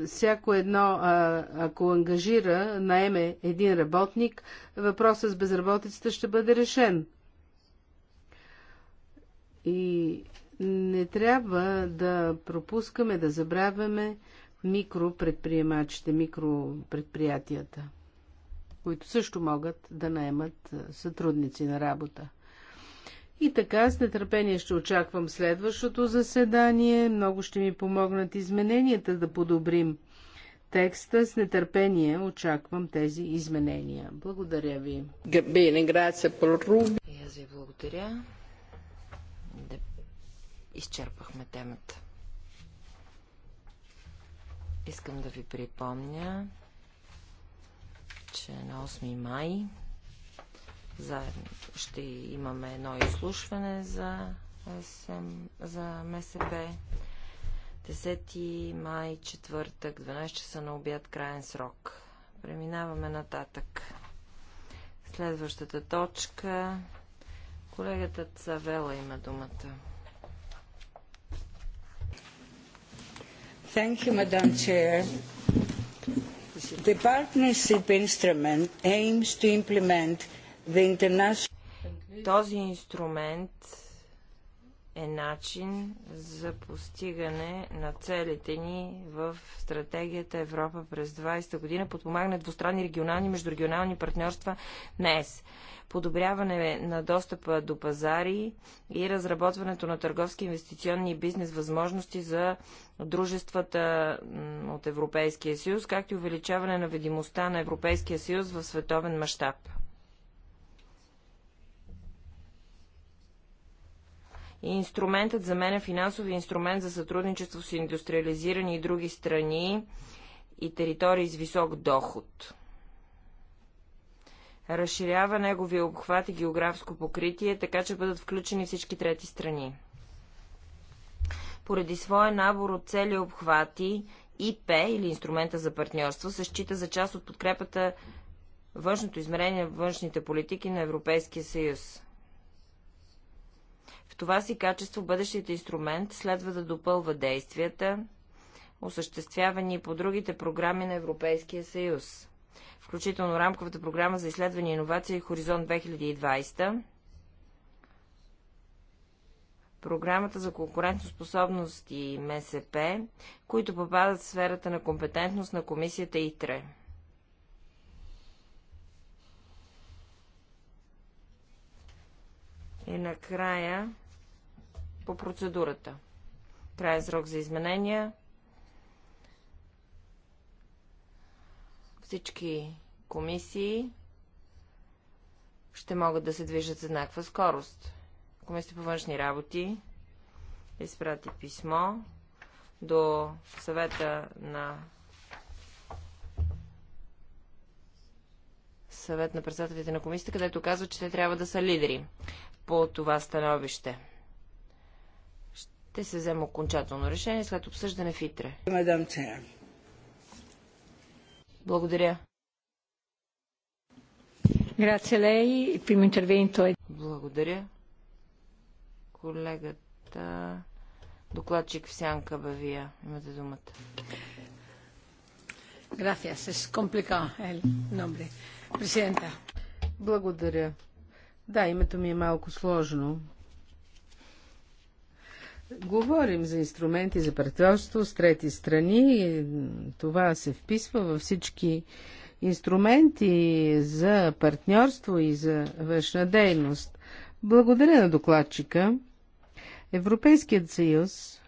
всяко едно, ако ангажира, наеме един работник, въпросът с безработицата ще бъде решен. И не трябва да пропускаме, да забравяме микропредприемачите, микропредприятията, които също могат да наемат сътрудници на работа. И така, с нетърпение ще очаквам следващото заседание. Много ще ми помогнат измененията да подобрим текста. С нетърпение очаквам тези изменения. Благодаря ви. Бене, грация, И аз ви благодаря. Да изчерпахме темата. Искам да ви припомня, че на 8 май заедно ще имаме едно изслушване за, СМ, за МСБ. 10 май, четвъртък, 12 часа на обяд, краен срок. Преминаваме нататък. Следващата точка. Колегата Цавела има думата. Thank you, Madam Chair. The partnership instrument aims to implement този инструмент е начин за постигане на целите ни в стратегията Европа през 20-та година, подпомагане двустранни регионални и междурегионални партньорства на ЕС, подобряване на достъпа до пазари и разработването на търговски инвестиционни и бизнес възможности за дружествата от Европейския съюз, както и увеличаване на видимостта на Европейския съюз в световен мащаб. Инструментът за мен е финансови инструмент за сътрудничество с индустриализирани и други страни и територии с висок доход. Разширява неговия обхват и географско покритие, така че бъдат включени всички трети страни. Поради своя набор от цели обхвати, ИП или инструмента за партньорство се счита за част от подкрепата външното измерение на външните политики на Европейския съюз. В това си качество бъдещият инструмент следва да допълва действията, осъществявани по другите програми на Европейския съюз, включително рамковата програма за изследване и иновация и Хоризонт 2020, програмата за конкурентоспособност и МСП, които попадат в сферата на компетентност на комисията ИТРЕ. И накрая по процедурата. Края срок за изменения. Всички комисии ще могат да се движат с еднаква скорост. Комисията по външни работи изпрати писмо до съвета на съвет на председателите на комисията, където казва, че те трябва да са лидери по това становище. Ще се взема окончателно решение след обсъждане в ИТРЕ. Благодаря. Е. Благодаря. Колегата докладчик в сянка Бавия. Имате думата. Gracias. nombre. Благодаря. Да, името ми е малко сложно. Говорим за инструменти за партньорство с трети страни. Това се вписва във всички инструменти за партньорство и за външна дейност. Благодаря на докладчика. Европейският съюз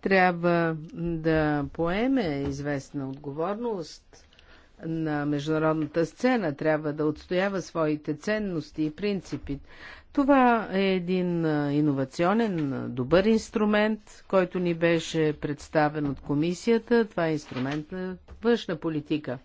трябва да поеме известна отговорност на международната сцена, трябва да отстоява своите ценности и принципи. Това е един иновационен, добър инструмент, който ни беше представен от комисията. Това е инструмент на външна политика.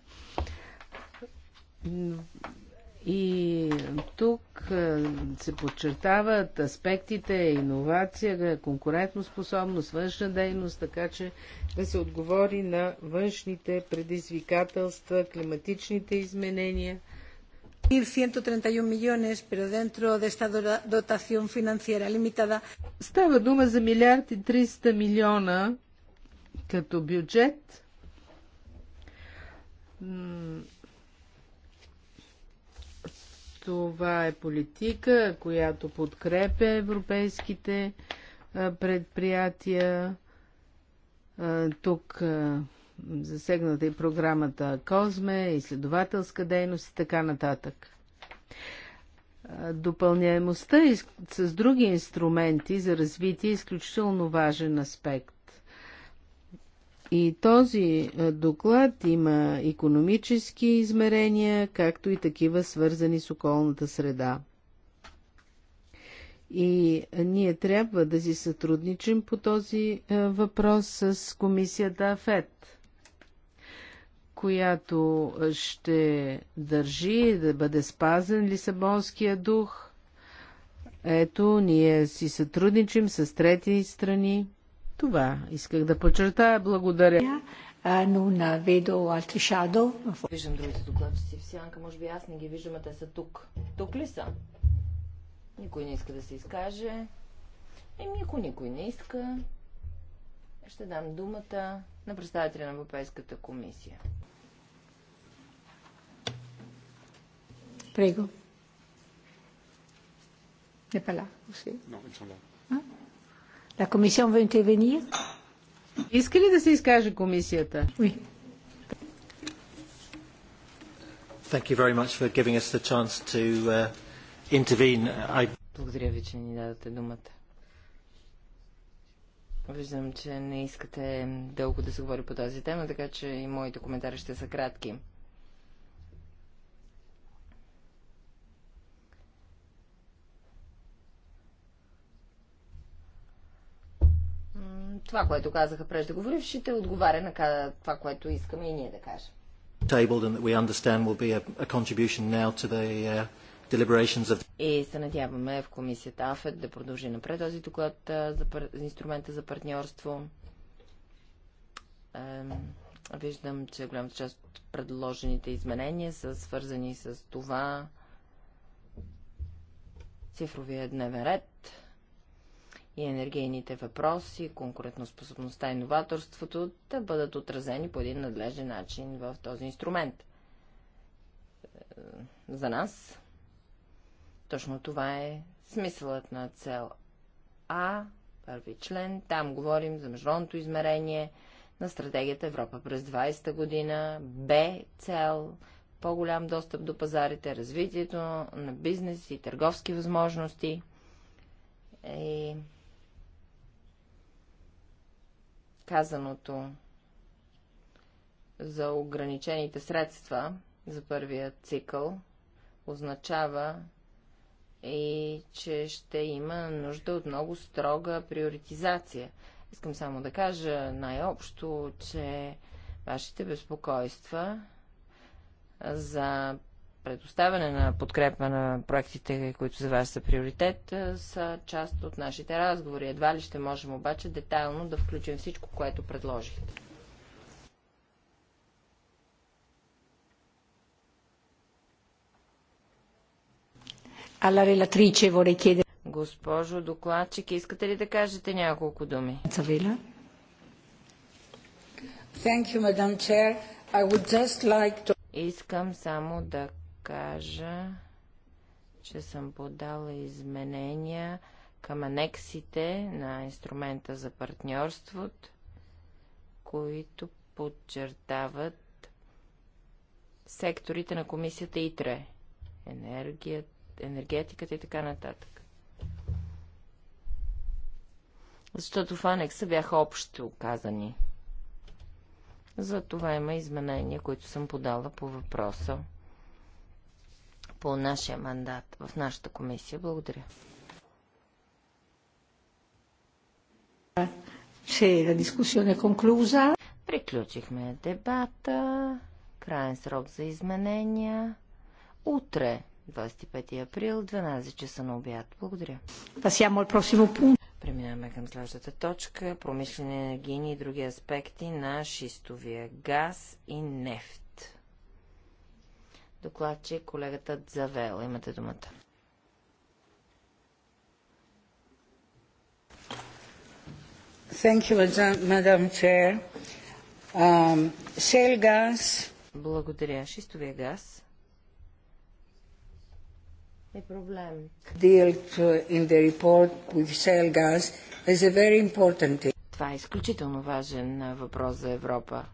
И тук е, се подчертават аспектите, иновация, конкурентоспособност, външна дейност, така че да се отговори на външните предизвикателства, климатичните изменения. 131 милионes, pero dentro de esta dotación financiera limitada. Става дума за милиард и 300 милиона като бюджет това е политика, която подкрепя европейските предприятия. Тук засегната и програмата Козме, изследователска дейност и така нататък. Допълняемостта с други инструменти за развитие е изключително важен аспект. И този е, доклад има економически измерения, както и такива свързани с околната среда. И ние трябва да си сътрудничим по този е, въпрос с комисията ФЕД, която е, ще държи да бъде спазен Лисабонския дух. Ето, ние си сътрудничим с трети страни. Това исках да подчертая. Благодаря. Но на Ведо Алтишадо. Виждам другите докладчици в сянка. Може би аз не ги виждам, а те са тук. Тук ли са? Никой не иска да се изкаже. Еми, никой, никой не иска. Ще дам думата на представителя на Европейската комисия. Prego. Не пала, là Non, ils sont là. Hein La Commission veut intervenir? Иска ли да се изкаже комисията? Oui. Thank you very much for giving us the chance to uh, intervene. I... Благодаря ви, че ни дадате думата. Виждам, че не искате дълго да се говори по тази тема, така че и моите коментари ще са кратки. Това, което казаха преждеговорившите, отговаря на това, което искаме и ние да кажем. Uh, и се надяваме в комисията АФЕД да продължи напред този доклад за инструмента за партньорство. Виждам, че голямата част от предложените изменения са свързани с това цифровия дневен ред и енергийните въпроси, конкурентоспособността и новаторството да бъдат отразени по един надлежен начин в този инструмент. Е, за нас точно това е смисълът на цел А, първи член. Там говорим за международното измерение на стратегията Европа през 20-та година, Б цел, по-голям достъп до пазарите, развитието на бизнес и търговски възможности. И казаното за ограничените средства за първия цикъл означава и че ще има нужда от много строга приоритизация. Искам само да кажа най-общо, че вашите безпокойства за предоставяне на подкрепа на проектите, които за вас са приоритет, са част от нашите разговори. Едва ли ще можем обаче детайлно да включим всичко, което предложихте. vorrei chiedere. Госпожо докладчик, искате ли да кажете няколко думи? Завила. Thank you, Madam Chair. I would just like to... Искам само да кажа, че съм подала изменения към анексите на инструмента за партньорството, които подчертават секторите на комисията ИТРЕ – енергия, енергетиката и така нататък. Защото в анекса бяха общо казани. Затова има изменения, които съм подала по въпроса по нашия мандат в нашата комисия. Благодаря. Приключихме дебата. Крайен срок за изменения. Утре, 25 април, 12 часа на обяд. Благодаря. Преминаваме към следващата точка. Промишлени енергийни и други аспекти на шистовия газ и нефт докладчик колегата Завел. Имате думата. You, um, Благодаря. Шистовия газ е проблем. Това е изключително важен въпрос за Европа.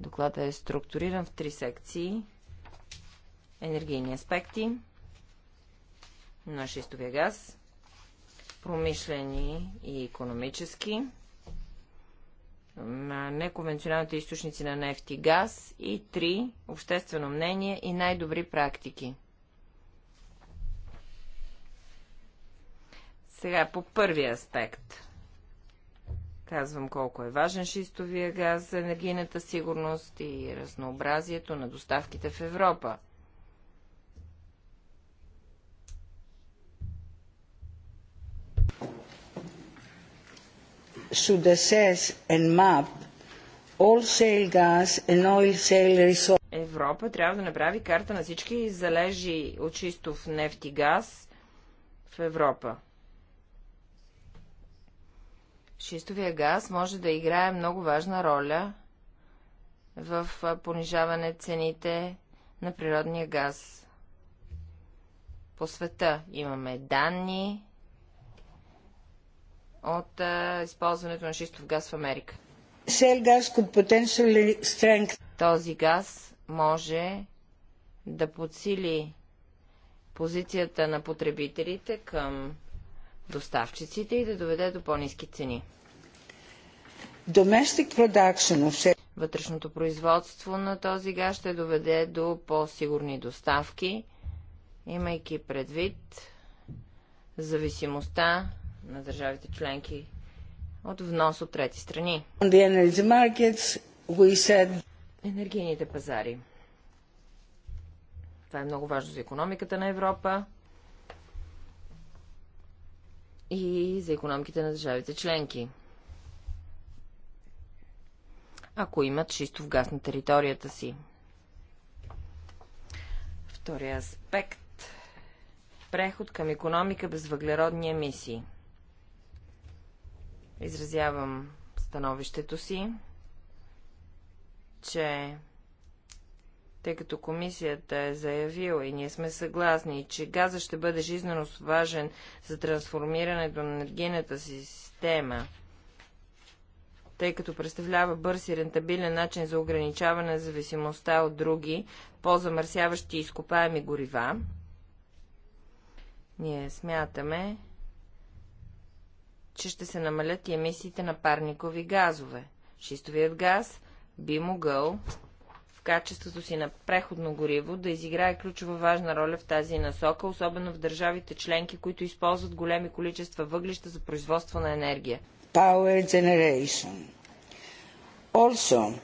Докладът е структуриран в три секции. Енергийни аспекти на шистовия газ, промишлени и економически, на неконвенционалните източници на нефт и газ и три обществено мнение и най-добри практики. Сега по първия аспект. Казвам колко е важен шистовия газ за енергийната сигурност и разнообразието на доставките в Европа. should assess and map all shale gas and oil shale resources. Европа трябва да направи карта на всички залежи от чистов нефт и газ в Европа шистовия газ може да играе много важна роля в понижаване цените на природния газ. По света имаме данни от а, използването на шистов газ в Америка. Този газ може да подсили позицията на потребителите към доставчиците и да доведе до по-низки цени. Вътрешното производство на този газ ще доведе до по-сигурни доставки, имайки предвид зависимостта на държавите членки от внос от трети страни. Енергийните пазари. Това е много важно за економиката на Европа и за економиките на държавите членки. Ако имат шистов газ на територията си. Втория аспект. Преход към економика без въглеродни емисии. Изразявам становището си, че тъй като комисията е заявила и ние сме съгласни, че газа ще бъде жизненно важен за трансформирането на енергийната система, тъй като представлява бърз и рентабилен начин за ограничаване на зависимостта от други по-замърсяващи изкопаеми горива, ние смятаме, че ще се намалят и емисиите на парникови газове. Шистовият газ би могъл в качеството си на преходно гориво да изиграе ключова важна роля в тази насока, особено в държавите членки, които използват големи количества въглища за производство на енергия. Power generation. Also,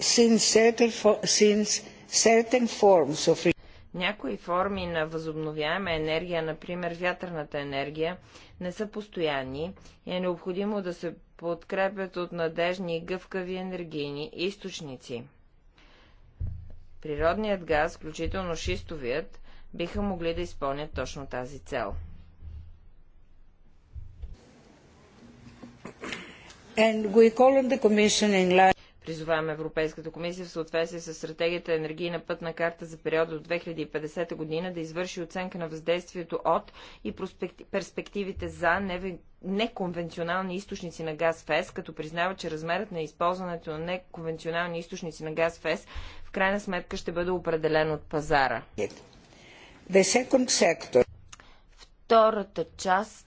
since certain, since certain forms of... Някои форми на възобновяема енергия, например вятърната енергия, не са постоянни и е необходимо да се подкрепят от надежни и гъвкави енергийни източници. Природният газ, включително шистовият, биха могли да изпълнят точно тази цел. And we call on the Commission in Призоваваме Европейската комисия в съответствие с стратегията енергийна пътна карта за периода до 2050 година да извърши оценка на въздействието от и перспективите за неконвенционални източници на газ ФЕС, като признава, че размерът на използването на неконвенционални източници на газ ФЕС в крайна сметка ще бъде определен от пазара. Втората част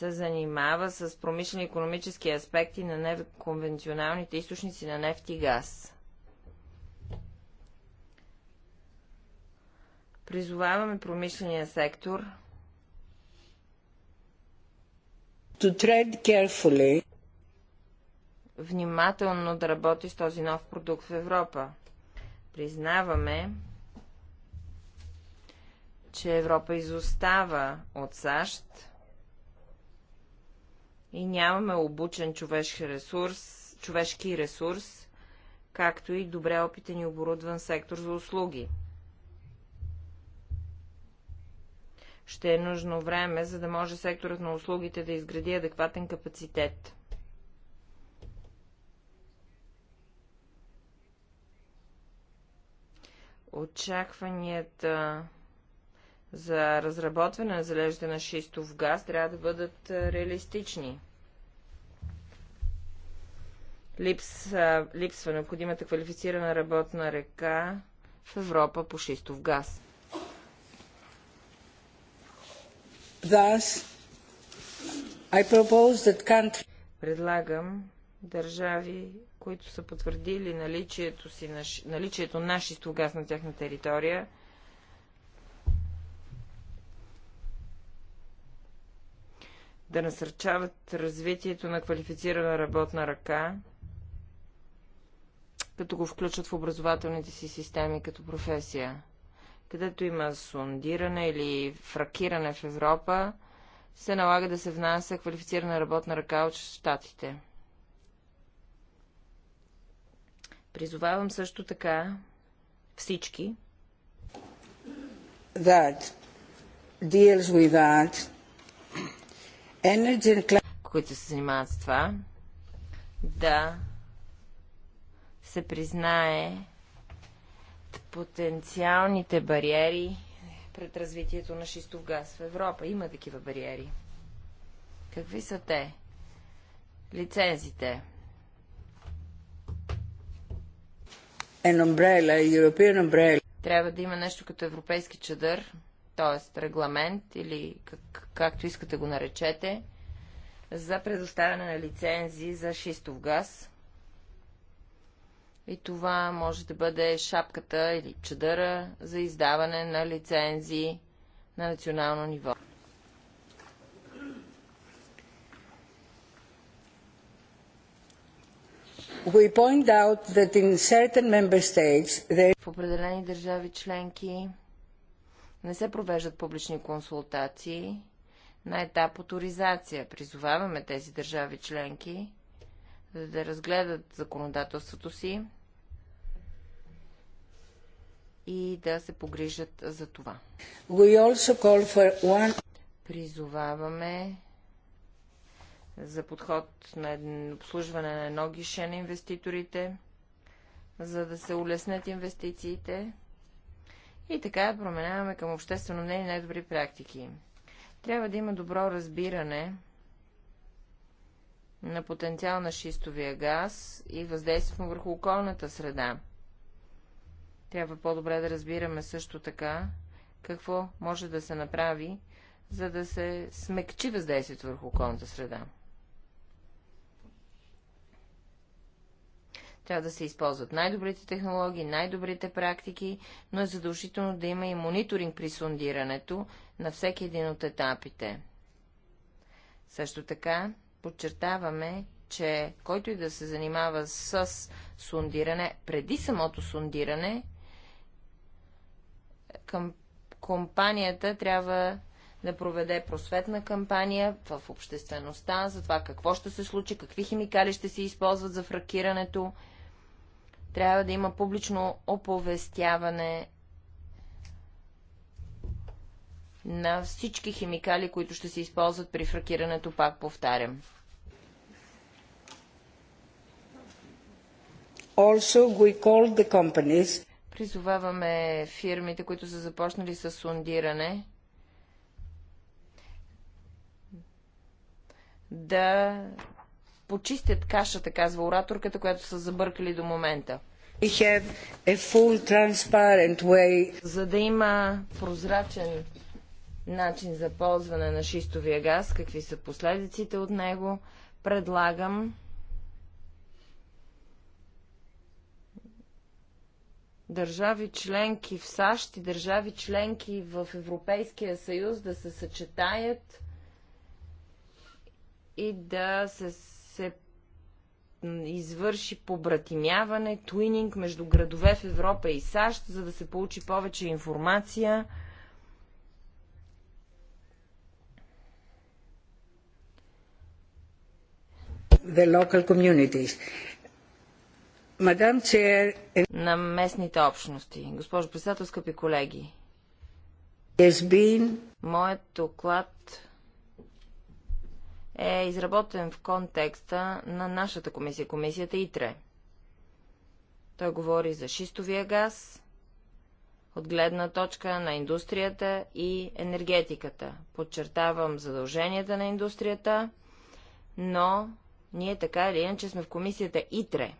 се занимава с промишлени економически аспекти на неконвенционалните източници на нефт и газ. Призоваваме промишления сектор to tread carefully. внимателно да работи с този нов продукт в Европа. Признаваме, че Европа изостава от САЩ и нямаме обучен човешки ресурс, човешки ресурс, както и добре опитен и оборудван сектор за услуги. Ще е нужно време, за да може секторът на услугите да изгради адекватен капацитет. Очакванията за разработване на залежите на шистов газ трябва да бъдат реалистични. Липса, липсва необходимата квалифицирана работна река в Европа по шистов газ. Thus, I propose that country... Предлагам държави, които са потвърдили наличието, си на, наличието на шистов газ на тяхна територия, да насърчават развитието на квалифицирана работна ръка, като го включат в образователните си системи като професия. Където има сондиране или фракиране в Европа, се налага да се внася квалифицирана работна ръка от щатите. Призовавам също така всички that deals with that които се занимават с това, да се признае потенциалните бариери пред развитието на шистов газ в Европа. Има такива бариери. Какви са те? Лицензите. Трябва да има нещо като европейски чадър, т.е. регламент или как, както искате го наречете, за предоставяне на лицензи за шистов газ. И това може да бъде шапката или чадъра за издаване на лицензи на национално ниво. States, they... В определени държави членки не се провеждат публични консултации на етап авторизация. Призоваваме тези държави членки за да разгледат законодателството си и да се погрижат за това. One... Призоваваме за подход на обслужване на едно гише на инвеститорите, за да се улеснят инвестициите и така променяваме към обществено мнение най-добри практики. Трябва да има добро разбиране на потенциал на шистовия газ и въздействието му върху околната среда. Трябва по-добре да разбираме също така какво може да се направи, за да се смекчи въздействието върху околната среда. Трябва да се използват най-добрите технологии, най-добрите практики, но е задължително да има и мониторинг при сундирането на всеки един от етапите. Също така подчертаваме, че който и да се занимава с сундиране, преди самото сундиране, към компанията трябва да проведе просветна кампания в обществеността за това какво ще се случи, какви химикали ще се използват за фракирането трябва да има публично оповестяване на всички химикали, които ще се използват при фракирането, пак повтарям. Also, we call the companies. Призоваваме фирмите, които са започнали с сундиране, да почистят кашата, казва ораторката, която са забъркали до момента. За да има прозрачен начин за ползване на шистовия газ, какви са последиците от него, предлагам държави членки в САЩ и държави членки в Европейския съюз да се съчетаят и да се се извърши побратимяване, туининг между градове в Европа и САЩ, за да се получи повече информация. The local communities. Мадам, че... Eh, На местните общности. Госпожо председател, скъпи колеги. Been... Моят доклад е изработен в контекста на нашата комисия, комисията ИТРЕ. Той говори за шистовия газ от гледна точка на индустрията и енергетиката. Подчертавам задълженията на индустрията, но ние така или иначе сме в комисията ИТРЕ.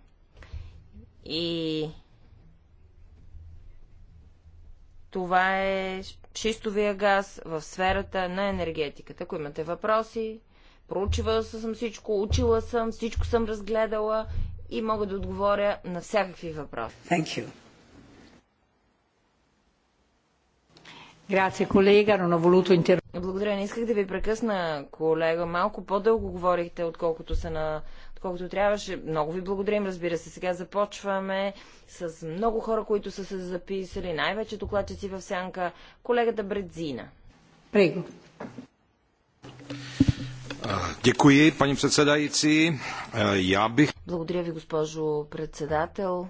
И това е шистовия газ в сферата на енергетиката. Ако имате въпроси, Проучивала съм всичко, учила съм, всичко съм разгледала и мога да отговоря на всякакви въпроси. Thank you. Grazie, колега, non ho voluto inter... Благодаря, не исках да ви прекъсна, колега. Малко по-дълго говорихте, отколкото се на отколкото трябваше. Много ви благодарим, разбира се. Сега започваме с много хора, които са се записали, най-вече докладчици в сянка, колегата Бредзина. Прего. Děkuji, paní předsedající. Eh, já bych... Благодаря ви, госпожо председател.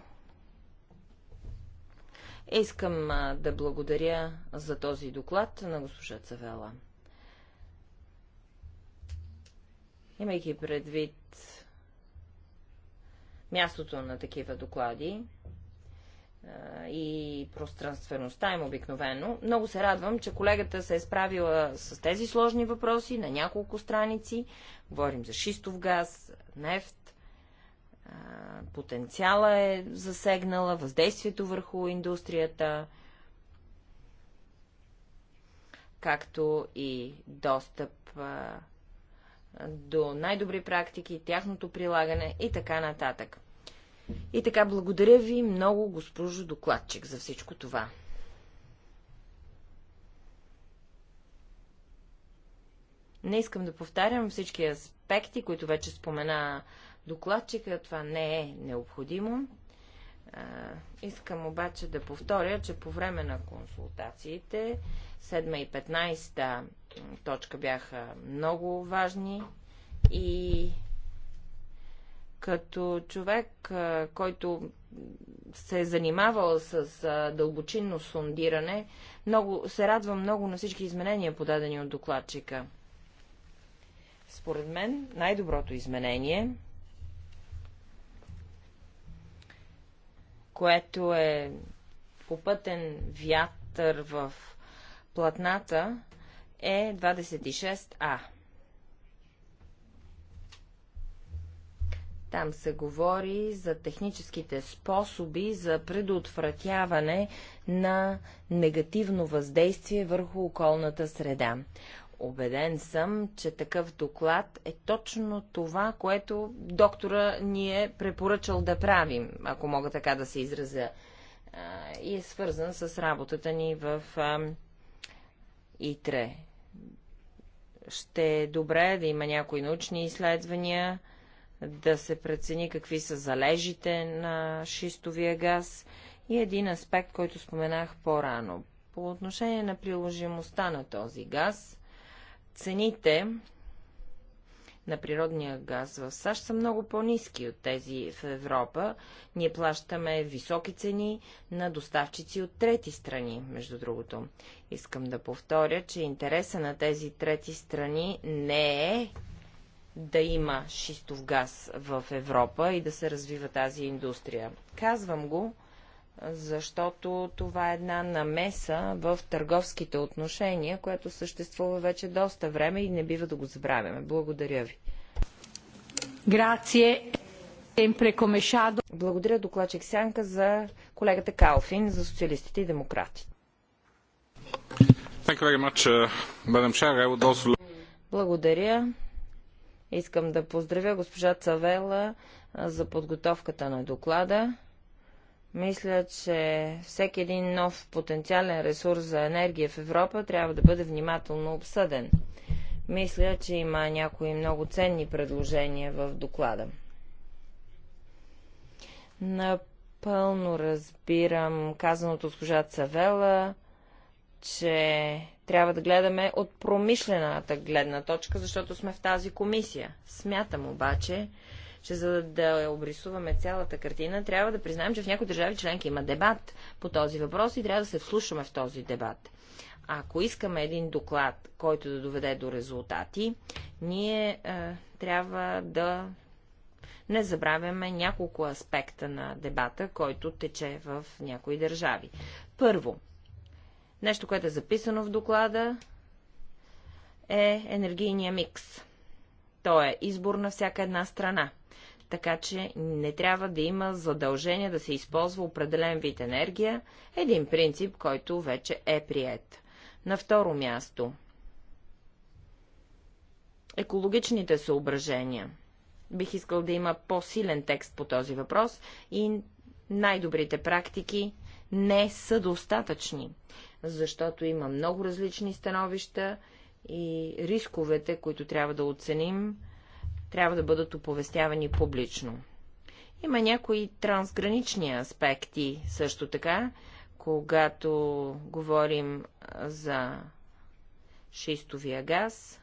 Искам да благодаря за този доклад на госпожа Цавела. Имайки предвид мястото на такива доклади, и пространствеността им обикновено. Много се радвам, че колегата се е справила с тези сложни въпроси на няколко страници. Говорим за шистов газ, нефт, потенциала е засегнала, въздействието върху индустрията, както и достъп до най-добри практики, тяхното прилагане и така нататък. И така, благодаря ви много, госпожо докладчик, за всичко това. Не искам да повтарям всички аспекти, които вече спомена докладчика. Това не е необходимо. А, искам обаче да повторя, че по време на консултациите 7 и 15 точка бяха много важни и като човек, който се е занимавал с дълбочинно сундиране, много, се радвам много на всички изменения, подадени от докладчика. Според мен най-доброто изменение, което е попътен вятър в платната, е 26А. Там се говори за техническите способи за предотвратяване на негативно въздействие върху околната среда. Обеден съм, че такъв доклад е точно това, което доктора ни е препоръчал да правим, ако мога така да се изразя. И е свързан с работата ни в ИТРЕ. Ще е добре да има някои научни изследвания, да се прецени какви са залежите на шистовия газ и един аспект, който споменах по-рано. По отношение на приложимостта на този газ, цените на природния газ в САЩ са много по-низки от тези в Европа. Ние плащаме високи цени на доставчици от трети страни, между другото. Искам да повторя, че интереса на тези трети страни не е да има шистов газ в Европа и да се развива тази индустрия. Казвам го, защото това е една намеса в търговските отношения, което съществува вече доста време и не бива да го забравяме. Благодаря ви. Благодаря докладчик Сянка за колегата Калфин за социалистите и демократи. Uh, Благодаря. Искам да поздравя госпожа Цавела за подготовката на доклада. Мисля, че всеки един нов потенциален ресурс за енергия в Европа трябва да бъде внимателно обсъден. Мисля, че има някои много ценни предложения в доклада. Напълно разбирам казаното от госпожа Цавела, че трябва да гледаме от промишлената гледна точка, защото сме в тази комисия. Смятам обаче, че за да обрисуваме цялата картина, трябва да признаем, че в някои държави членки има дебат по този въпрос и трябва да се вслушаме в този дебат. Ако искаме един доклад, който да доведе до резултати, ние е, трябва да не забравяме няколко аспекта на дебата, който тече в някои държави. Първо, Нещо, което е записано в доклада, е енергийния микс. То е избор на всяка една страна. Така че не трябва да има задължение да се използва определен вид енергия, един принцип, който вече е прият. На второ място екологичните съображения. Бих искал да има по-силен текст по този въпрос и най-добрите практики не са достатъчни защото има много различни становища и рисковете, които трябва да оценим, трябва да бъдат оповестявани публично. Има някои трансгранични аспекти също така, когато говорим за шистовия газ.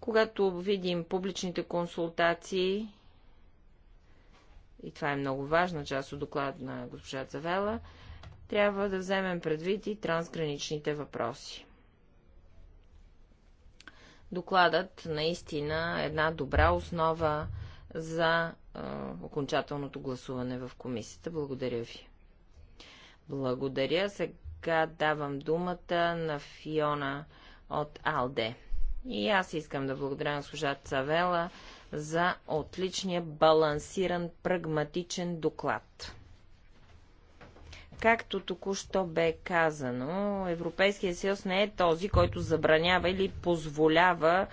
Когато видим публичните консултации, и това е много важна част от доклад на госпожа Завела, трябва да вземем предвид и трансграничните въпроси. Докладът наистина е една добра основа за е, окончателното гласуване в комисията. Благодаря ви. Благодаря. Сега давам думата на Фиона от Алде. И аз искам да благодаря на служат Цавела за отличния балансиран, прагматичен доклад. Както току-що бе казано, Европейския съюз не е този, който забранява или позволява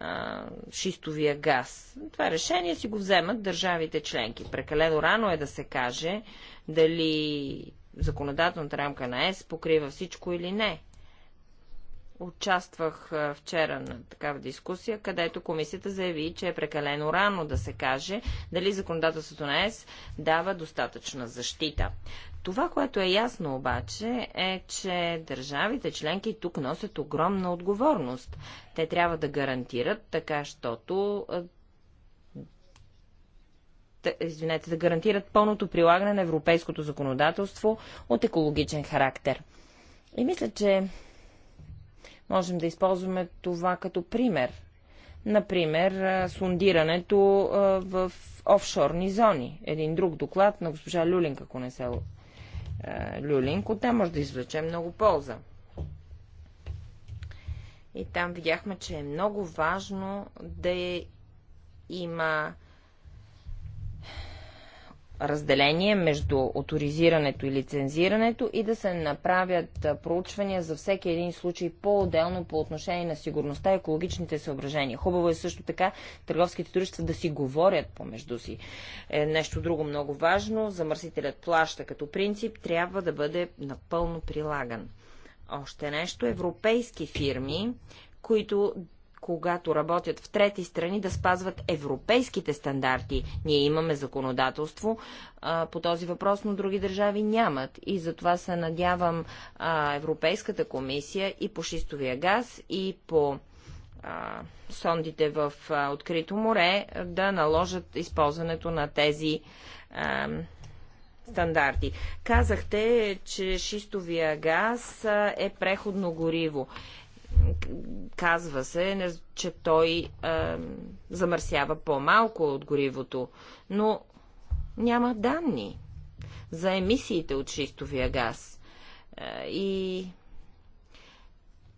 а, шистовия газ. Това решение си го вземат държавите членки. Прекалено рано е да се каже дали законодателната рамка на ЕС покрива всичко или не. Участвах вчера на такава дискусия, където комисията заяви, че е прекалено рано да се каже дали законодателството на ЕС дава достатъчна защита. Това, което е ясно обаче, е, че държавите членки тук носят огромна отговорност. Те трябва да гарантират така, щото извинете, да гарантират пълното прилагане на европейското законодателство от екологичен характер. И мисля, че Можем да използваме това като пример. Например, сундирането в офшорни зони. Един друг доклад на госпожа Люлин, ако не се Люлинг. те може да извлечем много полза. И там видяхме, че е много важно да е, има разделение между авторизирането и лицензирането и да се направят проучвания за всеки един случай по-отделно по отношение на сигурността и екологичните съображения. Хубаво е също така търговските дружества да си говорят помежду си. Е, нещо друго много важно, замърсителят плаща като принцип трябва да бъде напълно прилаган. Още нещо, европейски фирми, които когато работят в трети страни, да спазват европейските стандарти. Ние имаме законодателство а, по този въпрос, но други държави нямат. И затова се надявам а, Европейската комисия и по шистовия газ, и по а, сондите в а, открито море да наложат използването на тези а, стандарти. Казахте, че шистовия газ е преходно гориво. Казва се, че той е, замърсява по-малко от горивото, но няма данни за емисиите от шистовия газ. и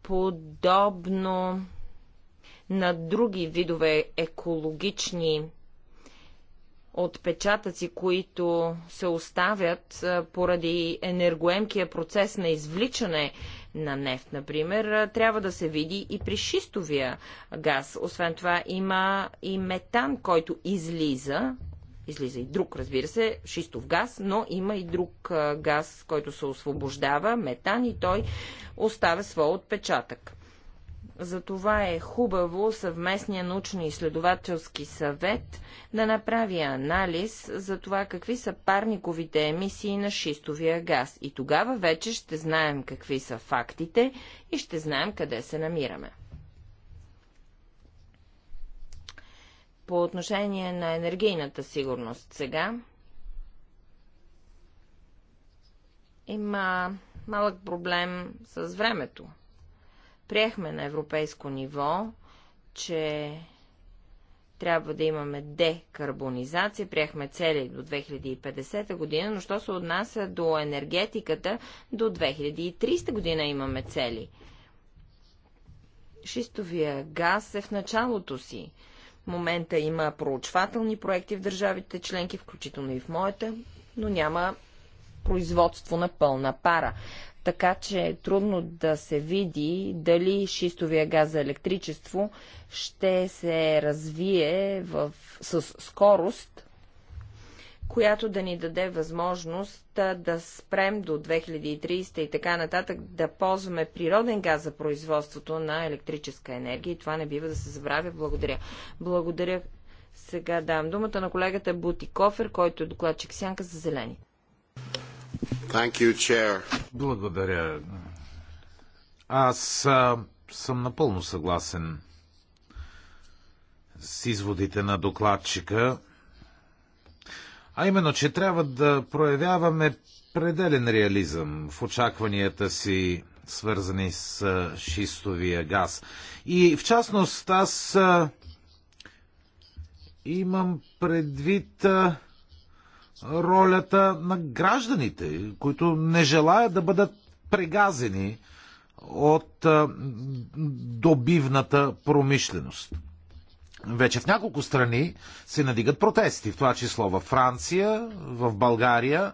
подобно на други видове екологични отпечатъци, които се оставят поради енергоемкия процес на извличане на нефт, например, трябва да се види и при шистовия газ. Освен това има и метан, който излиза излиза и друг, разбира се, шистов газ, но има и друг газ, който се освобождава, метан, и той оставя своя отпечатък. Затова е хубаво съвместния научно-изследователски съвет да направи анализ за това какви са парниковите емисии на шистовия газ. И тогава вече ще знаем какви са фактите и ще знаем къде се намираме. По отношение на енергийната сигурност сега има малък проблем с времето приехме на европейско ниво, че трябва да имаме декарбонизация. Приехме цели до 2050 година, но що се отнася до енергетиката, до 2300 година имаме цели. Шистовия газ е в началото си. В момента има проучвателни проекти в държавите членки, включително и в моята, но няма производство на пълна пара така че е трудно да се види дали шистовия газ за електричество ще се развие в, с скорост, която да ни даде възможност да спрем до 2300 и така нататък да ползваме природен газ за производството на електрическа енергия. И това не бива да се забравя. Благодаря. Благодаря. Сега дам думата на колегата Бутикофер, който е докладчик Сянка за зелени. You, Благодаря. Аз а, съм напълно съгласен с изводите на докладчика, а именно, че трябва да проявяваме пределен реализъм в очакванията си, свързани с а, шистовия газ. И в частност аз а, имам предвид. А, ролята на гражданите, които не желаят да бъдат прегазени от добивната промишленост. Вече в няколко страни се надигат протести, в това число във Франция, в България.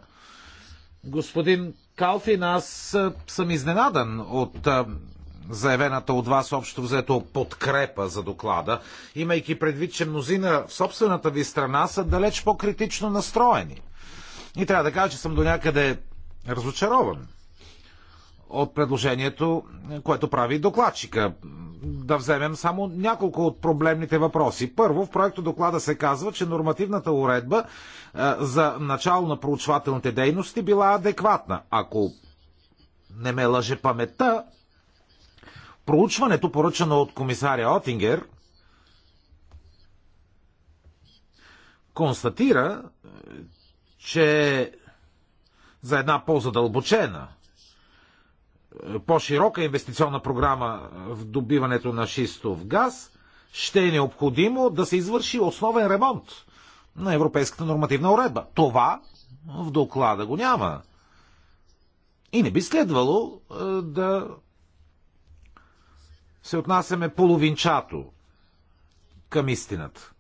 Господин Калфин, аз съм изненадан от заявената от вас общо взето подкрепа за доклада, имайки предвид, че мнозина в собствената ви страна са далеч по-критично настроени. И трябва да кажа, че съм до някъде разочарован от предложението, което прави докладчика. Да вземем само няколко от проблемните въпроси. Първо, в проекто доклада се казва, че нормативната уредба за начало на проучвателните дейности била адекватна. Ако не ме лъже паметта, проучването, поръчано от комисаря Отингер, констатира, че за една по-задълбочена, по-широка инвестиционна програма в добиването на шистов газ, ще е необходимо да се извърши основен ремонт на европейската нормативна уредба. Това в доклада го няма. И не би следвало е, да се отнасяме половинчато към истината.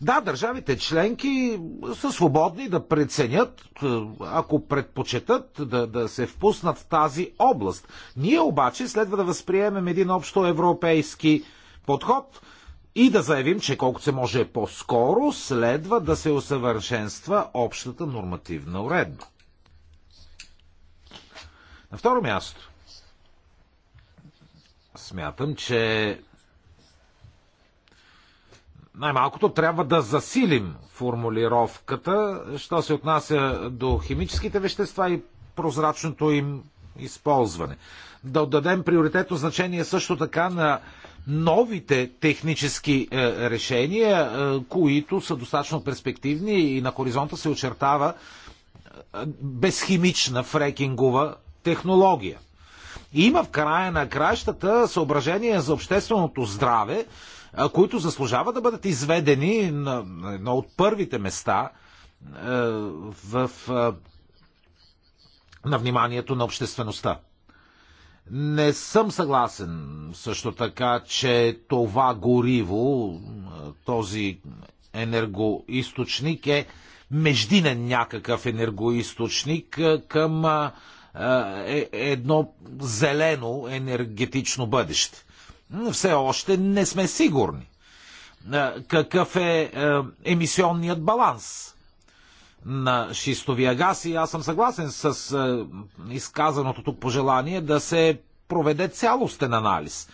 Да, държавите членки са свободни да преценят, е, ако предпочитат да, да се впуснат в тази област. Ние обаче следва да възприемем един общо европейски подход и да заявим, че колкото се може по-скоро следва да се усъвършенства общата нормативна уредба. На второ място, смятам, че най-малкото трябва да засилим формулировката, що се отнася до химическите вещества и прозрачното им използване. Да отдадем приоритетно значение също така на новите технически е, решения, е, които са достатъчно перспективни и на хоризонта се очертава е, безхимична фрекингова технология. Има в края на кращата съображения за общественото здраве, които заслужава да бъдат изведени на едно от първите места е, в, е, на вниманието на обществеността. Не съм съгласен също така, че това гориво, е, този енергоисточник е междинен някакъв енергоисточник към е, е едно зелено енергетично бъдеще. Все още не сме сигурни какъв е емисионният баланс на шистовия газ и аз съм съгласен с изказаното тук пожелание да се проведе цялостен анализ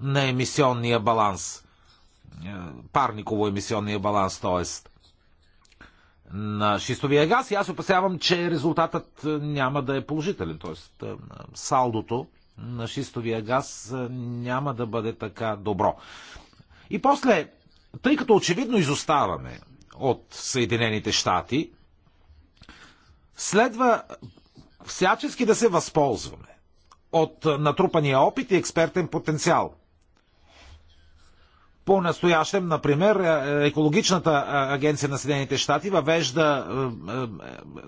на емисионния баланс. Парниково емисионния баланс, т.е на шистовия газ и аз опасявам, че резултатът е, няма да е положителен. Т.е. салдото на шистовия газ е, няма да бъде така добро. И после, тъй като очевидно изоставаме от Съединените щати, следва всячески да се възползваме от е, натрупания опит и експертен потенциал по-настоящем, например, е, е, екологичната е, агенция на Съединените щати въвежда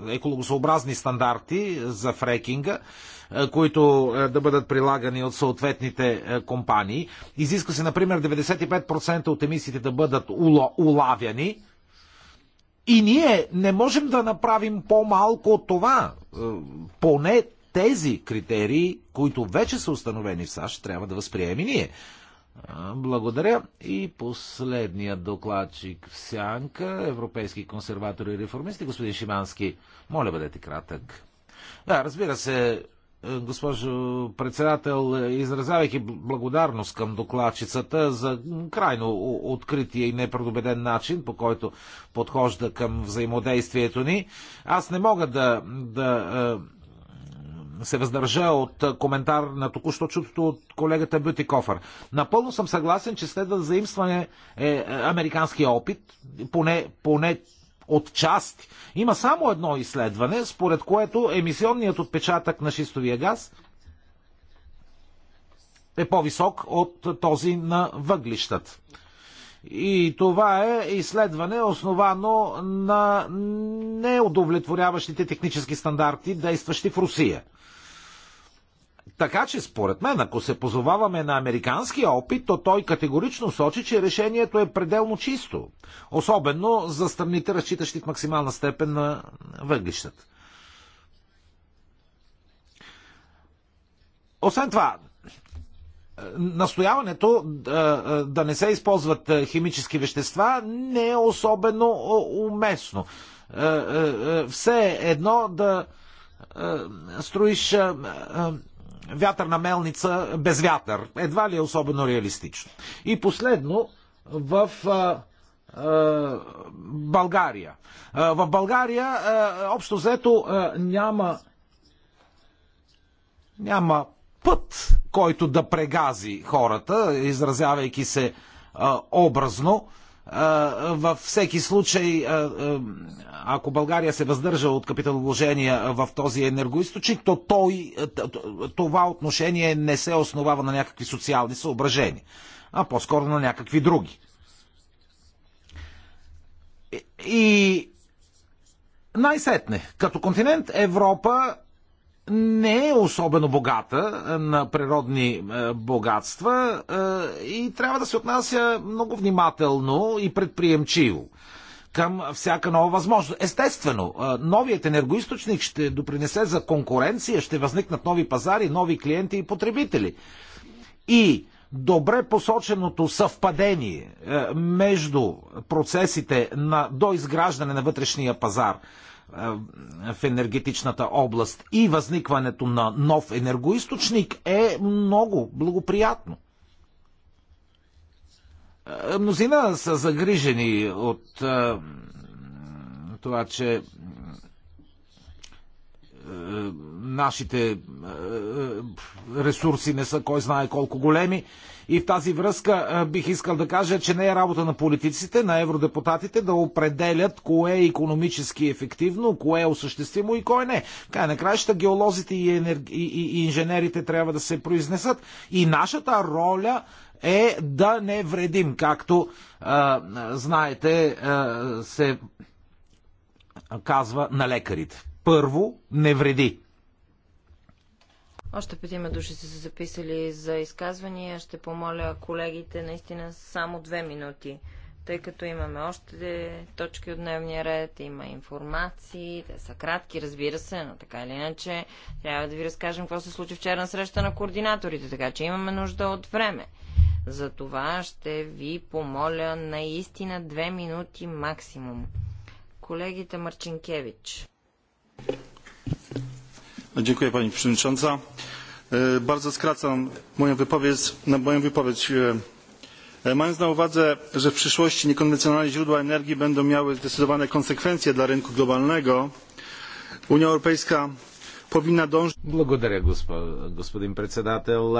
екологосъобразни стандарти за фрекинга, които да бъдат прилагани от съответните компании. Изисква се, например, 95% от емисиите да бъдат улавяни. И ние не можем да направим по-малко от това. Поне тези критерии, които вече са установени в САЩ, трябва да възприемем и ние. Благодаря. И последният докладчик в сянка, европейски консерватори и реформисти, господин Шимански. Моля, бъдете кратък. Да, разбира се, е, госпожо председател, изразявайки благодарност към докладчицата за крайно открития и непредобеден начин, по който подхожда към взаимодействието ни, аз не мога да, да е, се въздържа от коментар на току-що чутото от колегата Бютикофър. Напълно съм съгласен, че следва да заимстване е, е, американския опит, поне, поне от части. Има само едно изследване, според което емисионният отпечатък на шистовия газ е по-висок от този на въглищата. И това е изследване, основано на неудовлетворяващите технически стандарти, действащи в Русия. Така че, според мен, ако се позоваваме на американския опит, то той категорично сочи, че решението е пределно чисто. Особено за страните, разчитащи в максимална степен на въглищата. Освен това, настояването е, е, да не се използват е, химически вещества не е особено уместно. Все едно да строиш вятърна мелница без вятър. Едва ли е особено реалистично. И последно, в а, а, България. А, в България а, общо взето а, няма няма път, който да прегази хората, изразявайки се а, образно. А, във всеки случай, ако България се въздържа от капиталовложения в този енергоисточник, то той, това отношение не се основава на някакви социални съображения, а по-скоро на някакви други. И най-сетне, като континент Европа не е особено богата на природни е, богатства е, и трябва да се отнася много внимателно и предприемчиво към всяка нова възможност. Естествено, е, новият енергоисточник ще допринесе за конкуренция, ще възникнат нови пазари, нови клиенти и потребители. И добре посоченото съвпадение между процесите на доизграждане на вътрешния пазар – е, в енергетичната област и възникването на нов енергоисточник е много благоприятно. Е, мнозина са загрижени от е, това, че нашите ресурси не са кой знае колко големи и в тази връзка бих искал да кажа, че не е работа на политиците, на евродепутатите да определят кое е економически ефективно, кое е осъществимо и кое не. Край на краища геолозите и, енер... и, и, и инженерите трябва да се произнесат. И нашата роля е да не вредим, както а, знаете а, се казва на лекарите. Първо, не вреди. Още петима души са се записали за изказвания. Ще помоля колегите наистина само две минути, тъй като имаме още точки от дневния ред, има информации, те са кратки, разбира се, но така или иначе трябва да ви разкажем какво се случи вчера на среща на координаторите, така че имаме нужда от време. За това ще ви помоля наистина две минути максимум. Колегите Марчинкевич. Pani Przewodnicząca. Bardzo skracam moją wypowiedź. Mając na uwadze, że w przyszłości niekonwencjonalne źródła energii będą miały zdecydowane konsekwencje dla rynku globalnego, Unia Europejska powinna dążyć... Благодаря, господин председател.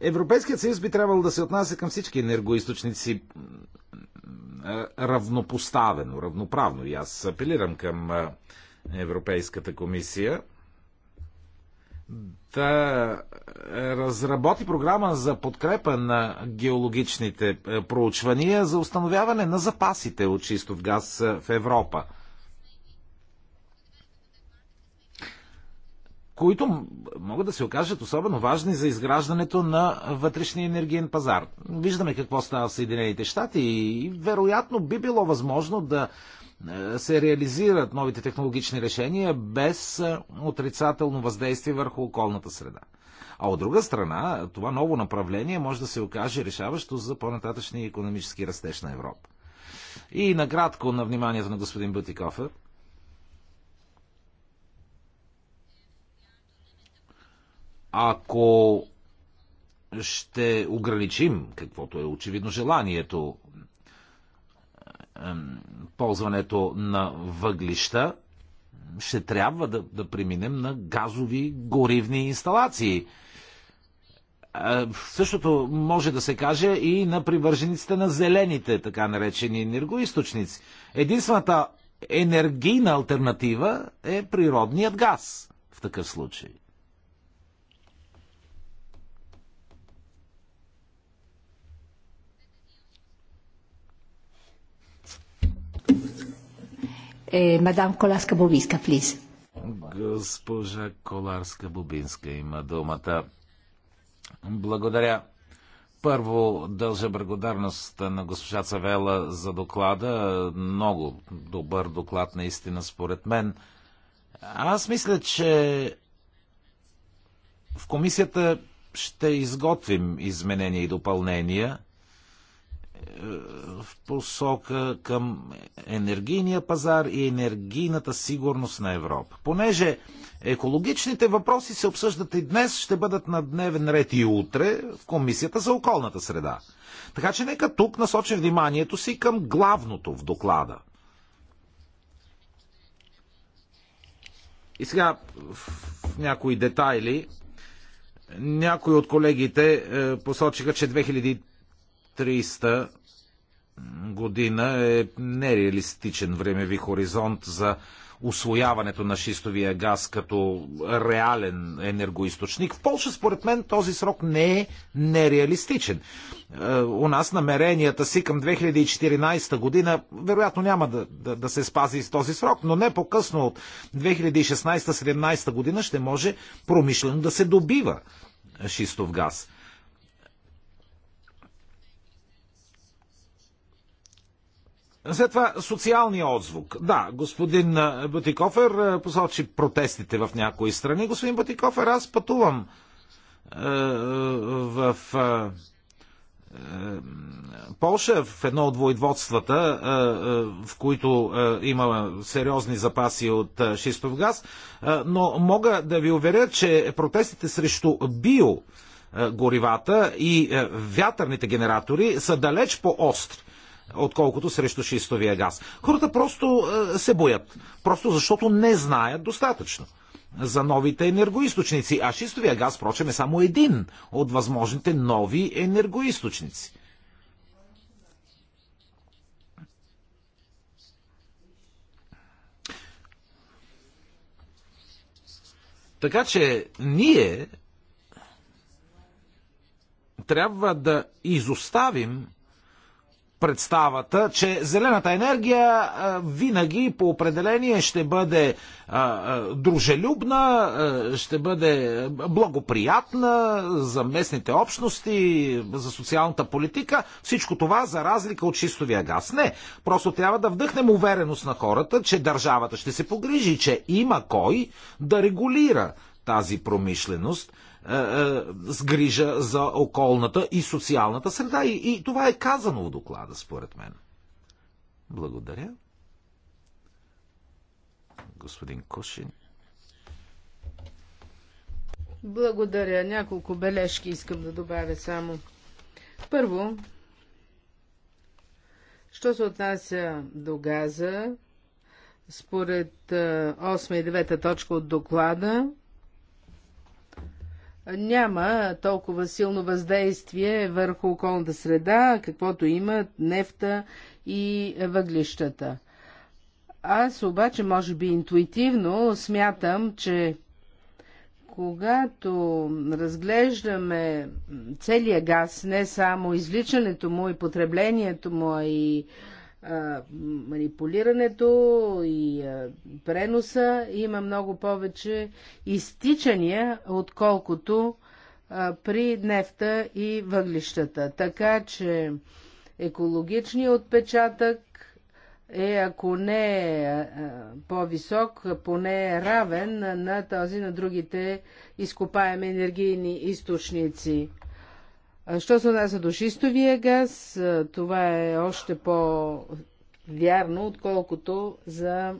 Европейският съюз би трябвало да се отнася към всички енергоисточници равнопоставено, равноправно. И аз апелирам към Европейската комисия да е, разработи програма за подкрепа на геологичните е, проучвания за установяване на запасите от чистов газ е, в Европа. които могат да се окажат особено важни за изграждането на вътрешния енергиен пазар. Виждаме какво става в Съединените щати и вероятно би било възможно да е, се реализират новите технологични решения без е, отрицателно въздействие върху околната среда. А от друга страна, това ново направление може да се окаже решаващо за по-нататъчния економически растеж на Европа. И накратко на вниманието на господин Бутикофа. Ако ще ограничим, каквото е очевидно желанието ползването на въглища, ще трябва да, да преминем на газови горивни инсталации. Е, същото може да се каже и на привържениците на зелените, така наречени енергоисточници. Единствената енергийна альтернатива е природният газ в такъв случай. Е, мадам Коласка-Бобинска, плиз. Госпожа Коларска-Бобинска има думата. Благодаря. Първо дължа благодарност на госпожа Цавела за доклада. Много добър доклад, наистина, според мен. Аз мисля, че в комисията ще изготвим изменения и допълнения в посока към енергийния пазар и енергийната сигурност на Европа. Понеже екологичните въпроси се обсъждат и днес, ще бъдат на дневен ред и утре в Комисията за околната среда. Така че нека тук насочим вниманието си към главното в доклада. И сега в някои детайли някои от колегите е, посочиха, че 2030 година е нереалистичен времеви хоризонт за освояването на шистовия газ като реален енергоисточник. В Польша, според мен, този срок не е нереалистичен. Е, у нас намеренията си към 2014 година вероятно няма да, да, да се спази с този срок, но не по-късно от 2016-17 година ще може промишлено да се добива шистов газ. След това социалния отзвук. Да, господин Батикофер посочи протестите в някои страни. Господин Батикофер, аз пътувам е, в е, Полша, в едно от воеводствата, в които има сериозни запаси от шистов газ, но мога да ви уверя, че протестите срещу био горивата и вятърните генератори са далеч по-остри отколкото срещу шистовия газ. Хората просто е, се боят. Просто защото не знаят достатъчно за новите енергоисточници. А шистовия газ, впрочем, е само един от възможните нови енергоисточници. Така че ние трябва да изоставим представата, че зелената енергия винаги по определение ще бъде дружелюбна, ще бъде благоприятна за местните общности, за социалната политика. Всичко това за разлика от чистовия газ. Не, просто трябва да вдъхнем увереност на хората, че държавата ще се погрижи, че има кой да регулира тази промишленост – е, е, с грижа за околната и социалната среда. И, и това е казано в доклада, според мен. Благодаря. Господин Кошин. Благодаря. Няколко бележки искам да добавя само. Първо, що се отнася до газа, според 8 е, и 9 точка от доклада, няма толкова силно въздействие върху околната среда, каквото имат нефта и въглищата. Аз обаче, може би интуитивно, смятам, че когато разглеждаме целия газ, не само извличането му и потреблението му, а и манипулирането и преноса има много повече изтичания, отколкото при нефта и въглищата. Така че екологичният отпечатък е, ако не е по-висок, поне е равен на този на другите изкопаеми енергийни източници. Що се отнася до шистовия газ, това е още по-вярно, отколкото за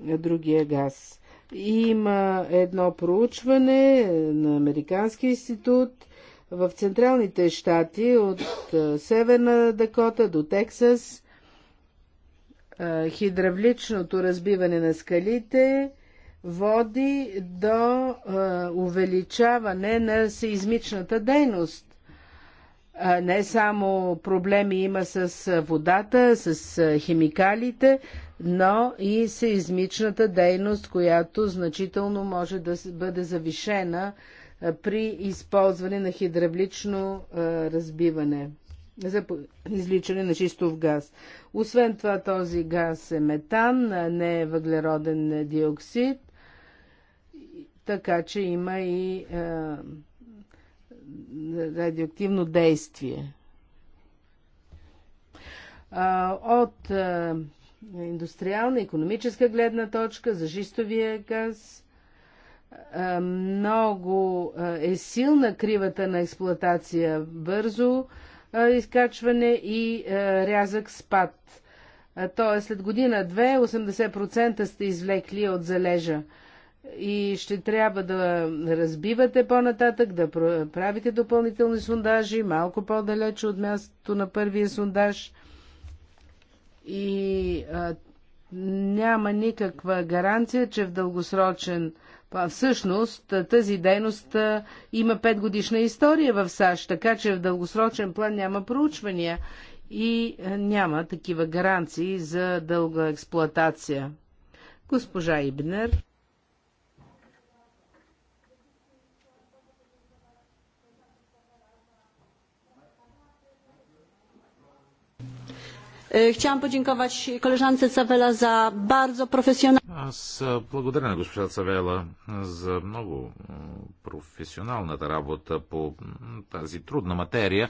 другия газ. Има едно проучване на Американски институт в Централните щати от Северна Дакота до Тексас. Хидравличното разбиване на скалите – води до а, увеличаване на сеизмичната дейност. А, не само проблеми има с водата, с химикалите, но и сеизмичната дейност, която значително може да бъде завишена при използване на хидравлично разбиване за изличане на чистов газ. Освен това, този газ е метан, не е въглероден диоксид така че има и а, е, радиоактивно действие. А, от а, е, индустриална, економическа гледна точка за жистовия газ, е, много е силна кривата на експлоатация бързо изкачване и рязък спад. Тоест след година-две 80% сте извлекли от залежа и ще трябва да разбивате по-нататък, да правите допълнителни сондажи, малко по-далече от мястото на първия сондаж. И а, няма никаква гаранция, че в дългосрочен Всъщност тази дейност има 5 годишна история в САЩ, така че в дългосрочен план няма проучвания и няма такива гаранции за дълга експлоатация. Госпожа Ибнер. E, chciałam podziękować koleżance Cavela za bardzo професионална. Аз e, благодаря на госпожа Цавела за много професионалната работа по тази трудна материя,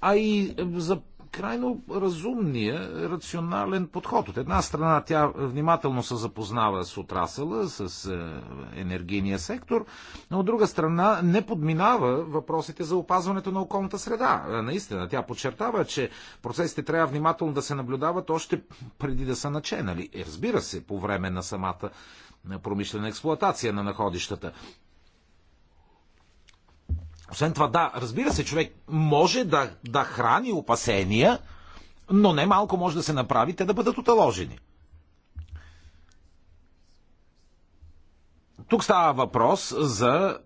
а и е, за крайно разумния, рационален подход. От една страна тя внимателно се запознава с отрасъла, с е, енергийния сектор, но от друга страна не подминава въпросите за опазването на околната среда. Е, наистина, тя подчертава, че процесите трябва внимателно да се наблюдават още преди да са начинали. Е, разбира се, по време на самата промишлена експлоатация на находищата. Освен това, да, разбира се, човек може да, да храни опасения, но не малко може да се направи те да бъдат оталожени. Тук става въпрос за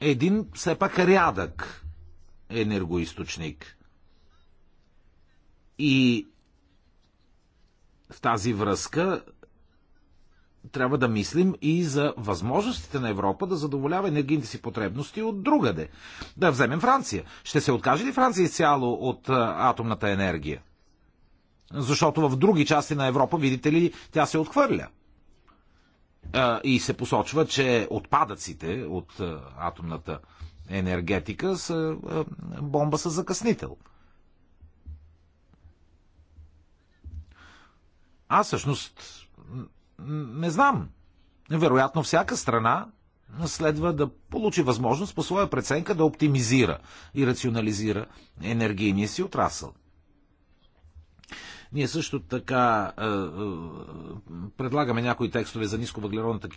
един все пак рядък енергоисточник. И в тази връзка трябва да мислим и за възможностите на Европа да задоволява енергийните си потребности от другаде. Да вземем Франция. Ще се откаже ли Франция изцяло от атомната енергия? Защото в други части на Европа, видите ли, тя се отхвърля. И се посочва, че отпадъците от атомната енергетика са бомба с закъснител. Аз всъщност не знам. Вероятно всяка страна следва да получи възможност по своя преценка да оптимизира и рационализира енергийния си отрасъл. Ние също така е, е, предлагаме някои текстове за нисковъглеродната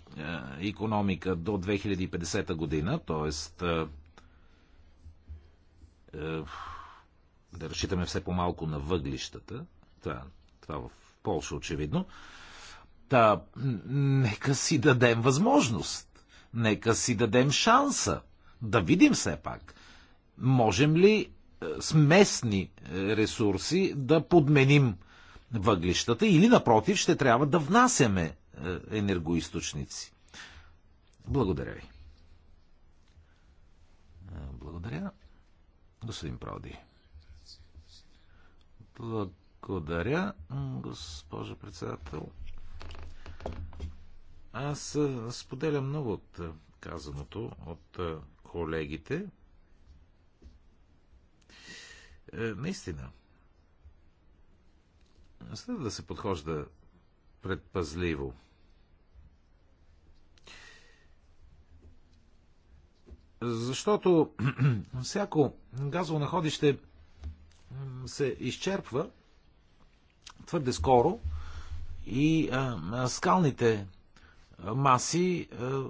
економика до 2050 година, т.е. Е, да разчитаме все по-малко на въглищата. Това, това в Польша очевидно. Е, Та, нека си дадем възможност. Нека си дадем шанса. Да видим все пак. Можем ли е, с местни е, ресурси да подменим въглищата или напротив ще трябва да внасяме е, енергоисточници. Благодаря ви. Благодаря. Господин Проди. Благодаря, госпожо председател. Аз споделям много от казаното от колегите. Е, наистина, следва да се подхожда предпазливо. Защото всяко газово находище се изчерпва твърде скоро и а, скалните маси а,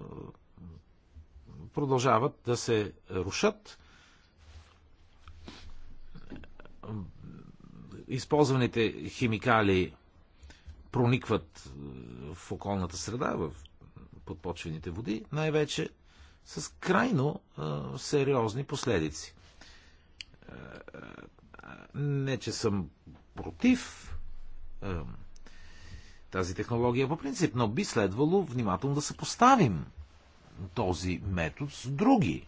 продължават да се рушат. Използваните химикали проникват в околната среда, в подпочвените води, най-вече с крайно а, сериозни последици. Не, че съм против а, тази технология по принцип, но би следвало внимателно да съпоставим този метод с други.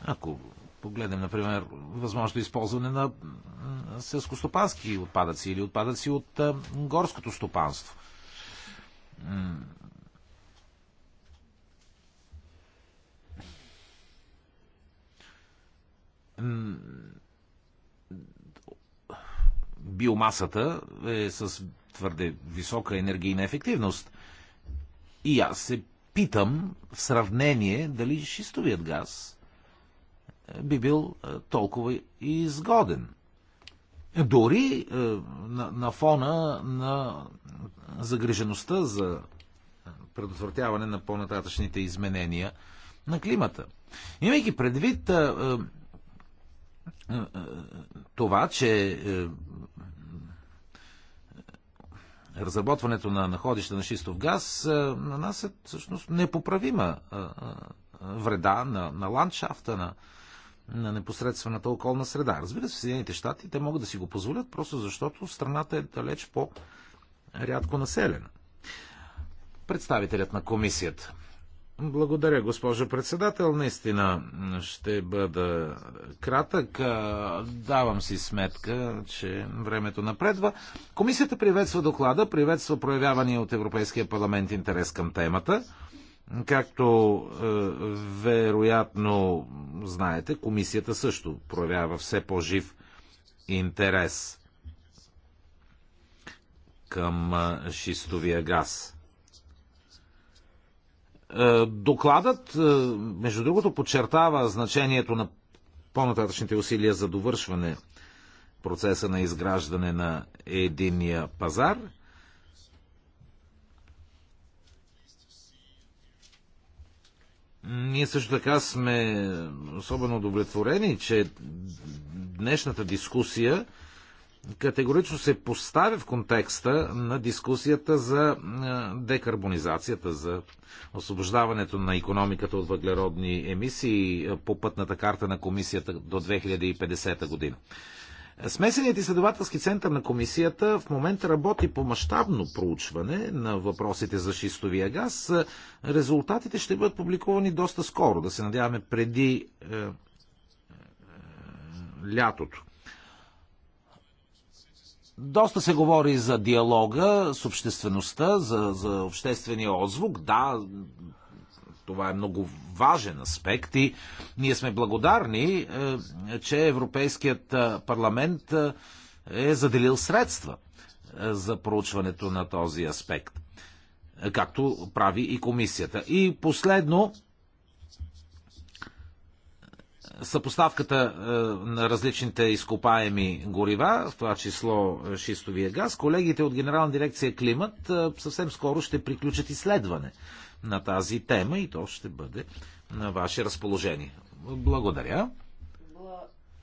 Ако погледнем, например, възможното използване на селскостопански отпадъци или отпадъци от горското стопанство биомасата е с твърде висока енергийна ефективност. И аз се питам в сравнение дали шистовият газ е, би бил е, толкова изгоден. Дори е, на, на фона на загрижеността за предотвратяване на по-нататъчните изменения на климата. Имайки предвид това, че е, разработването на находища на шистов газ е, нанасят е всъщност непоправима вреда на, на ландшафта, на, на непосредствената околна среда. Разбира се, Съединените щати те могат да си го позволят, просто защото страната е далеч по-рядко населена. Представителят на комисията. Благодаря, госпожо председател. Наистина ще бъда кратък. Давам си сметка, че времето напредва. Комисията приветства доклада, приветства проявявания от Европейския парламент интерес към темата. Както е, вероятно знаете, комисията също проявява все по-жив интерес към е, шистовия газ. Е, докладът, е, между другото, подчертава значението на по-нататъчните усилия за довършване процеса на изграждане на единия пазар. Ние също така сме особено удовлетворени, че днешната дискусия категорично се поставя в контекста на дискусията за е, декарбонизацията, за освобождаването на економиката от въглеродни емисии е, по пътната карта на комисията до 2050 година. Смесеният изследователски център на комисията в момента работи по мащабно проучване на въпросите за шистовия газ. Резултатите ще бъдат публикувани доста скоро, да се надяваме преди е, е, лятото. Доста се говори за диалога с обществеността, за, за обществения отзвук. Да, това е много важен аспект и ние сме благодарни, е, че Европейският е, парламент е, е заделил средства за проучването на този аспект, както прави и комисията. И последно, съпоставката е, на различните изкопаеми горива, в това число е, шистовия газ, колегите от Генерална дирекция Климат е, съвсем скоро ще приключат изследване на тази тема и то ще бъде на ваше разположение. Благодаря.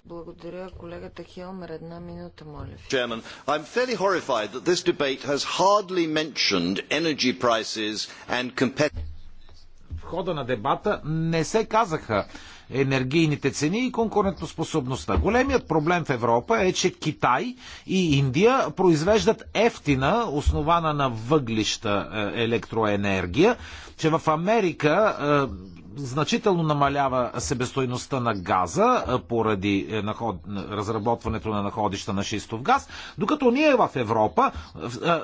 Благодаря. Колегата Хилмер. една минута, моля. Chairman, I'm fairly horrified that this debate has hardly mentioned energy prices and competitiveness. В хода на дебата не се казаха енергийните цени и конкурентоспособността. Големият проблем в Европа е, че Китай и Индия произвеждат ефтина, основана на въглища е, електроенергия, че в Америка е, значително намалява себестойността на газа поради е, наход... разработването на находища на шистов газ, докато ние в Европа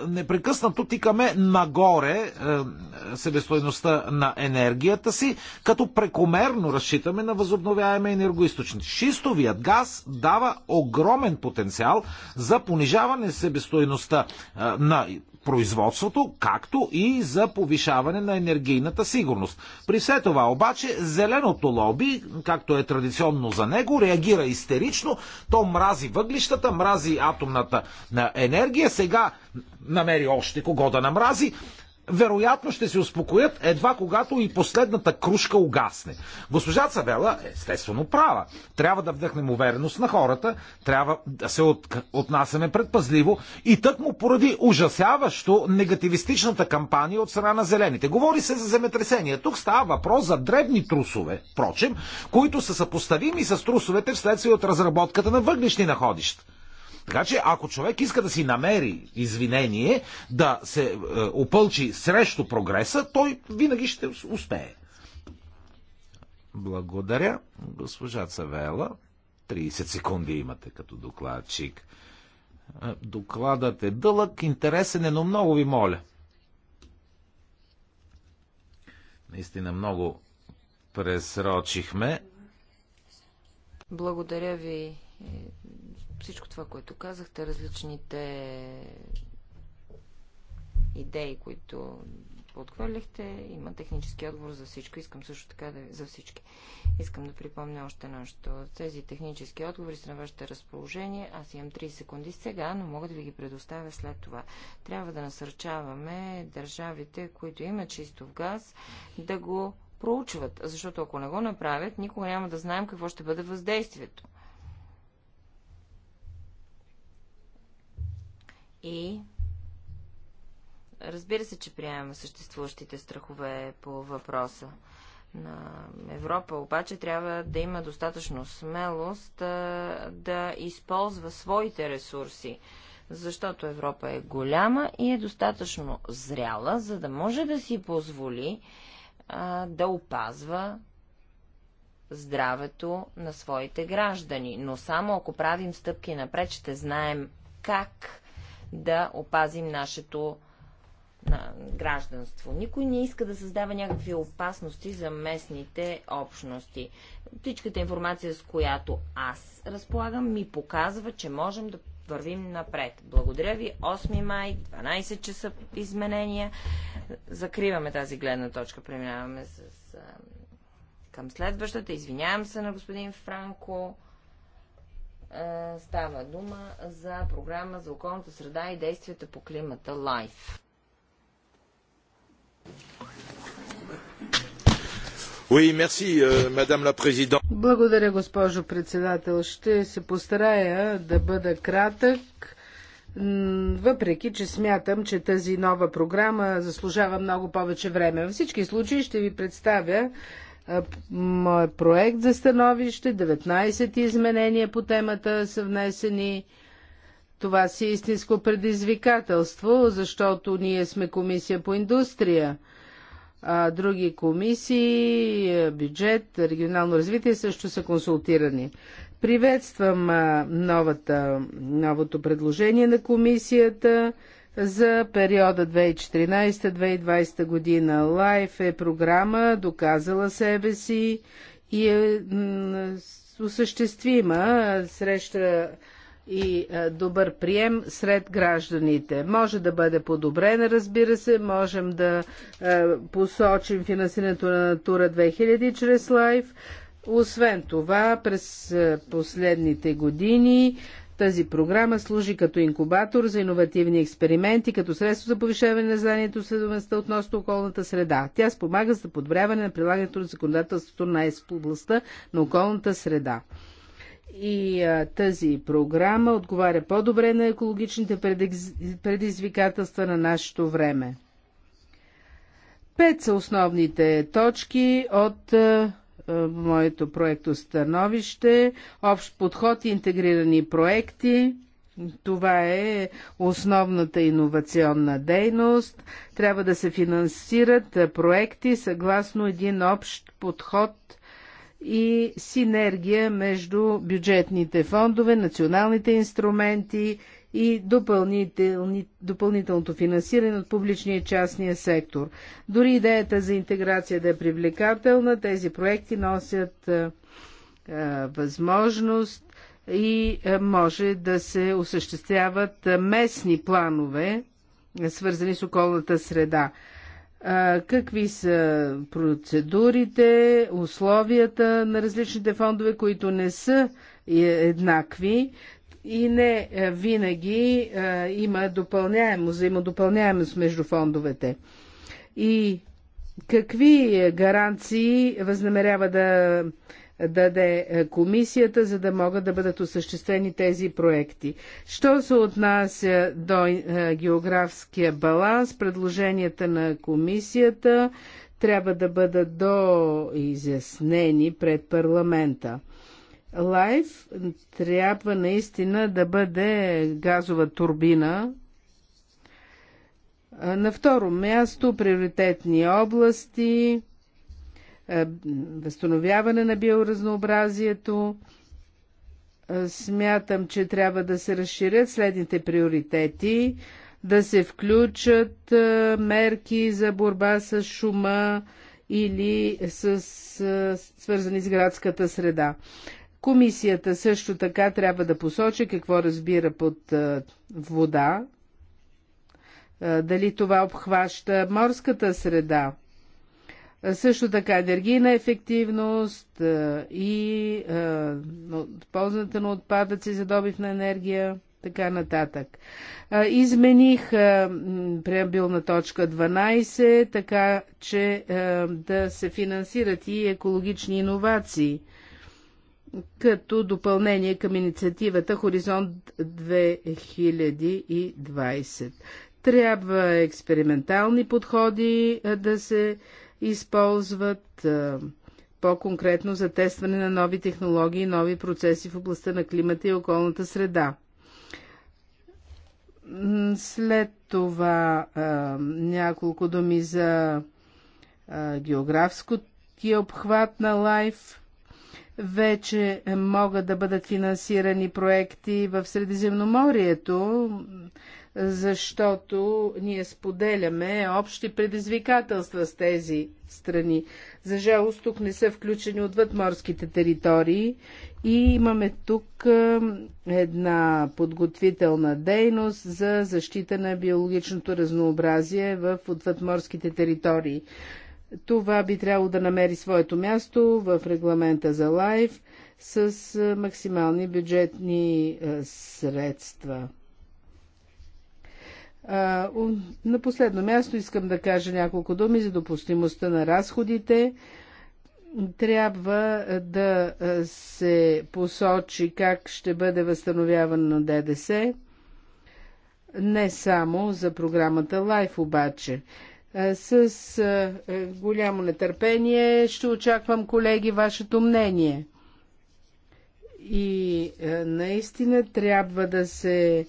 непрекъснато тикаме нагоре е, себестойността на енергията си, като прекомерно разчитаме на възобновяеме енергоисточници. Шистовият газ дава огромен потенциал за понижаване себестойността е, на производството, както и за повишаване на енергийната сигурност. При все това обаче зеленото лоби, както е традиционно за него, реагира истерично. То мрази въглищата, мрази атомната енергия. Сега намери още кого да намрази вероятно ще се успокоят едва когато и последната кружка угасне. Госпожа Цабела е естествено права. Трябва да вдъхнем увереност на хората, трябва да се от, отнасяме предпазливо и тък му поради ужасяващо негативистичната кампания от страна на зелените. Говори се за земетресение. Тук става въпрос за дребни трусове, прочим, които са съпоставими с трусовете вследствие от разработката на въглишни находища. Така че, ако човек иска да си намери извинение, да се е, опълчи срещу прогреса, той винаги ще успее. Благодаря, госпожа Цавела. 30 секунди имате като докладчик. Е, докладът е дълъг, интересен е, но много ви моля. Наистина много пресрочихме. Благодаря ви, всичко това, което казахте, различните идеи, които подхвърлихте. има технически отговор за всичко. Искам също така да, за всички. Искам да припомня още нещо. Тези технически отговори са на вашето разположение. Аз имам 3 секунди сега, но мога да ви ги предоставя след това. Трябва да насърчаваме държавите, които имат чистов газ, да го проучват, защото ако не го направят, никога няма да знаем какво ще бъде въздействието. И разбира се, че приемаме съществуващите страхове по въпроса на Европа, обаче трябва да има достатъчно смелост да, да използва своите ресурси, защото Европа е голяма и е достатъчно зряла, за да може да си позволи а, да опазва здравето на своите граждани. Но само ако правим стъпки напред, ще знаем как да опазим нашето на гражданство. Никой не иска да създава някакви опасности за местните общности. Всичката информация, с която аз разполагам, ми показва, че можем да вървим напред. Благодаря ви. 8 май, 12 часа изменения. Закриваме тази гледна точка. Преминаваме с, към следващата. Извинявам се на господин Франко става дума за програма за околната среда и действията по климата LIFE. Oui, merci, euh, Благодаря, госпожо председател. Ще се постарая да бъда кратък, въпреки че смятам, че тази нова програма заслужава много повече време. Във всички случаи ще ви представя проект за становище, 19 изменения по темата са внесени. Това си е истинско предизвикателство, защото ние сме комисия по индустрия, а други комисии, е, бюджет, регионално развитие също са консултирани. Приветствам новата, новото предложение на комисията за периода 2014-2020 година. Лайф е програма, доказала себе си и е осъществима среща и е, добър прием сред гражданите. Може да бъде подобрена, разбира се, можем да е, посочим финансирането на Натура 2000 чрез Лайф. Освен това, през е, последните години тази програма служи като инкубатор за иновативни експерименти, като средство за повишаване на знанието следовенността относно околната среда. Тя спомага за подобряване на прилагането на законодателството на ЕС областта на околната среда. И а, тази програма отговаря по-добре на екологичните предизвикателства на нашето време. Пет са основните точки от а, е, моето проекто становище. Общ подход и интегрирани проекти. Това е основната иновационна дейност. Трябва да се финансират е, проекти съгласно един общ подход и синергия между бюджетните фондове, националните инструменти и допълнителното финансиране от публичния и частния сектор. Дори идеята за интеграция да е привлекателна, тези проекти носят възможност и може да се осъществяват местни планове, свързани с околната среда. Какви са процедурите, условията на различните фондове, които не са еднакви, и не е, винаги е, има допълняемост, взаимодопълняемост между фондовете. И какви е, гаранции възнамерява да даде комисията, за да могат да бъдат осъществени тези проекти. Що се отнася до географския баланс, предложенията на комисията трябва да бъдат доизяснени пред парламента. Лайф трябва наистина да бъде газова турбина. На второ място приоритетни области, възстановяване на биоразнообразието. Смятам, че трябва да се разширят следните приоритети, да се включат мерки за борба с шума или с, свързани с градската среда. Комисията също така трябва да посочи какво разбира под вода, дали това обхваща морската среда, също така енергийна ефективност и ползването на отпадъци за добив на енергия, така нататък. Измених преамбилна точка 12, така че да се финансират и екологични иновации – като допълнение към инициативата Хоризонт 2020. Трябва експериментални подходи да се използват по-конкретно за тестване на нови технологии и нови процеси в областта на климата и околната среда. След това няколко думи за географското обхват на лайф – вече могат да бъдат финансирани проекти в Средиземноморието, защото ние споделяме общи предизвикателства с тези страни. За жалост, тук не са включени отвъд морските територии и имаме тук е, една подготвителна дейност за защита на биологичното разнообразие в отвъдморските територии. Това би трябвало да намери своето място в регламента за лайф с максимални бюджетни средства. На последно място искам да кажа няколко думи за допустимостта на разходите. Трябва да се посочи как ще бъде възстановявано ДДС. Не само за програмата Life обаче. Е, с е, е, голямо нетърпение ще очаквам, колеги, вашето мнение. И наистина трябва да се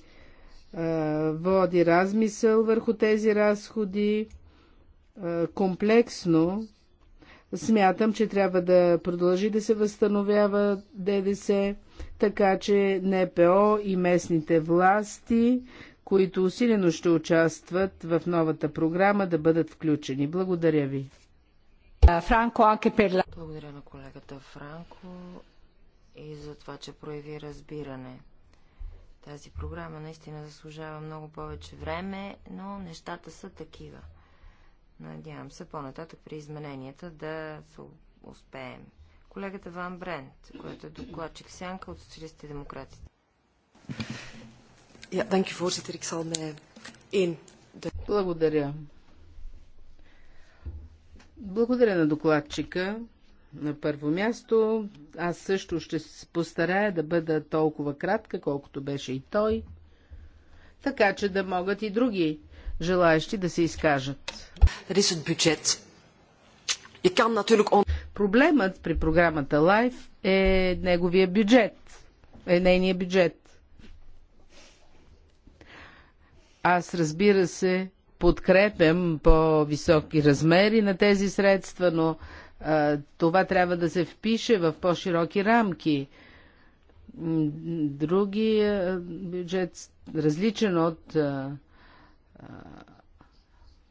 води размисъл върху тези разходи комплексно. Смятам, че трябва да продължи да се възстановява ДДС, така че НПО и местните власти които усилено ще участват в новата програма, да бъдат включени. Благодаря ви. Франко, анке перла. Благодаря на колегата Франко и за това, че прояви разбиране. Тази програма наистина заслужава много повече време, но нещата са такива. Надявам се по-нататък при измененията да се успеем. Колегата Ван Брент, който е докладчик сянка от социалистите демократите. Ja, dank u voorzitter. Ik zal mij één... Благодаря. Благодаря на докладчика. На първо място, аз също ще се постарая да бъда толкова кратка, колкото беше и той, така че да могат и други желаящи да се изкажат. бюджет. Er Проблемът при програмата Life е неговия бюджет, е нейния бюджет. Аз разбира се подкрепям по-високи размери на тези средства, но а, това трябва да се впише в по-широки рамки. Други а, бюджет, различен от а, а,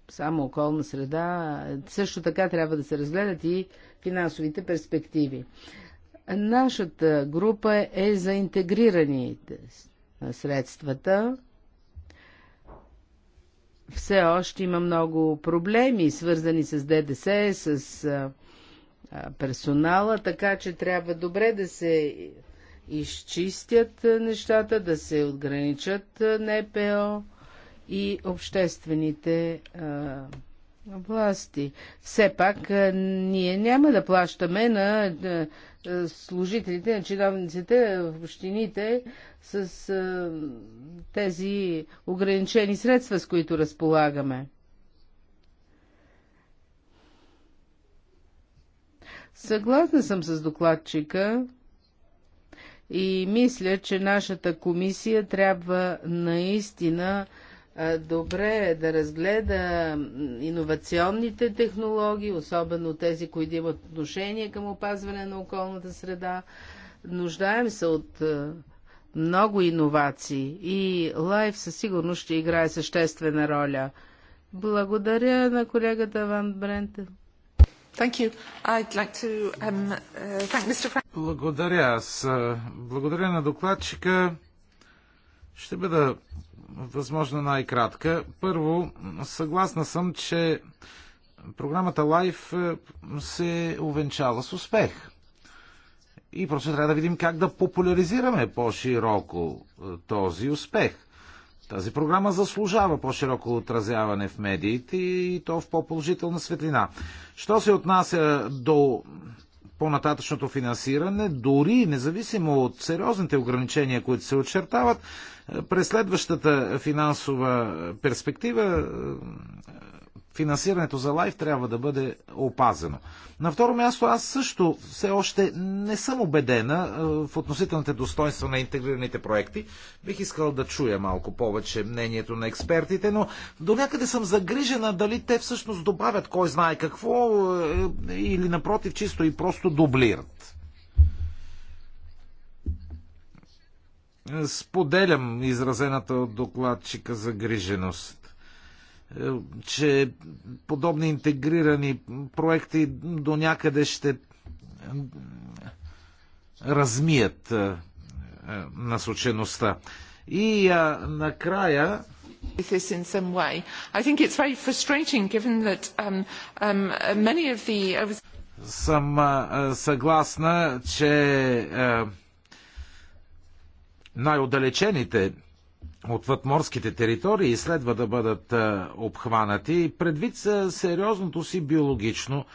само околна среда, също така трябва да се разгледат и финансовите перспективи. Нашата група е за интегрираните средствата все още има много проблеми, свързани с ДДС, с персонала, така че трябва добре да се изчистят нещата, да се отграничат НПО и обществените власти. Все пак ние няма да плащаме на служителите, на чиновниците в общините с тези ограничени средства, с които разполагаме. Съгласна съм с докладчика и мисля, че нашата комисия трябва наистина добре е да разгледа иновационните технологии, особено тези, които имат отношение към опазване на околната среда. Нуждаем се от много иновации и лайф със сигурност ще играе съществена роля. Благодаря на колегата Ван Брентен. Like to, um, uh, благодаря. Аз благодаря на докладчика. Ще бъда възможно най-кратка. Първо, съгласна съм, че програмата Life е, се увенчава с успех. И просто трябва да видим как да популяризираме по-широко е, този успех. Тази програма заслужава по-широко отразяване в медиите и то в по-положителна светлина. Що се отнася до по-нататъчното финансиране, дори независимо от сериозните ограничения, които се очертават, през следващата финансова перспектива е, финансирането за лайф трябва да бъде опазено. На второ място, аз също все още не съм убедена е, в относителните достоинства на интегрираните проекти. Бих искал да чуя малко повече мнението на експертите, но до някъде съм загрижена дали те всъщност добавят кой знае какво е, или напротив чисто и просто дублират. Споделям изразената от докладчика загриженост, е, че подобни интегрирани проекти до някъде ще е, размият е, насочеността. И а, накрая this in some way. I think it's very frustrating given that um, um, many of the... Съм съгласна, че най-отдалечените отвъд морските територии следва да бъдат е, обхванати предвид са е, сериозното си биологично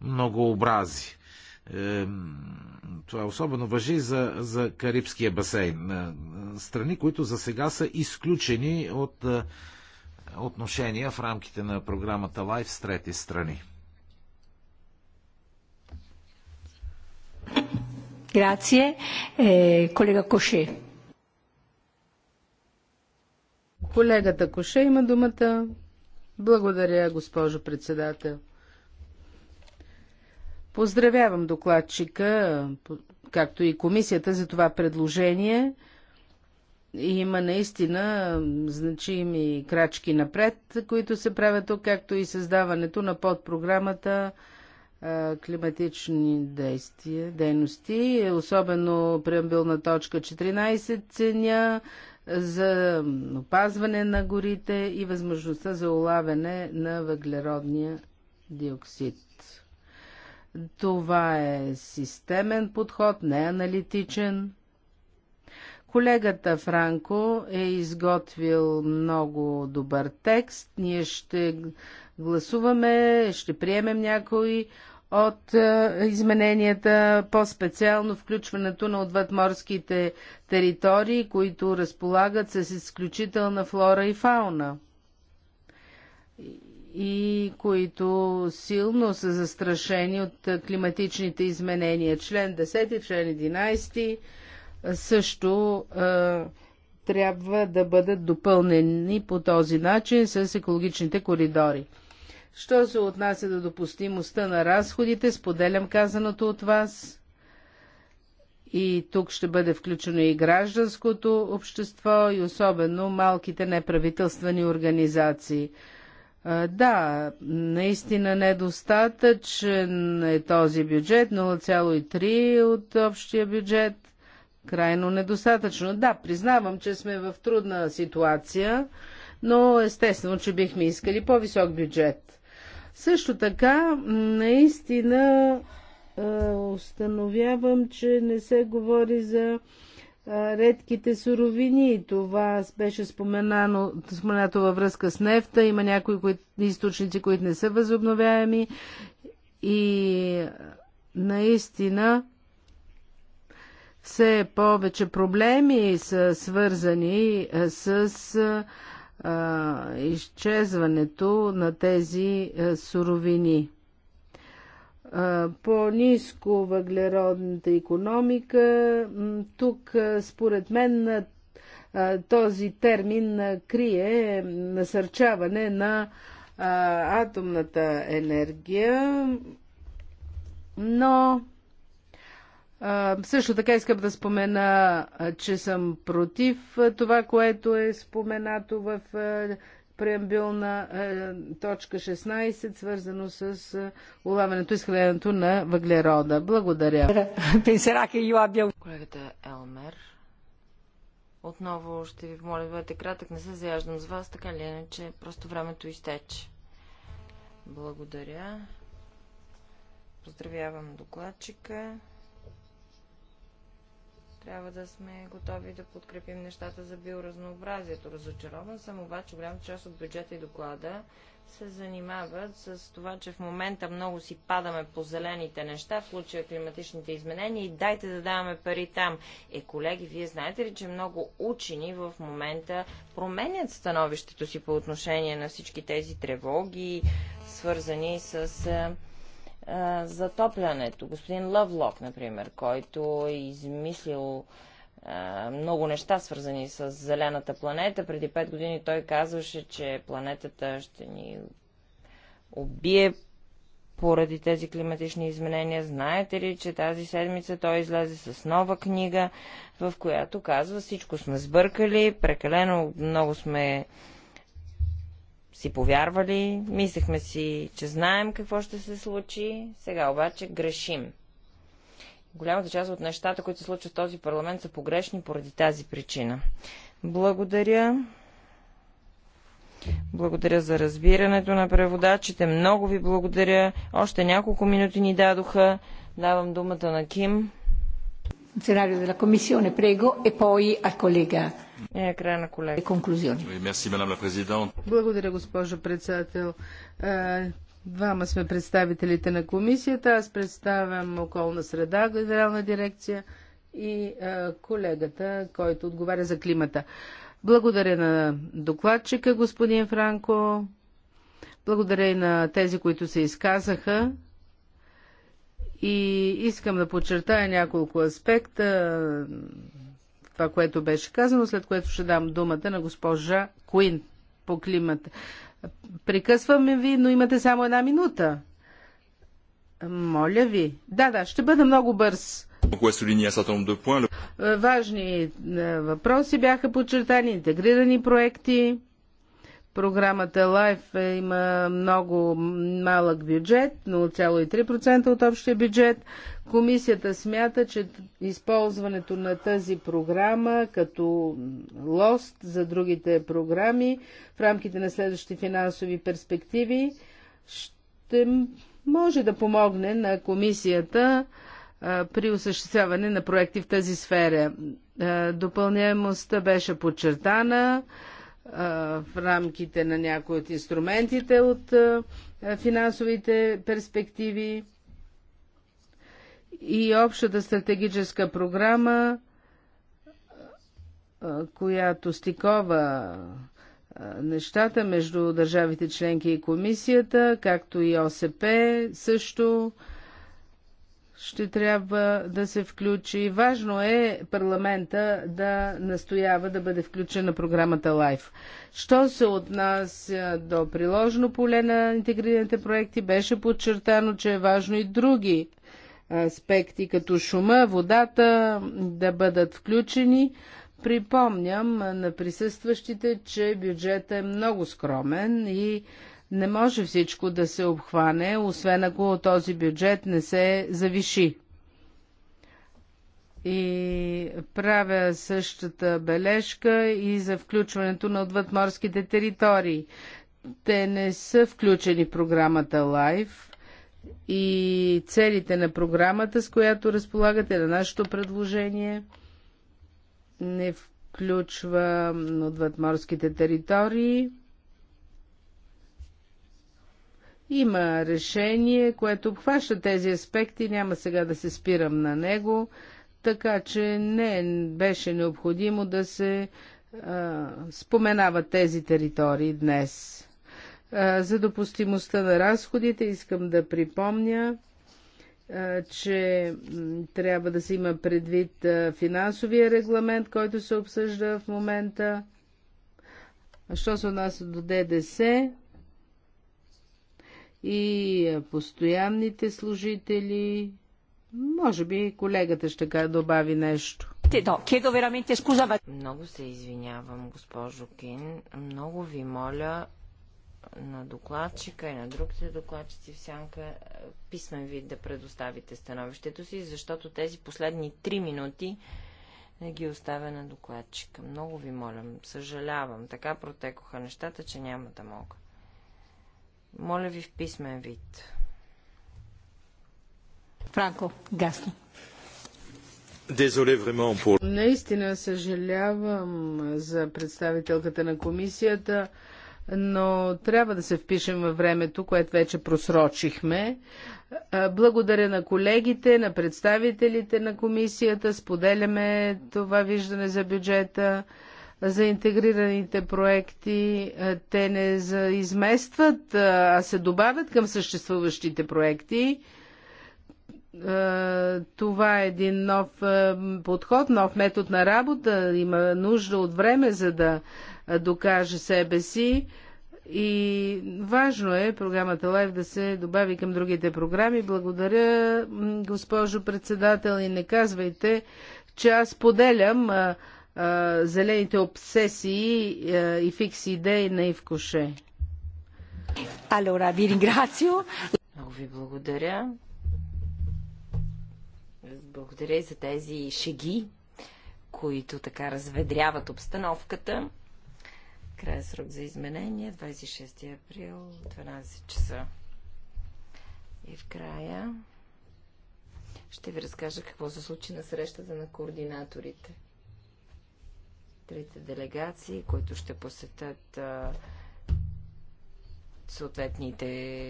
многообразие. Е, това особено въжи за, за Карибския басейн. Страни, които за сега са изключени от отношения в рамките на програмата Life с трети страни. Грация, колега Коше. Колегата Коше има думата. Благодаря, госпожо председател. Поздравявам докладчика, както и комисията за това предложение. Има наистина значими крачки напред, които се правят тук, както и създаването на подпрограмата климатични действия, дейности, особено преамбилна точка 14 ценя за опазване на горите и възможността за улавяне на въглеродния диоксид. Това е системен подход, не е аналитичен. Колегата Франко е изготвил много добър текст. Ние ще гласуваме, ще приемем някои от е, измененията, по-специално включването на отвъдморските територии, които разполагат с изключителна флора и фауна и които силно са застрашени от е, климатичните изменения. Член 10, и член 11 също е, трябва да бъдат допълнени по този начин с екологичните коридори. Що се отнася до допустимостта на разходите, споделям казаното от вас. И тук ще бъде включено и гражданското общество, и особено малките неправителствени организации. Да, наистина недостатъчен е този бюджет, 0,3 от общия бюджет. Крайно недостатъчно. Да, признавам, че сме в трудна ситуация, но естествено, че бихме искали по-висок бюджет. Също така, наистина установявам, че не се говори за редките суровини. Това беше споменано, споменато във връзка с нефта. Има някои кои, източници, които не са възобновяеми. И наистина все повече проблеми са свързани с а, изчезването на тези а, суровини. По-низко въглеродната економика, тук според мен този термин крие насърчаване на атомната енергия, но също така искам да спомена, че съм против това, което е споменато в преамбилна точка 16, свързано с улавянето и изхвърлянето на въглерода. Благодаря. Колегата Елмер. Отново ще ви моля да бъдете кратък, не се заяждам с вас, така ли иначе е, просто времето изтече. Благодаря. Поздравявам докладчика трябва да сме готови да подкрепим нещата за биоразнообразието. Разочарован съм обаче, голяма част от бюджета и доклада се занимават с това, че в момента много си падаме по зелените неща, в случая климатичните изменения и дайте да даваме пари там. Е, колеги, вие знаете ли, че много учени в момента променят становището си по отношение на всички тези тревоги, свързани с е, затоплянето. Господин Лавлок, например, който е измислил много неща, свързани с зелената планета. Преди пет години той казваше, че планетата ще ни убие поради тези климатични изменения. Знаете ли, че тази седмица той излезе с нова книга, в която казва всичко сме сбъркали, прекалено много сме си повярвали, мислехме си, че знаем какво ще се случи, сега обаче грешим. Голямата част от нещата, които се случват в този парламент, са погрешни поради тази причина. Благодаря. Благодаря за разбирането на преводачите. Много ви благодаря. Още няколко минути ни дадоха. Давам думата на Ким funzionario della Commissione, prego, e poi al collega. Е, края на Благодаря, госпожо председател. Двама сме представителите на комисията. Аз представям околна среда, генерална дирекция и колегата, който отговаря за климата. Благодаря на докладчика, господин Франко. Благодаря и на тези, които се изказаха. И искам да подчертая няколко аспекта, това, което беше казано, след което ще дам думата на госпожа Куин по климата. Прекъсваме ви, но имате само една минута. Моля ви. Да, да, ще бъда много бърз. Важни е, въпроси бяха подчертани, интегрирани проекти. Програмата LIFE е, има много малък бюджет, 0,3% от общия бюджет. Комисията смята, че използването на тази програма като лост за другите програми в рамките на следващите финансови перспективи ще може да помогне на комисията при осъществяване на проекти в тази сфера. Допълняемостта беше подчертана в рамките на някои от инструментите от финансовите перспективи и общата стратегическа програма, която стикова нещата между държавите членки и комисията, както и ОСП също ще трябва да се включи. Важно е парламента да настоява да бъде включена програмата ЛАЙФ. Що се отнася до приложно поле на интегрираните проекти, беше подчертано, че е важно и други аспекти, като шума, водата, да бъдат включени. Припомням на присъстващите, че бюджетът е много скромен и не може всичко да се обхване, освен ако този бюджет не се завиши. И правя същата бележка и за включването на отвъдморските територии. Те не са включени в програмата Life и целите на програмата, с която разполагате на нашето предложение, не включва отвъдморските територии. Има решение, което обхваща тези аспекти, няма сега да се спирам на него, така че не беше необходимо да се а, споменават тези територии днес. А, за допустимостта на разходите искам да припомня, а, че трябва да се има предвид а, финансовия регламент, който се обсъжда в момента. А що се отнася до ДДС, и е, постоянните служители. Може би колегата ще добави нещо. Много се извинявам, госпожо Кин. Много ви моля на докладчика и на другите докладчици в сянка е, писмен вид да предоставите становището си, защото тези последни три минути не ги оставя на докладчика. Много ви моля, съжалявам. Така протекоха нещата, че няма да мога. Моля ви в писмен вид. Франко, гасно. Наистина съжалявам за представителката на комисията, но трябва да се впишем във времето, което вече просрочихме. Благодаря на колегите, на представителите на комисията, споделяме това виждане за бюджета за интегрираните проекти. Те не изместват, а се добавят към съществуващите проекти. Това е един нов подход, нов метод на работа. Има нужда от време, за да докаже себе си. И важно е програмата Лайв да се добави към другите програми. Благодаря, госпожо председател, и не казвайте, че аз поделям зелените обсесии и фикс идеи на Ивкоше. Алора, ви Много ви благодаря. Благодаря и за тези шеги, които така разведряват обстановката. Край срок за изменение 26 април, 12 часа. И в края ще ви разкажа какво се случи на срещата на координаторите трите делегации, които ще посетят а, съответните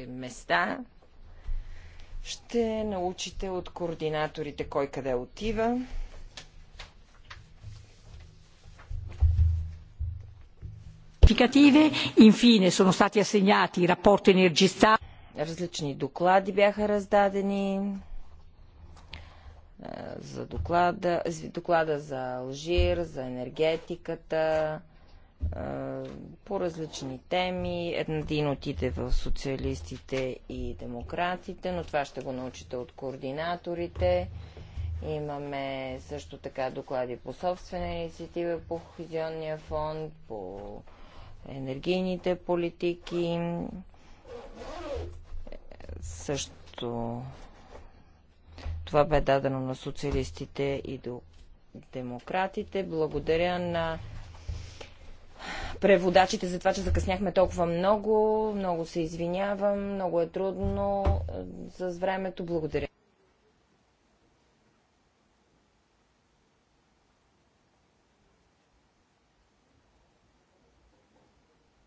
места. Ще научите от координаторите кой къде отива. Infine sono stati assegnati rapporti energizzati. Различни доклади бяха раздадени. Е, за доклада, доклада за Алжир, за енергетиката, е, по различни теми. Един отиде в социалистите и демократите, но това ще го научите от координаторите. Имаме също така доклади по собствена инициатива, по хохизионния фонд, по енергийните политики. Е, също това бе дадено на социалистите и до демократите. Благодаря на преводачите за това, че закъсняхме толкова много. Много се извинявам. Много е трудно с времето. Благодаря.